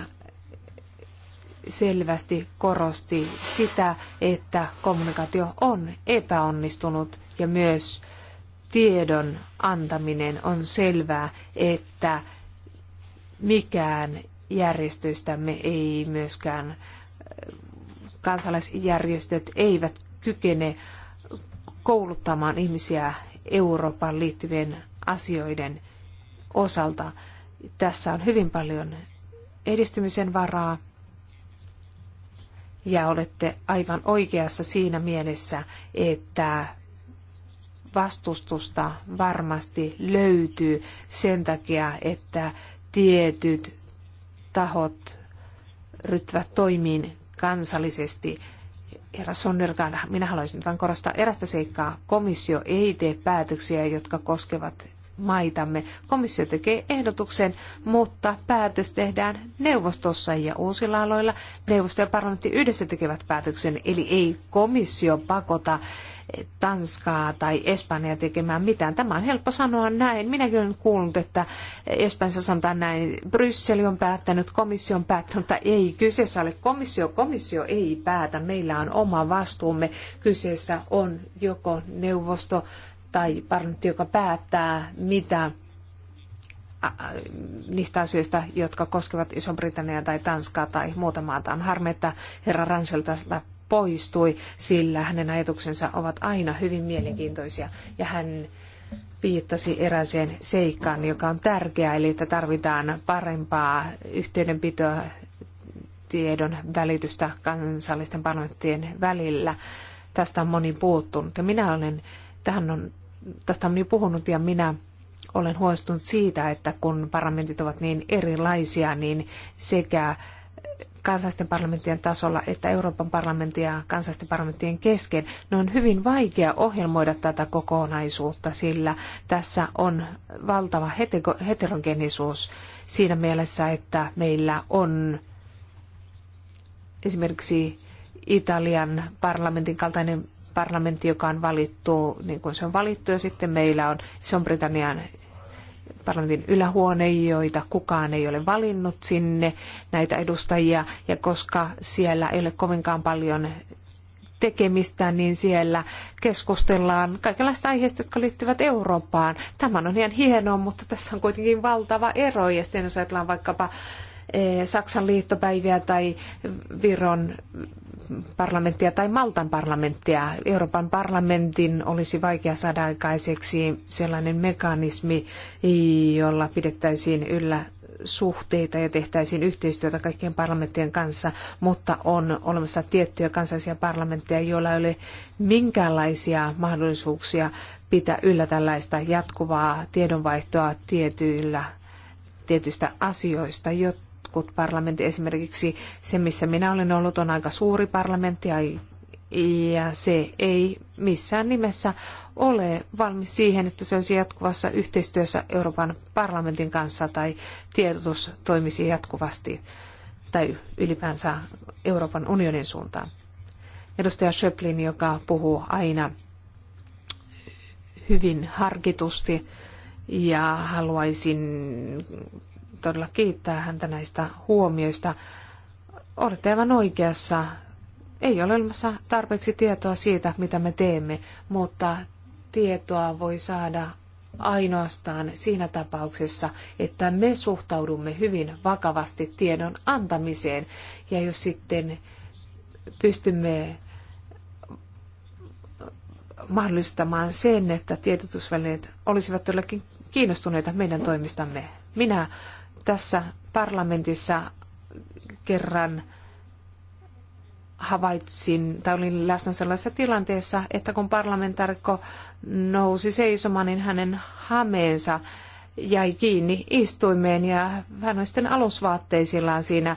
selvästi korosti sitä, että kommunikaatio on epäonnistunut ja myös tiedon antaminen on selvää, että mikään järjestöistämme ei myöskään äh, kansalaisjärjestöt eivät kykene kouluttamaan ihmisiä Euroopan liittyvien asioiden osalta. Tässä on hyvin paljon edistymisen varaa ja olette aivan oikeassa siinä mielessä, että vastustusta varmasti löytyy sen takia, että tietyt tahot ryhtyvät toimiin kansallisesti. Herra Sonnergaard, minä haluaisin vain korostaa erästä seikkaa. Komissio ei tee päätöksiä, jotka koskevat maitamme. Komissio tekee ehdotuksen, mutta päätös tehdään neuvostossa ja uusilla aloilla. Neuvosto ja parlamentti yhdessä tekevät päätöksen, eli ei komissio pakota Tanskaa tai Espanjaa tekemään mitään. Tämä on helppo sanoa näin. Minäkin olen kuullut, että Espanjassa sanotaan näin, Brysseli on päättänyt, komissio on päättänyt, mutta ei kyseessä ole komissio. Komissio ei päätä, meillä on oma vastuumme. Kyseessä on joko neuvosto tai parlamentti, joka päättää, mitä niistä asioista, jotka koskevat Iso-Britanniaa tai Tanskaa tai muuta maata. On harmi, että herra Ransel tästä poistui, sillä hänen ajatuksensa ovat aina hyvin mielenkiintoisia ja hän viittasi eräseen seikkaan, joka on tärkeää, eli että tarvitaan parempaa yhteydenpitoa tiedon välitystä kansallisten parlamenttien välillä. Tästä on moni puuttunut ja minä olen, tähän on tästä on jo puhunut ja minä olen huolestunut siitä, että kun parlamentit ovat niin erilaisia, niin sekä kansallisten parlamenttien tasolla että Euroopan parlamentin ja kansallisten parlamenttien kesken, ne niin on hyvin vaikea ohjelmoida tätä kokonaisuutta, sillä tässä on valtava heterogenisuus siinä mielessä, että meillä on esimerkiksi Italian parlamentin kaltainen parlamentti, joka on valittu niin kuin se on valittu, ja sitten meillä on Ison-Britannian parlamentin ylähuone, joita kukaan ei ole valinnut sinne näitä edustajia, ja koska siellä ei ole kovinkaan paljon tekemistä, niin siellä keskustellaan kaikenlaista aiheista, jotka liittyvät Eurooppaan. Tämä on ihan hienoa, mutta tässä on kuitenkin valtava ero, ja sitten jos ajatellaan vaikkapa eh, Saksan liittopäiviä tai Viron parlamenttia tai Maltan parlamenttia. Euroopan parlamentin olisi vaikea saada aikaiseksi sellainen mekanismi, jolla pidettäisiin yllä suhteita ja tehtäisiin yhteistyötä kaikkien parlamenttien kanssa, mutta on olemassa tiettyjä kansallisia parlamentteja, joilla ei ole minkäänlaisia mahdollisuuksia pitää yllä tällaista jatkuvaa tiedonvaihtoa tietyillä, tietyistä asioista, jotta jotkut parlamentit, esimerkiksi se, missä minä olen ollut, on aika suuri parlamentti ja se ei missään nimessä ole valmis siihen, että se olisi jatkuvassa yhteistyössä Euroopan parlamentin kanssa tai tiedotus toimisi jatkuvasti tai ylipäänsä Euroopan unionin suuntaan. Edustaja Schöplin, joka puhuu aina hyvin harkitusti ja haluaisin todella kiittää häntä näistä huomioista. Olette aivan oikeassa. Ei ole olemassa tarpeeksi tietoa siitä, mitä me teemme, mutta tietoa voi saada ainoastaan siinä tapauksessa, että me suhtaudumme hyvin vakavasti tiedon antamiseen. Ja jos sitten pystymme mahdollistamaan sen, että tiedotusvälineet olisivat todellakin kiinnostuneita meidän toimistamme. Minä tässä parlamentissa kerran havaitsin tai olin läsnä sellaisessa tilanteessa, että kun parlamentaarikko nousi seisomaan, niin hänen hameensa jäi kiinni istuimeen ja hän on sitten alusvaatteisillaan siinä.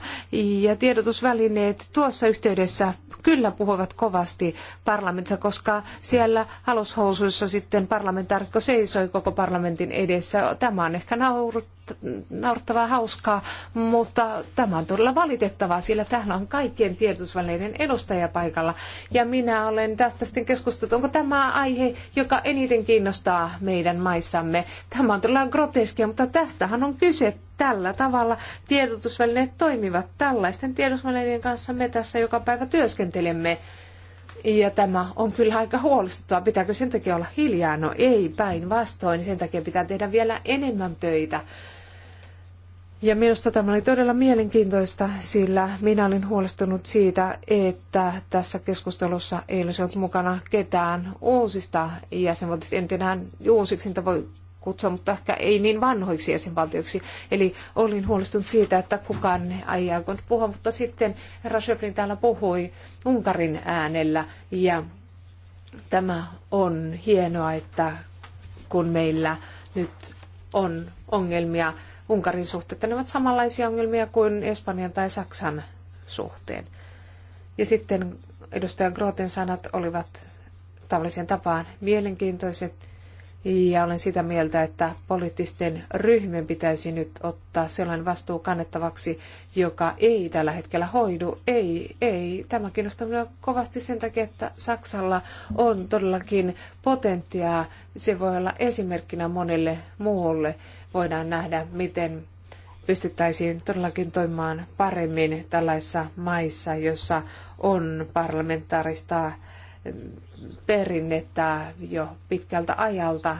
Ja tiedotusvälineet tuossa yhteydessä kyllä puhuvat kovasti parlamentissa, koska siellä alushousuissa sitten parlamentaarikko seisoi koko parlamentin edessä. Tämä on ehkä naurut, hauskaa, mutta tämä on todella valitettavaa, sillä täällä on kaikkien tiedotusvälineiden edustaja paikalla. Ja minä olen tästä sitten keskustellut, onko tämä aihe, joka eniten kiinnostaa meidän maissamme. Tämä on todella grot groteskia, mutta tästähän on kyse tällä tavalla. Tiedotusvälineet toimivat tällaisten tiedotusvälineiden kanssa. Me tässä joka päivä työskentelemme. Ja tämä on kyllä aika huolestuttavaa. Pitääkö sen takia olla hiljaa? No ei, päinvastoin. Sen takia pitää tehdä vielä enemmän töitä. Ja minusta tämä oli todella mielenkiintoista, sillä minä olin huolestunut siitä, että tässä keskustelussa ei olisi ollut mukana ketään uusista jäsenvaltioista. En tiedä uusiksi, voi kutsua, mutta ehkä ei niin vanhoiksi jäsenvaltioiksi. Eli olin huolestunut siitä, että kukaan ei aikonut puhua, mutta sitten herra Schöblin täällä puhui Unkarin äänellä ja tämä on hienoa, että kun meillä nyt on ongelmia Unkarin suhteen, että ne ovat samanlaisia ongelmia kuin Espanjan tai Saksan suhteen. Ja sitten edustaja Groten sanat olivat tavallisen tapaan mielenkiintoiset ja olen sitä mieltä, että poliittisten ryhmien pitäisi nyt ottaa sellainen vastuu kannettavaksi, joka ei tällä hetkellä hoidu. Ei, ei. Tämä kiinnostaa minua kovasti sen takia, että Saksalla on todellakin potentiaa. Se voi olla esimerkkinä monelle muulle. Voidaan nähdä, miten pystyttäisiin todellakin toimimaan paremmin tällaisissa maissa, jossa on parlamentaarista perinnettä jo pitkältä ajalta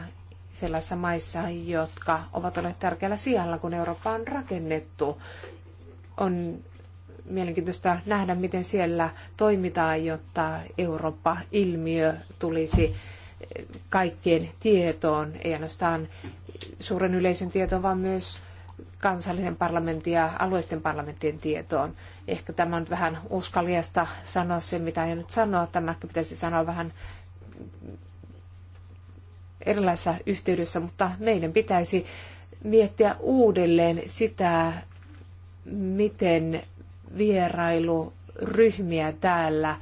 sellaisissa maissa, jotka ovat olleet tärkeällä sijalla, kun Eurooppa on rakennettu. On mielenkiintoista nähdä, miten siellä toimitaan, jotta Eurooppa-ilmiö tulisi kaikkien tietoon, ei ainoastaan suuren yleisön tietoon, vaan myös kansallisen parlamentin ja alueisten parlamenttien tietoon. Ehkä tämä on vähän uskaliasta sanoa se, mitä ei nyt sanoa. Tämä pitäisi sanoa vähän erilaisessa yhteydessä, mutta meidän pitäisi miettiä uudelleen sitä, miten vierailuryhmiä täällä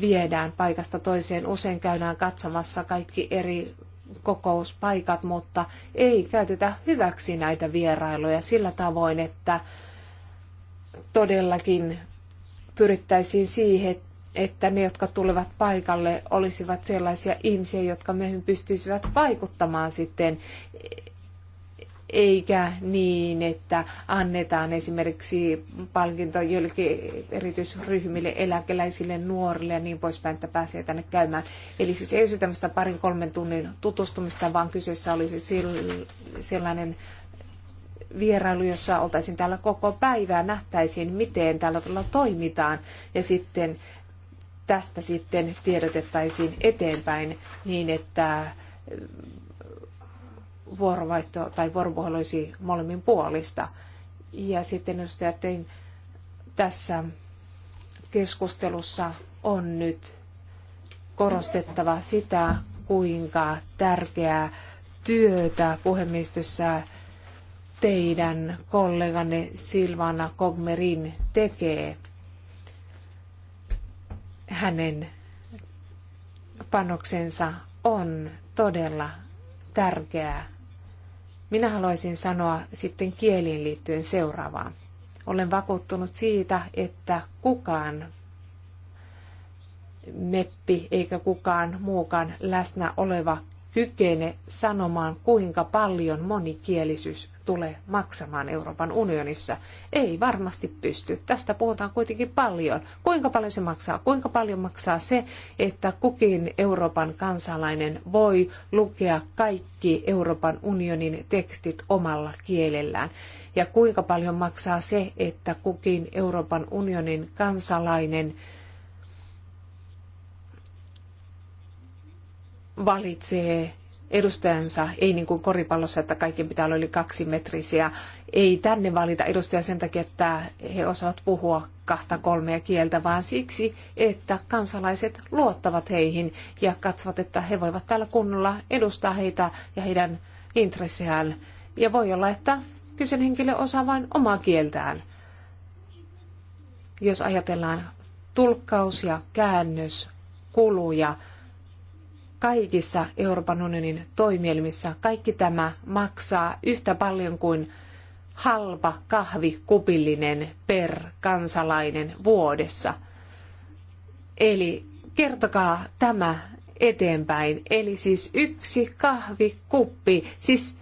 viedään paikasta toiseen. Usein käydään katsomassa kaikki eri kokouspaikat, mutta ei käytetä hyväksi näitä vierailuja sillä tavoin, että todellakin pyrittäisiin siihen, että ne, jotka tulevat paikalle, olisivat sellaisia ihmisiä, jotka myöhemmin pystyisivät vaikuttamaan sitten eikä niin, että annetaan esimerkiksi palkinto joillekin erityisryhmille, eläkeläisille, nuorille ja niin poispäin, että pääsee tänne käymään. Eli siis ei olisi tämmöistä parin kolmen tunnin tutustumista, vaan kyseessä olisi sellainen vierailu, jossa oltaisiin täällä koko päivää, nähtäisiin, miten täällä todella toimitaan ja sitten tästä sitten tiedotettaisiin eteenpäin niin, että vuorovaihto tai vuoropuhelu olisi molemmin puolista. Ja sitten edustaja Tein tässä keskustelussa on nyt korostettava sitä, kuinka tärkeää työtä puhemiestössä teidän kolleganne Silvana Kogmerin tekee. Hänen panoksensa on todella tärkeää minä haluaisin sanoa sitten kieliin liittyen seuraavaa. Olen vakuuttunut siitä, että kukaan meppi eikä kukaan muukaan läsnä oleva kykene sanomaan, kuinka paljon monikielisyys tule maksamaan Euroopan unionissa? Ei varmasti pysty. Tästä puhutaan kuitenkin paljon. Kuinka paljon se maksaa? Kuinka paljon maksaa se, että kukin Euroopan kansalainen voi lukea kaikki Euroopan unionin tekstit omalla kielellään? Ja kuinka paljon maksaa se, että kukin Euroopan unionin kansalainen valitsee edustajansa, ei niin kuin koripallossa, että kaikkien pitää olla yli metrisiä. Ei tänne valita edustajia sen takia, että he osaavat puhua kahta kolmea kieltä, vaan siksi, että kansalaiset luottavat heihin ja katsovat, että he voivat täällä kunnolla edustaa heitä ja heidän intressejään. Ja voi olla, että kyseinen henkilö osaa vain omaa kieltään. Jos ajatellaan tulkkaus- ja käännöskuluja, kaikissa Euroopan unionin toimielimissä kaikki tämä maksaa yhtä paljon kuin halpa kahvikupillinen per kansalainen vuodessa. Eli kertokaa tämä eteenpäin. Eli siis yksi kahvikuppi, siis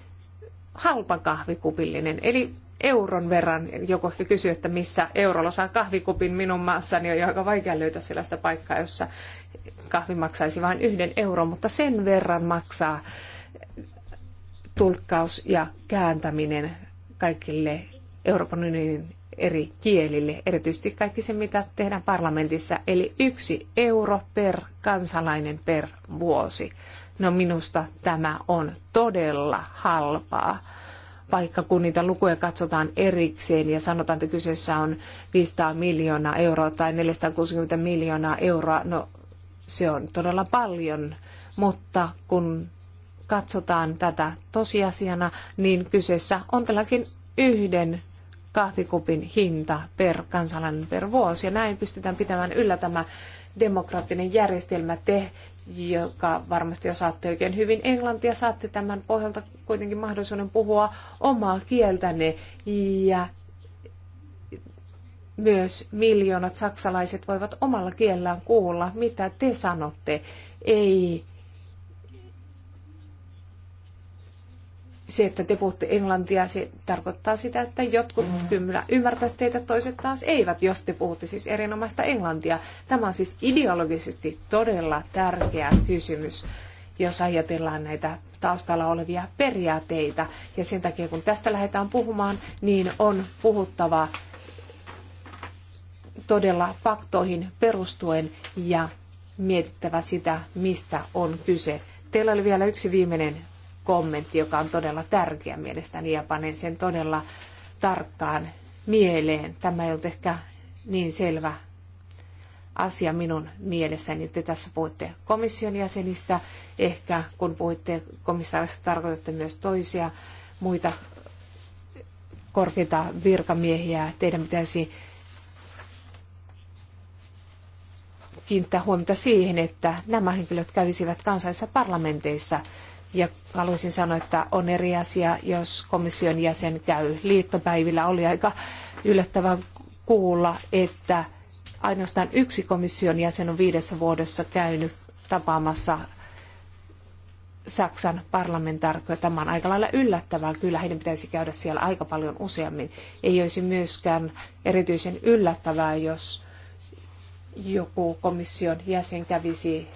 halpa kahvikupillinen, eli euron verran. Joku ehkä kysyy, että missä eurolla saa kahvikupin minun maassani, on jo aika vaikea löytää sellaista paikkaa, jossa kahvi maksaisi vain yhden euron, mutta sen verran maksaa tulkkaus ja kääntäminen kaikille Euroopan unionin eri kielille, erityisesti kaikki se, mitä tehdään parlamentissa, eli yksi euro per kansalainen per vuosi. No minusta tämä on todella halpaa. Vaikka kun niitä lukuja katsotaan erikseen ja sanotaan, että kyseessä on 500 miljoonaa euroa tai 460 miljoonaa euroa, no se on todella paljon, mutta kun katsotaan tätä tosiasiana, niin kyseessä on tälläkin yhden kahvikupin hinta per kansalainen per vuosi. Ja näin pystytään pitämään yllä tämä demokraattinen järjestelmä. Te, joka varmasti osaatte oikein hyvin englantia, saatte tämän pohjalta kuitenkin mahdollisuuden puhua omaa kieltäne. Ja myös miljoonat saksalaiset voivat omalla kielellään kuulla, mitä te sanotte. Ei se, että te puhutte englantia, se tarkoittaa sitä, että jotkut kyllä ymmärtävät teitä, toiset taas eivät, jos te puhutte siis erinomaista englantia. Tämä on siis ideologisesti todella tärkeä kysymys, jos ajatellaan näitä taustalla olevia periaatteita. Ja sen takia, kun tästä lähdetään puhumaan, niin on puhuttava todella faktoihin perustuen ja mietittävä sitä, mistä on kyse. Teillä oli vielä yksi viimeinen kommentti, joka on todella tärkeä mielestäni ja panen sen todella tarkkaan mieleen. Tämä ei ole ehkä niin selvä asia minun mielessäni. Te tässä puhutte komission jäsenistä, ehkä kun puhutte komissaarista tarkoitatte myös toisia muita korkeita virkamiehiä. Teidän pitäisi kiinnittää huomiota siihen, että nämä henkilöt kävisivät kansallisissa parlamenteissa. Ja haluaisin sanoa, että on eri asia, jos komission jäsen käy liittopäivillä. Oli aika yllättävää kuulla, että ainoastaan yksi komission jäsen on viidessä vuodessa käynyt tapaamassa Saksan parlamentaarikkoja. Tämä on aika lailla yllättävää. Kyllä heidän pitäisi käydä siellä aika paljon useammin. Ei olisi myöskään erityisen yllättävää, jos joku komission jäsen kävisi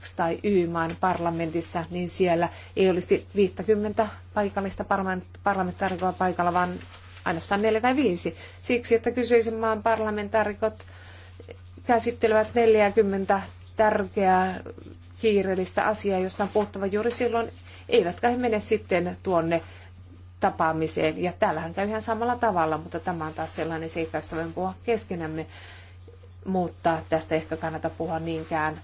X tai Y-maan parlamentissa, niin siellä ei olisi 50 paikallista parlamentaarikkoa paikalla, vaan ainoastaan neljä tai viisi. Siksi, että kyseisen maan parlamentaarikot käsittelevät 40 tärkeää kiireellistä asiaa, josta on puhuttava juuri silloin, eivätkä he mene sitten tuonne tapaamiseen. Ja täällähän käy ihan samalla tavalla, mutta tämä on taas sellainen seikkaistavan puhua keskenämme mutta tästä ehkä kannata puhua niinkään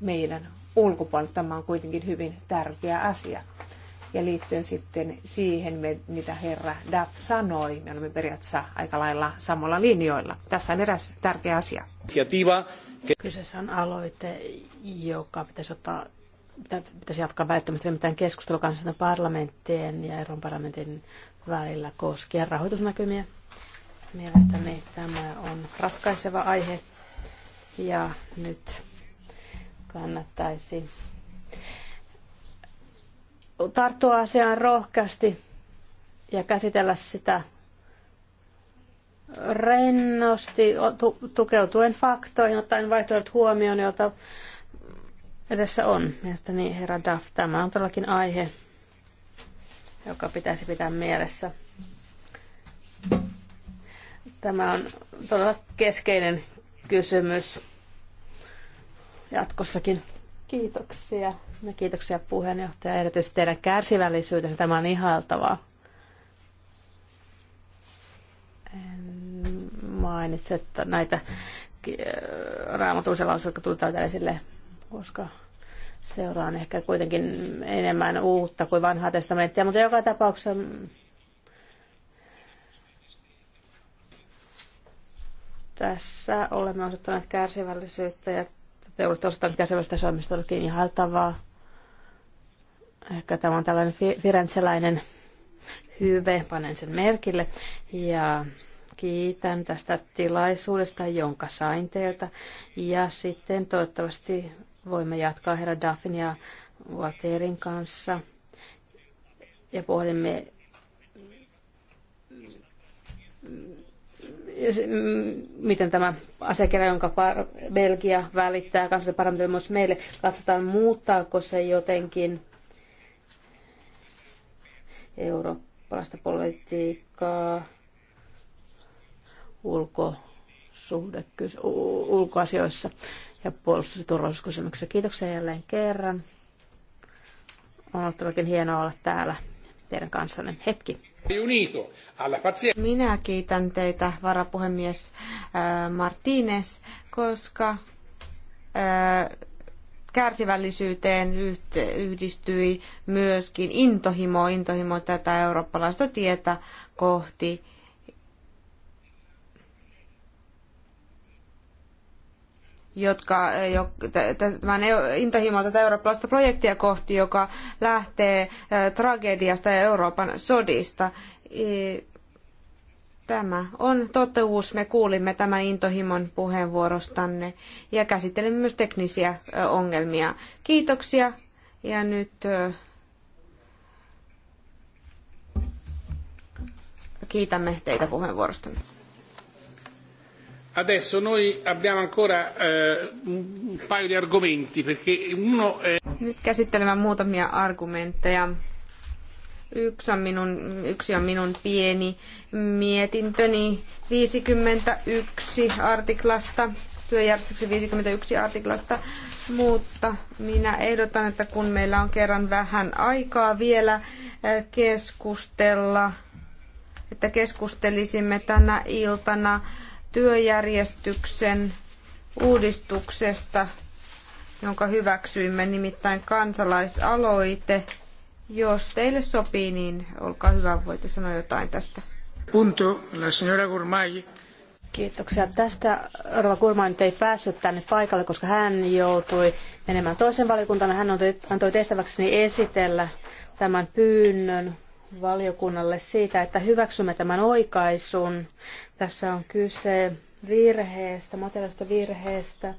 meidän ulkopuolelle. Tämä on kuitenkin hyvin tärkeä asia. Ja liittyen sitten siihen, mitä herra Duff sanoi, me olemme periaatteessa aika lailla samalla linjoilla. Tässä on eräs tärkeä asia. Kyseessä on aloite, joka pitäisi ottaa pitäisi jatkaa välttämättä mitään keskustelua kansallisten parlamenttien ja Euroopan parlamentin välillä koskien rahoitusnäkymiä Mielestäni tämä on ratkaiseva aihe ja nyt kannattaisi tarttua asiaan rohkeasti ja käsitellä sitä rennosti, tukeutuen faktoihin, ottaen vaihtoehdot huomioon, joita edessä on. Mielestäni herra Duff, tämä on todellakin aihe, joka pitäisi pitää mielessä. Tämä on todella keskeinen kysymys jatkossakin. Kiitoksia. Ja kiitoksia puheenjohtaja erityisesti teidän kärsivällisyytensä. Tämä on ihailtavaa. En mainitse että näitä äh, raamatullisia lauseita, jotka tulivat esille, koska seuraan ehkä kuitenkin enemmän uutta kuin vanhaa testamenttia, mutta joka tapauksessa Tässä olemme osoittaneet kärsivällisyyttä ja te olette osoittaneet kärsivällisyyttä Suomestallakin ihailtavaa. Ehkä tämä on tällainen firenseläinen hyve, panen sen merkille. Ja kiitän tästä tilaisuudesta, jonka sain teiltä. Ja sitten toivottavasti voimme jatkaa herra Daffin ja Walterin kanssa. Ja pohdimme Mm, miten tämä asiakirja, jonka Belgia välittää kansallisen myös meille, katsotaan muuttaako se jotenkin eurooppalaista politiikkaa, ulkosuhde, ulkoasioissa ja puolustus- ja turvallisuuskysymyksissä. Kiitoksia jälleen kerran. On ollut hienoa olla täällä teidän kanssanne hetki. Minä kiitän teitä, varapuhemies äh, Martínez, koska äh, kärsivällisyyteen yhdistyi myöskin intohimo, intohimo tätä eurooppalaista tietä kohti jotka jo, tämän intohimo tätä eurooppalaista projektia kohti, joka lähtee tragediasta ja Euroopan sodista. Tämä on totuus. Me kuulimme tämän intohimon puheenvuorostanne ja käsittelemme myös teknisiä ongelmia. Kiitoksia ja nyt kiitämme teitä puheenvuorostanne. Adesso noi abbiamo ancora eh, un paio di argomenti perché uno è... Nyt käsittelemme muutamia argumentteja. Yksi on minun, yksi on minun pieni mietintöni 51 artiklasta, työjärjestyksen 51 artiklasta, mutta minä ehdotan, että kun meillä on kerran vähän aikaa vielä eh, keskustella, että keskustelisimme tänä iltana äh, työjärjestyksen uudistuksesta, jonka hyväksyimme, nimittäin kansalaisaloite. Jos teille sopii, niin olkaa hyvä, voitte sanoa jotain tästä. Punto, la señora Gourmay. Kiitoksia tästä. Rova Kurma nyt ei päässyt tänne paikalle, koska hän joutui menemään toisen valiokuntaan. Hän antoi tehtäväkseni esitellä tämän pyynnön valiokunnalle siitä, että hyväksymme tämän oikaisun. Tässä on kyse virheestä, materiaalista virheestä,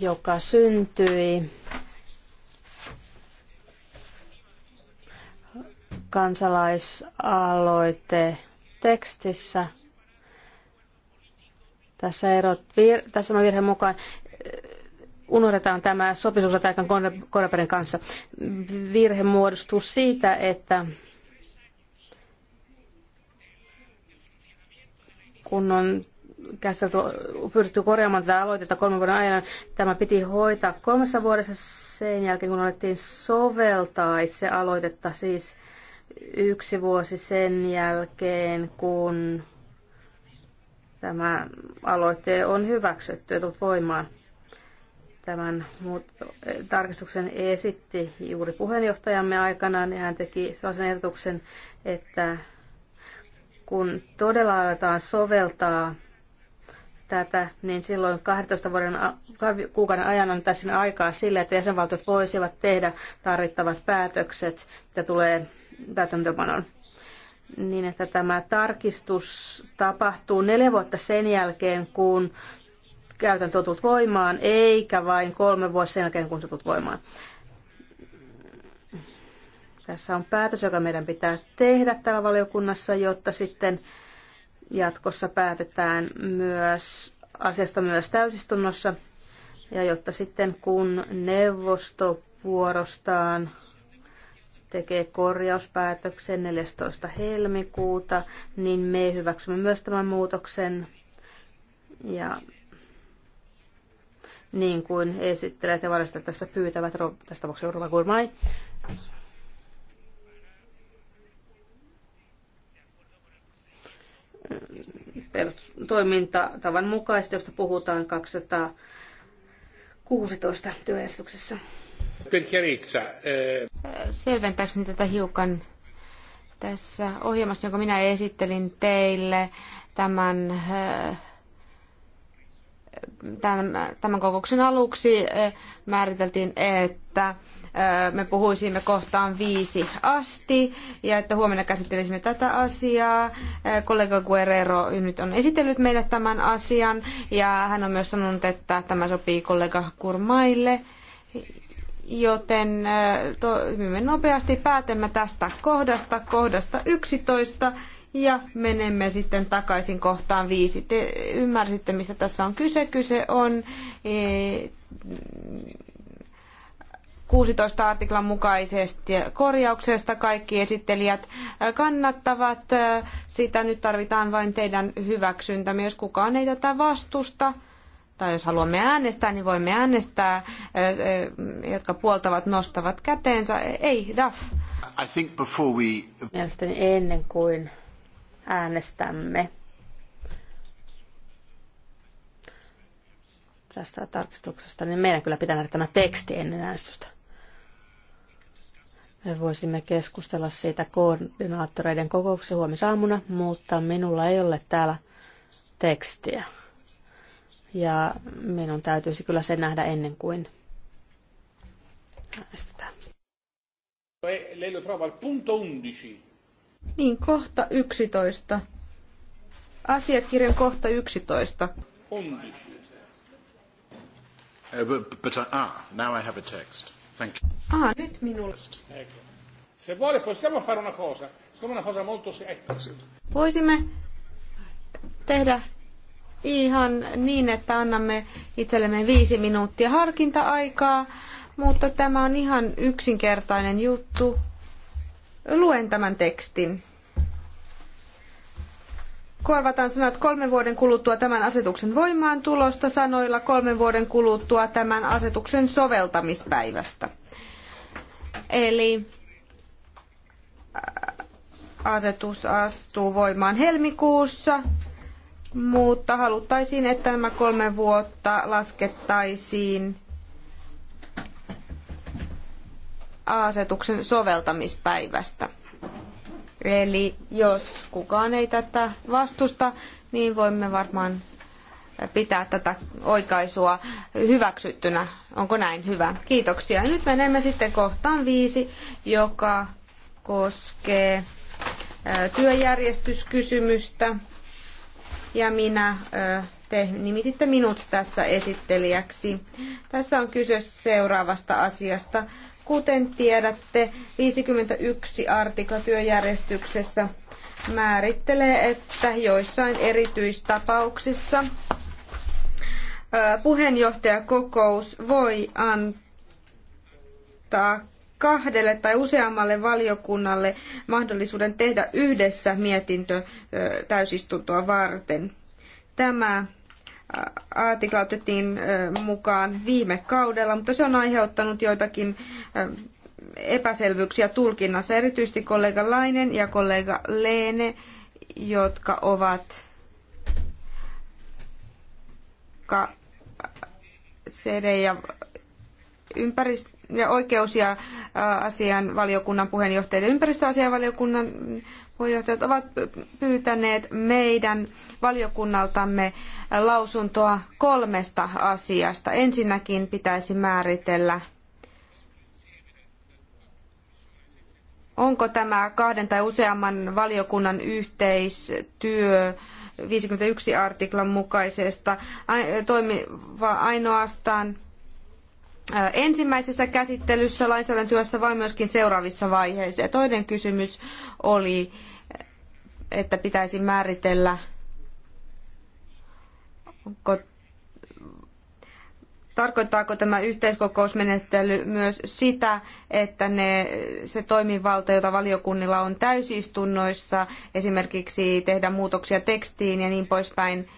joka syntyi kansalaisaloite tekstissä. Tässä, erot, vir, tässä on virhe mukaan eh, unohdetaan tämä sopisuusataikan Koreperin kanssa. Virhe muodostuu siitä, että kun on käsitelty, pyritty korjaamaan tätä aloitetta kolmen vuoden ajan. Tämä piti hoitaa kolmessa vuodessa sen jälkeen, kun alettiin soveltaa itse aloitetta, siis yksi vuosi sen jälkeen, kun tämä aloite on hyväksytty ja tullut voimaan. Tämän tarkistuksen esitti juuri puheenjohtajamme aikanaan niin hän teki sellaisen ehdotuksen, että kun todella aletaan soveltaa tätä, niin silloin 12 vuoden kuukauden ajan tässä aikaa sille, että jäsenvaltiot voisivat tehdä tarvittavat päätökset, mitä tulee täytäntöpanon niin, että tämä tarkistus tapahtuu neljä vuotta sen jälkeen, kun käytäntö on tullut voimaan, eikä vain kolme vuotta sen jälkeen, kun se tullut voimaan. Tässä on päätös, joka meidän pitää tehdä täällä valiokunnassa, jotta sitten jatkossa päätetään myös asiasta myös täysistunnossa. Ja jotta sitten kun neuvosto vuorostaan tekee korjauspäätöksen 14. helmikuuta, niin me hyväksymme myös tämän muutoksen. Ja niin kuin esittelijät ja varastajat tässä pyytävät, tässä tapauksessa Urva Gurmai, toimintatavan mukaisesti, josta puhutaan 216 työjärjestyksessä. Eh, Selventääkseni tätä hiukan tässä ohjelmassa, jonka minä esittelin teille tämän, eh, tämän, tämän kokouksen aluksi, eh, määriteltiin, että me puhuisimme kohtaan viisi asti ja että huomenna käsittelisimme tätä asiaa. Kollega Guerrero nyt on esitellyt meille tämän asian ja hän on myös sanonut, että tämä sopii kollega Kurmaille. Joten toimimme nopeasti, päätämme tästä kohdasta, kohdasta 11 ja menemme sitten takaisin kohtaan viisi. Te ymmärsitte, mistä tässä on kyse. Kyse on 16 artiklan mukaisesti korjauksesta. Kaikki esittelijät äh, kannattavat äh, sitä. Nyt tarvitaan vain teidän hyväksyntämme. Jos kukaan ei tätä vastusta, tai jos haluamme äänestää, niin voimme äänestää, äh, jotka puoltavat nostavat käteensä. Ei, DAF. I think before we... Mielestäni ennen kuin äänestämme tästä tarkistuksesta, niin meidän kyllä pitää nähdä tämä teksti ennen äänestystä. Me voisimme keskustella siitä koordinaattoreiden kokouksessa huomisaamuna, mutta minulla ei ole täällä tekstiä. Ja minun täytyisi kyllä sen nähdä ennen kuin äänestetään. Niin, kohta 11. Asiakirjan kohta 11. Eh, but, but, ah, now I have a text. Thank you. Ah, nyt minulla. Ecco. Se vuole possiamo fare una cosa. Siccome una cosa molto... Ecco. Voisimme tehdä ihan niin, että annamme itsellemme viisi minuuttia harkinta-aikaa, mutta tämä on ihan yksinkertainen juttu. Luen tämän tekstin korvataan sanat kolmen vuoden kuluttua tämän asetuksen voimaantulosta sanoilla kolmen vuoden kuluttua tämän asetuksen soveltamispäivästä. Eli äh, asetus astuu voimaan helmikuussa, mutta haluttaisiin, että nämä kolme vuotta laskettaisiin asetuksen soveltamispäivästä. Eli jos kukaan ei tätä vastusta, niin voimme varmaan pitää tätä oikaisua hyväksyttynä. Onko näin? Hyvä. Kiitoksia. Nyt menemme sitten kohtaan viisi, joka koskee työjärjestyskysymystä. Ja minä, te nimititte minut tässä esittelijäksi. Tässä on kyse seuraavasta asiasta. Kuten tiedätte, 51 artikla työjärjestyksessä määrittelee, että joissain erityistapauksissa puheenjohtajakokous voi antaa kahdelle tai useammalle valiokunnalle mahdollisuuden tehdä yhdessä mietintö täysistuntoa varten. Tämä Artiklautettiin otettiin mukaan viime kaudella, mutta se on aiheuttanut joitakin epäselvyyksiä tulkinnassa, erityisesti kollega Lainen ja kollega Leene, jotka ovat ka- CD ja ympäristö- ja oikeus- ja asian valiokunnan puheenjohtaja ja ympäristöasian valiokunnan puheenjohtajat ovat pyytäneet meidän valiokunnaltamme lausuntoa kolmesta asiasta. Ensinnäkin pitäisi määritellä, onko tämä kahden tai useamman valiokunnan yhteistyö 51 artiklan mukaisesta toimiva ainoastaan ensimmäisessä käsittelyssä lainsäädäntötyössä, vai myöskin seuraavissa vaiheissa. Ja toinen kysymys oli että pitäisi määritellä, onko, tarkoittaako tämä yhteiskokousmenettely myös sitä, että ne, se toimivalta, jota valiokunnilla on täysistunnoissa, esimerkiksi tehdä muutoksia tekstiin ja niin poispäin,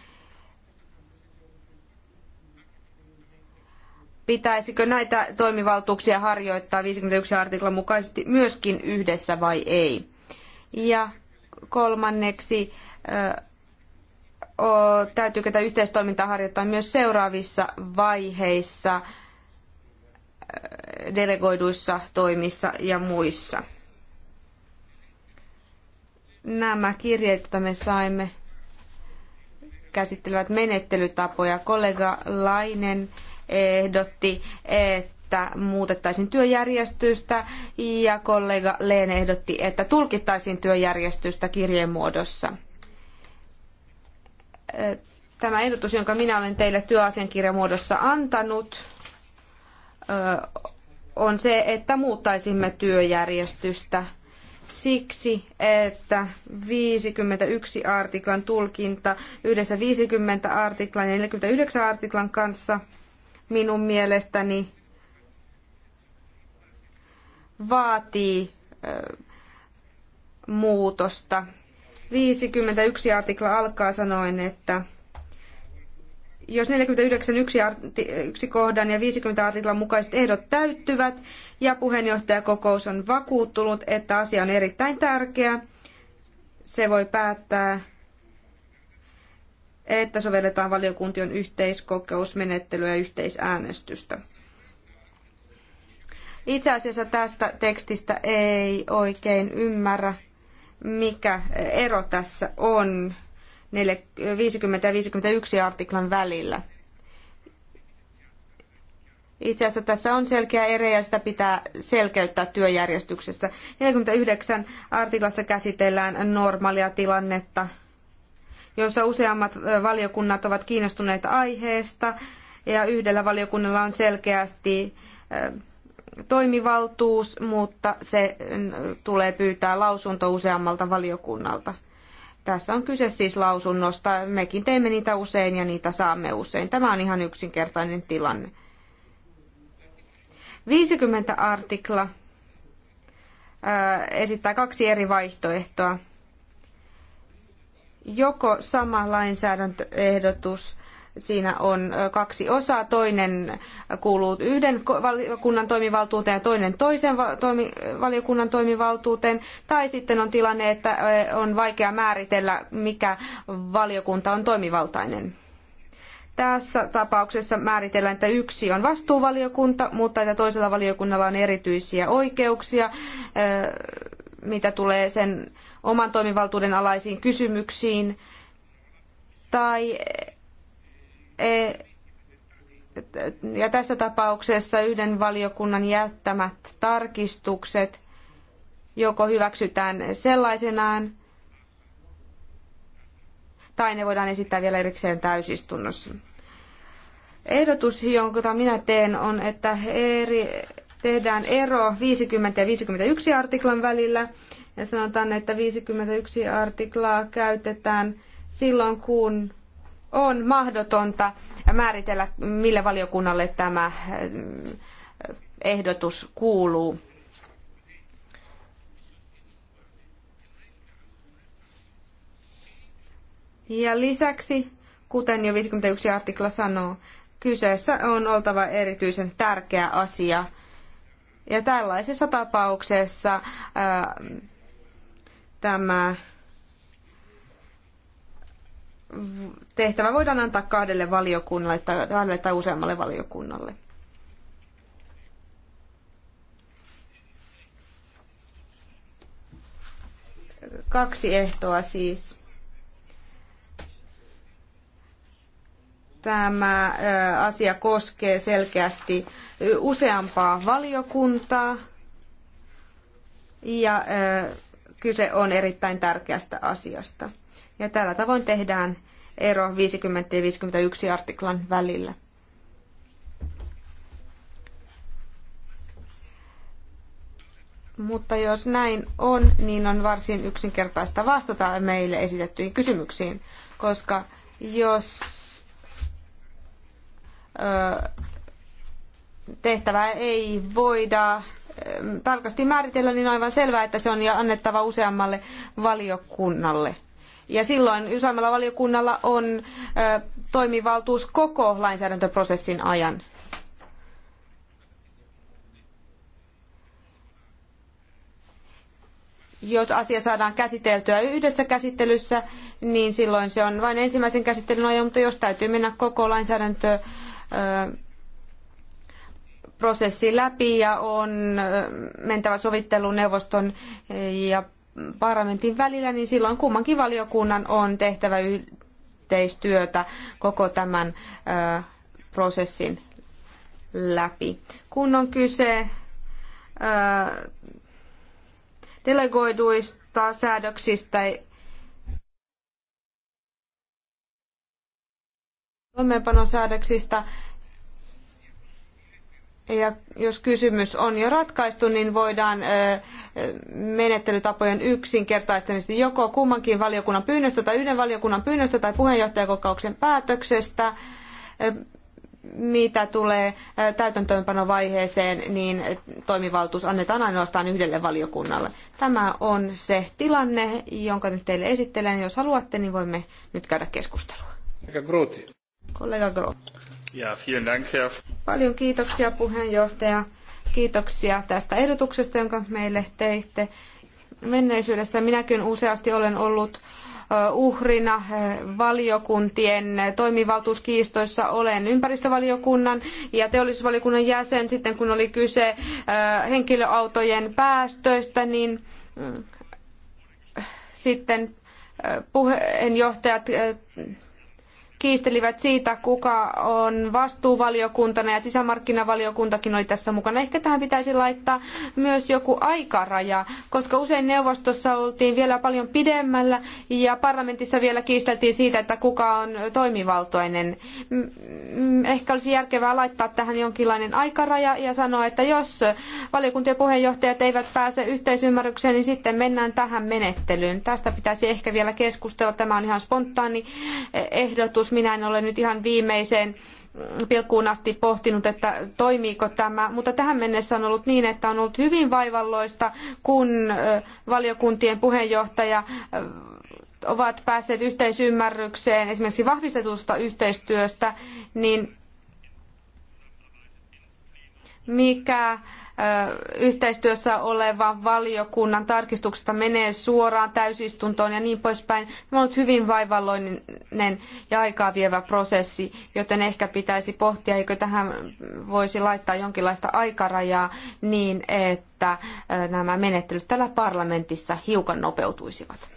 pitäisikö näitä toimivaltuuksia harjoittaa 51 artiklan mukaisesti myöskin yhdessä vai ei. Ja Kolmanneksi, täytyykö tätä yhteistoimintaa harjoittaa myös seuraavissa vaiheissa, delegoiduissa toimissa ja muissa. Nämä kirjeet, joita me saimme, käsittelevät menettelytapoja. Kollega Lainen ehdotti, että että muutettaisiin työjärjestystä ja kollega Leen ehdotti, että tulkittaisiin työjärjestystä kirjeen muodossa. Tämä ehdotus, jonka minä olen teille työasiankirjan muodossa antanut, on se, että muuttaisimme työjärjestystä siksi, että 51 artiklan tulkinta yhdessä 50 artiklan ja 49 artiklan kanssa minun mielestäni vaatii muutosta. 51 artikla alkaa sanoen, että jos 49 yksi, arti, yksi kohdan ja 50 artiklan mukaiset ehdot täyttyvät ja puheenjohtajakokous on vakuuttunut, että asia on erittäin tärkeä, se voi päättää, että sovelletaan valiokuntien yhteiskokousmenettelyä ja yhteisäänestystä. Itse asiassa tästä tekstistä ei oikein ymmärrä, mikä ero tässä on 50 ja 51 artiklan välillä. Itse asiassa tässä on selkeä ero ja sitä pitää selkeyttää työjärjestyksessä. 49 artiklassa käsitellään normaalia tilannetta, jossa useammat valiokunnat ovat kiinnostuneita aiheesta ja yhdellä valiokunnalla on selkeästi toimivaltuus, mutta se tulee pyytää lausunto useammalta valiokunnalta. Tässä on kyse siis lausunnosta. Mekin teemme niitä usein ja niitä saamme usein. Tämä on ihan yksinkertainen tilanne. 50 artikla esittää kaksi eri vaihtoehtoa. Joko sama lainsäädäntöehdotus Siinä on kaksi osaa. Toinen kuuluu yhden valiokunnan toimivaltuuteen ja toinen toisen valiokunnan toimivaltuuteen. Tai sitten on tilanne, että on vaikea määritellä, mikä valiokunta on toimivaltainen. Tässä tapauksessa määritellään, että yksi on vastuuvaliokunta, mutta että toisella valiokunnalla on erityisiä oikeuksia, mitä tulee sen oman toimivaltuuden alaisiin kysymyksiin. Tai E, ja tässä tapauksessa yhden valiokunnan jättämät tarkistukset joko hyväksytään sellaisenaan tai ne voidaan esittää vielä erikseen täysistunnossa. Ehdotus, jonka minä teen, on, että eri, tehdään ero 50 ja 51 artiklan välillä ja sanotaan, että 51 artiklaa käytetään silloin, kun on mahdotonta määritellä, mille valiokunnalle tämä eh, ehdotus kuuluu. Ja lisäksi, kuten jo 51 artikla sanoo, kyseessä on oltava erityisen tärkeä asia. Ja tällaisessa tapauksessa ää, eh, tämä tehtävä voidaan antaa kahdelle valiokunnalle tai, kahdelle tai useammalle valiokunnalle. Kaksi ehtoa siis. Tämä asia koskee selkeästi useampaa valiokuntaa ja kyse on erittäin tärkeästä asiasta. Ja tällä tavoin tehdään ero 50 ja 51 artiklan välillä. Mutta jos näin on, niin on varsin yksinkertaista vastata meille esitettyihin kysymyksiin, koska jos tehtävää ei voida tarkasti määritellä, niin on aivan selvää, että se on annettava useammalle valiokunnalle. Ja silloin useammalla valiokunnalla on toimivaltuus koko lainsäädäntöprosessin ajan. jos asia saadaan käsiteltyä yhdessä käsittelyssä, niin silloin se on vain ensimmäisen käsittelyn ajan, mutta jos täytyy mennä koko lainsäädäntö prosessi läpi ja on mentävä sovitteluneuvoston ja parlamentin välillä, niin silloin kummankin valiokunnan on tehtävä yhteistyötä koko tämän prosessin läpi. Kun on kyse delegoiduista säädöksistä, toimeenpanosäädöksistä, ja jos kysymys on jo ratkaistu, niin voidaan menettelytapojen yksinkertaistamista joko kummankin valiokunnan pyynnöstä tai yhden valiokunnan pyynnöstä tai puheenjohtajakokouksen päätöksestä mitä tulee täytäntöönpanovaiheeseen, niin toimivaltuus annetaan ainoastaan yhdelle valiokunnalle. Tämä on se tilanne, jonka nyt teille esittelen. Jos haluatte, niin voimme nyt käydä keskustelua. Kollega Grote. Kollega Grote. Ja, vielen Dank, Herr. Paljon kiitoksia puheenjohtaja. Kiitoksia tästä ehdotuksesta, jonka meille teitte. Menneisyydessä minäkin useasti olen ollut uhrina valiokuntien toimivaltuuskiistoissa. Olen ympäristövaliokunnan ja teollisuusvaliokunnan jäsen. Sitten kun oli kyse henkilöautojen päästöistä, niin sitten puheenjohtajat kiistelivät siitä, kuka on vastuuvaliokuntana ja sisämarkkinavaliokuntakin oli tässä mukana. Ehkä tähän pitäisi laittaa myös joku aikaraja, koska usein neuvostossa oltiin vielä paljon pidemmällä ja parlamentissa vielä kiisteltiin siitä, että kuka on toimivaltoinen. Ehkä olisi järkevää laittaa tähän jonkinlainen aikaraja ja sanoa, että jos valiokuntien puheenjohtajat eivät pääse yhteisymmärrykseen, niin sitten mennään tähän menettelyyn. Tästä pitäisi ehkä vielä keskustella. Tämä on ihan spontaani ehdotus joskus Minä en ole nyt ihan viimeiseen pilkkuun asti pohtinut, että toimiiko tämä, mutta tähän mennessä on ollut niin, että on ollut hyvin vaivalloista, kun valiokuntien puheenjohtaja ovat päässeet yhteisymmärrykseen esimerkiksi vahvistetusta yhteistyöstä, niin mikä yhteistyössä olevan valiokunnan tarkistuksesta menee suoraan täysistuntoon ja niin poispäin. Tämä on ollut hyvin vaivalloinen ja aikaa vievä prosessi, joten ehkä pitäisi pohtia, eikö tähän voisi laittaa jonkinlaista aikarajaa niin, että nämä menettelyt täällä parlamentissa hiukan nopeutuisivat.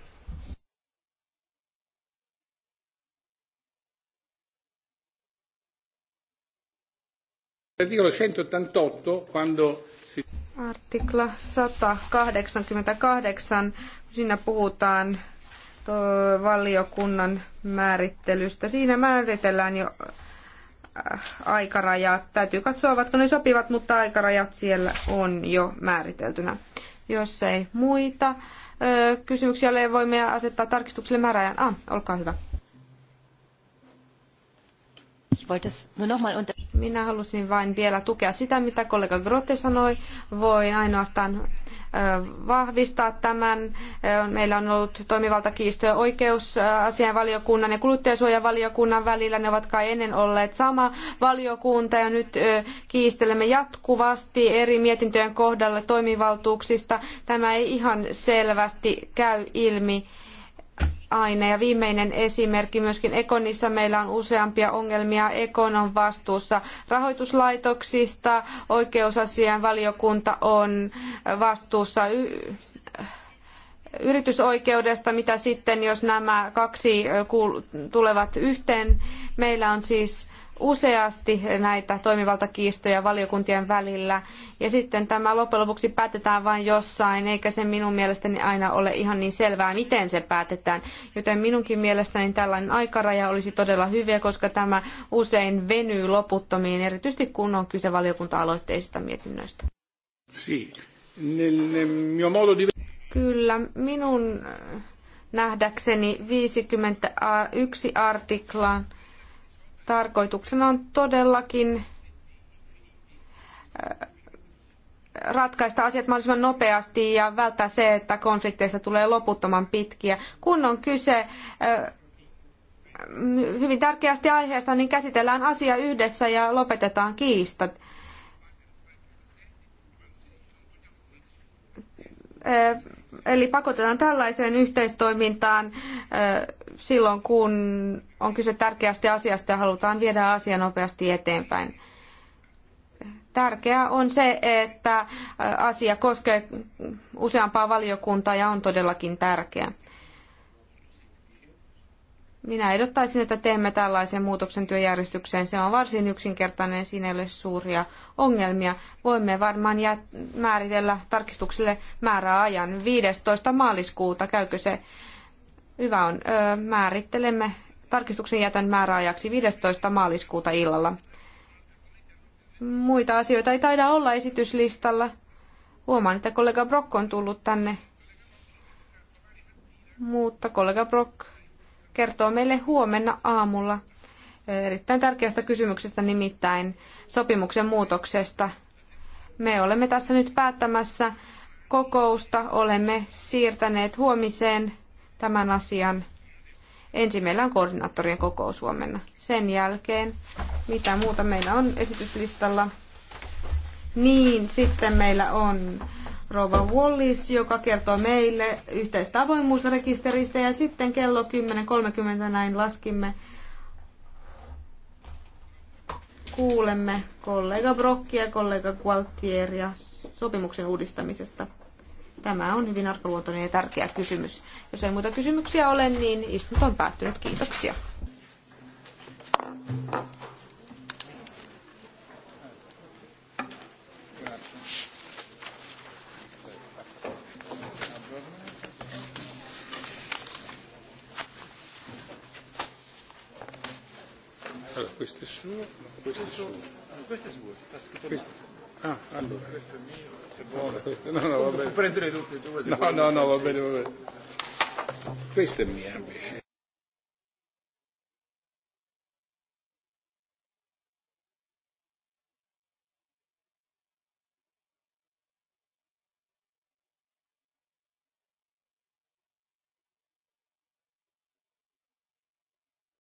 L'articolo 188, quando Artikla 188, siinä puhutaan valiokunnan määrittelystä. Siinä määritellään jo äh, aikarajat. Täytyy katsoa, ovatko ne sopivat, mutta aikarajat siellä on jo määriteltynä. Jos ei muita kysymyksiä ole, voimme asettaa tarkistukselle määräajan. Ah, olkaa hyvä. Minä halusin vain vielä tukea sitä, mitä kollega Grotte sanoi. Voin ainoastaan vahvistaa tämän. Meillä on ollut toimivaltakiistoja oikeusasianvaliokunnan ja kuluttajasuojavaliokunnan välillä. Ne ovat kai ennen olleet sama valiokunta ja nyt kiistelemme jatkuvasti eri mietintöjen kohdalla toimivaltuuksista. Tämä ei ihan selvästi käy ilmi aine. Ja viimeinen esimerkki myöskin Ekonissa meillä on useampia ongelmia. ekonon on vastuussa rahoituslaitoksista, oikeusasian valiokunta on vastuussa y- yritysoikeudesta, mitä sitten, jos nämä kaksi tulevat yhteen. Meillä on siis useasti näitä toimivaltakiistoja valiokuntien välillä. Ja sitten tämä loppujen lopuksi päätetään vain jossain, eikä se minun mielestäni aina ole ihan niin selvää, miten se päätetään. Joten minunkin mielestäni tällainen aikaraja olisi todella hyvä, koska tämä usein venyy loputtomiin, erityisesti kun on kyse valiokunta-aloitteisista mietinnöistä. Kyllä, minun äh, nähdäkseni 51 artiklan tarkoituksena on todellakin äh, ratkaista asiat mahdollisimman nopeasti ja välttää se, että konflikteista tulee loputtoman pitkiä. Kun on kyse äh, hyvin tärkeästi aiheesta, niin käsitellään asia yhdessä ja lopetetaan kiistat. Äh, eli pakotetaan tällaiseen yhteistoimintaan silloin, kun on kyse tärkeästä asiasta ja halutaan viedä asia nopeasti eteenpäin. Tärkeää on se, että asia koskee useampaa valiokuntaa ja on todellakin tärkeä. Minä ehdottaisin, että teemme tällaisen muutoksen työjärjestykseen. Se on varsin yksinkertainen, siinä ei ole suuria ongelmia. Voimme varmaan jät- määritellä tarkistukselle määräajan 15. maaliskuuta. Käykö se? Hyvä on. Öö, määrittelemme tarkistuksen jätän määräajaksi 15. maaliskuuta illalla. Muita asioita ei taida olla esityslistalla. Huomaan, että kollega Brock on tullut tänne. Mutta kollega Brock kertoo meille huomenna aamulla erittäin tärkeästä kysymyksestä, nimittäin sopimuksen muutoksesta. Me olemme tässä nyt päättämässä kokousta, olemme siirtäneet huomiseen tämän asian Ensin meillä on koordinaattorien kokous huomenna. Sen jälkeen, mitä muuta meillä on esityslistalla, niin sitten meillä on Rova Wallis, joka kertoo meille yhteistä avoimuusrekisteristä ja sitten kello 10.30 näin laskimme kuulemme kollega Brokkia ja kollega Gualtieria sopimuksen uudistamisesta. Tämä on hyvin arkaluontoinen ja tärkeä kysymys. Jos ei muita kysymyksiä ole, niin istunto on päättynyt. Kiitoksia. questo è suo, questo è suo. Questo è suo, sta scritto. Questo. Ah, allora. Questo è mio se vuole. No, no, va bene. Prendere tutte e due. No, no, no, va bene, va bene. Questo è mio invece.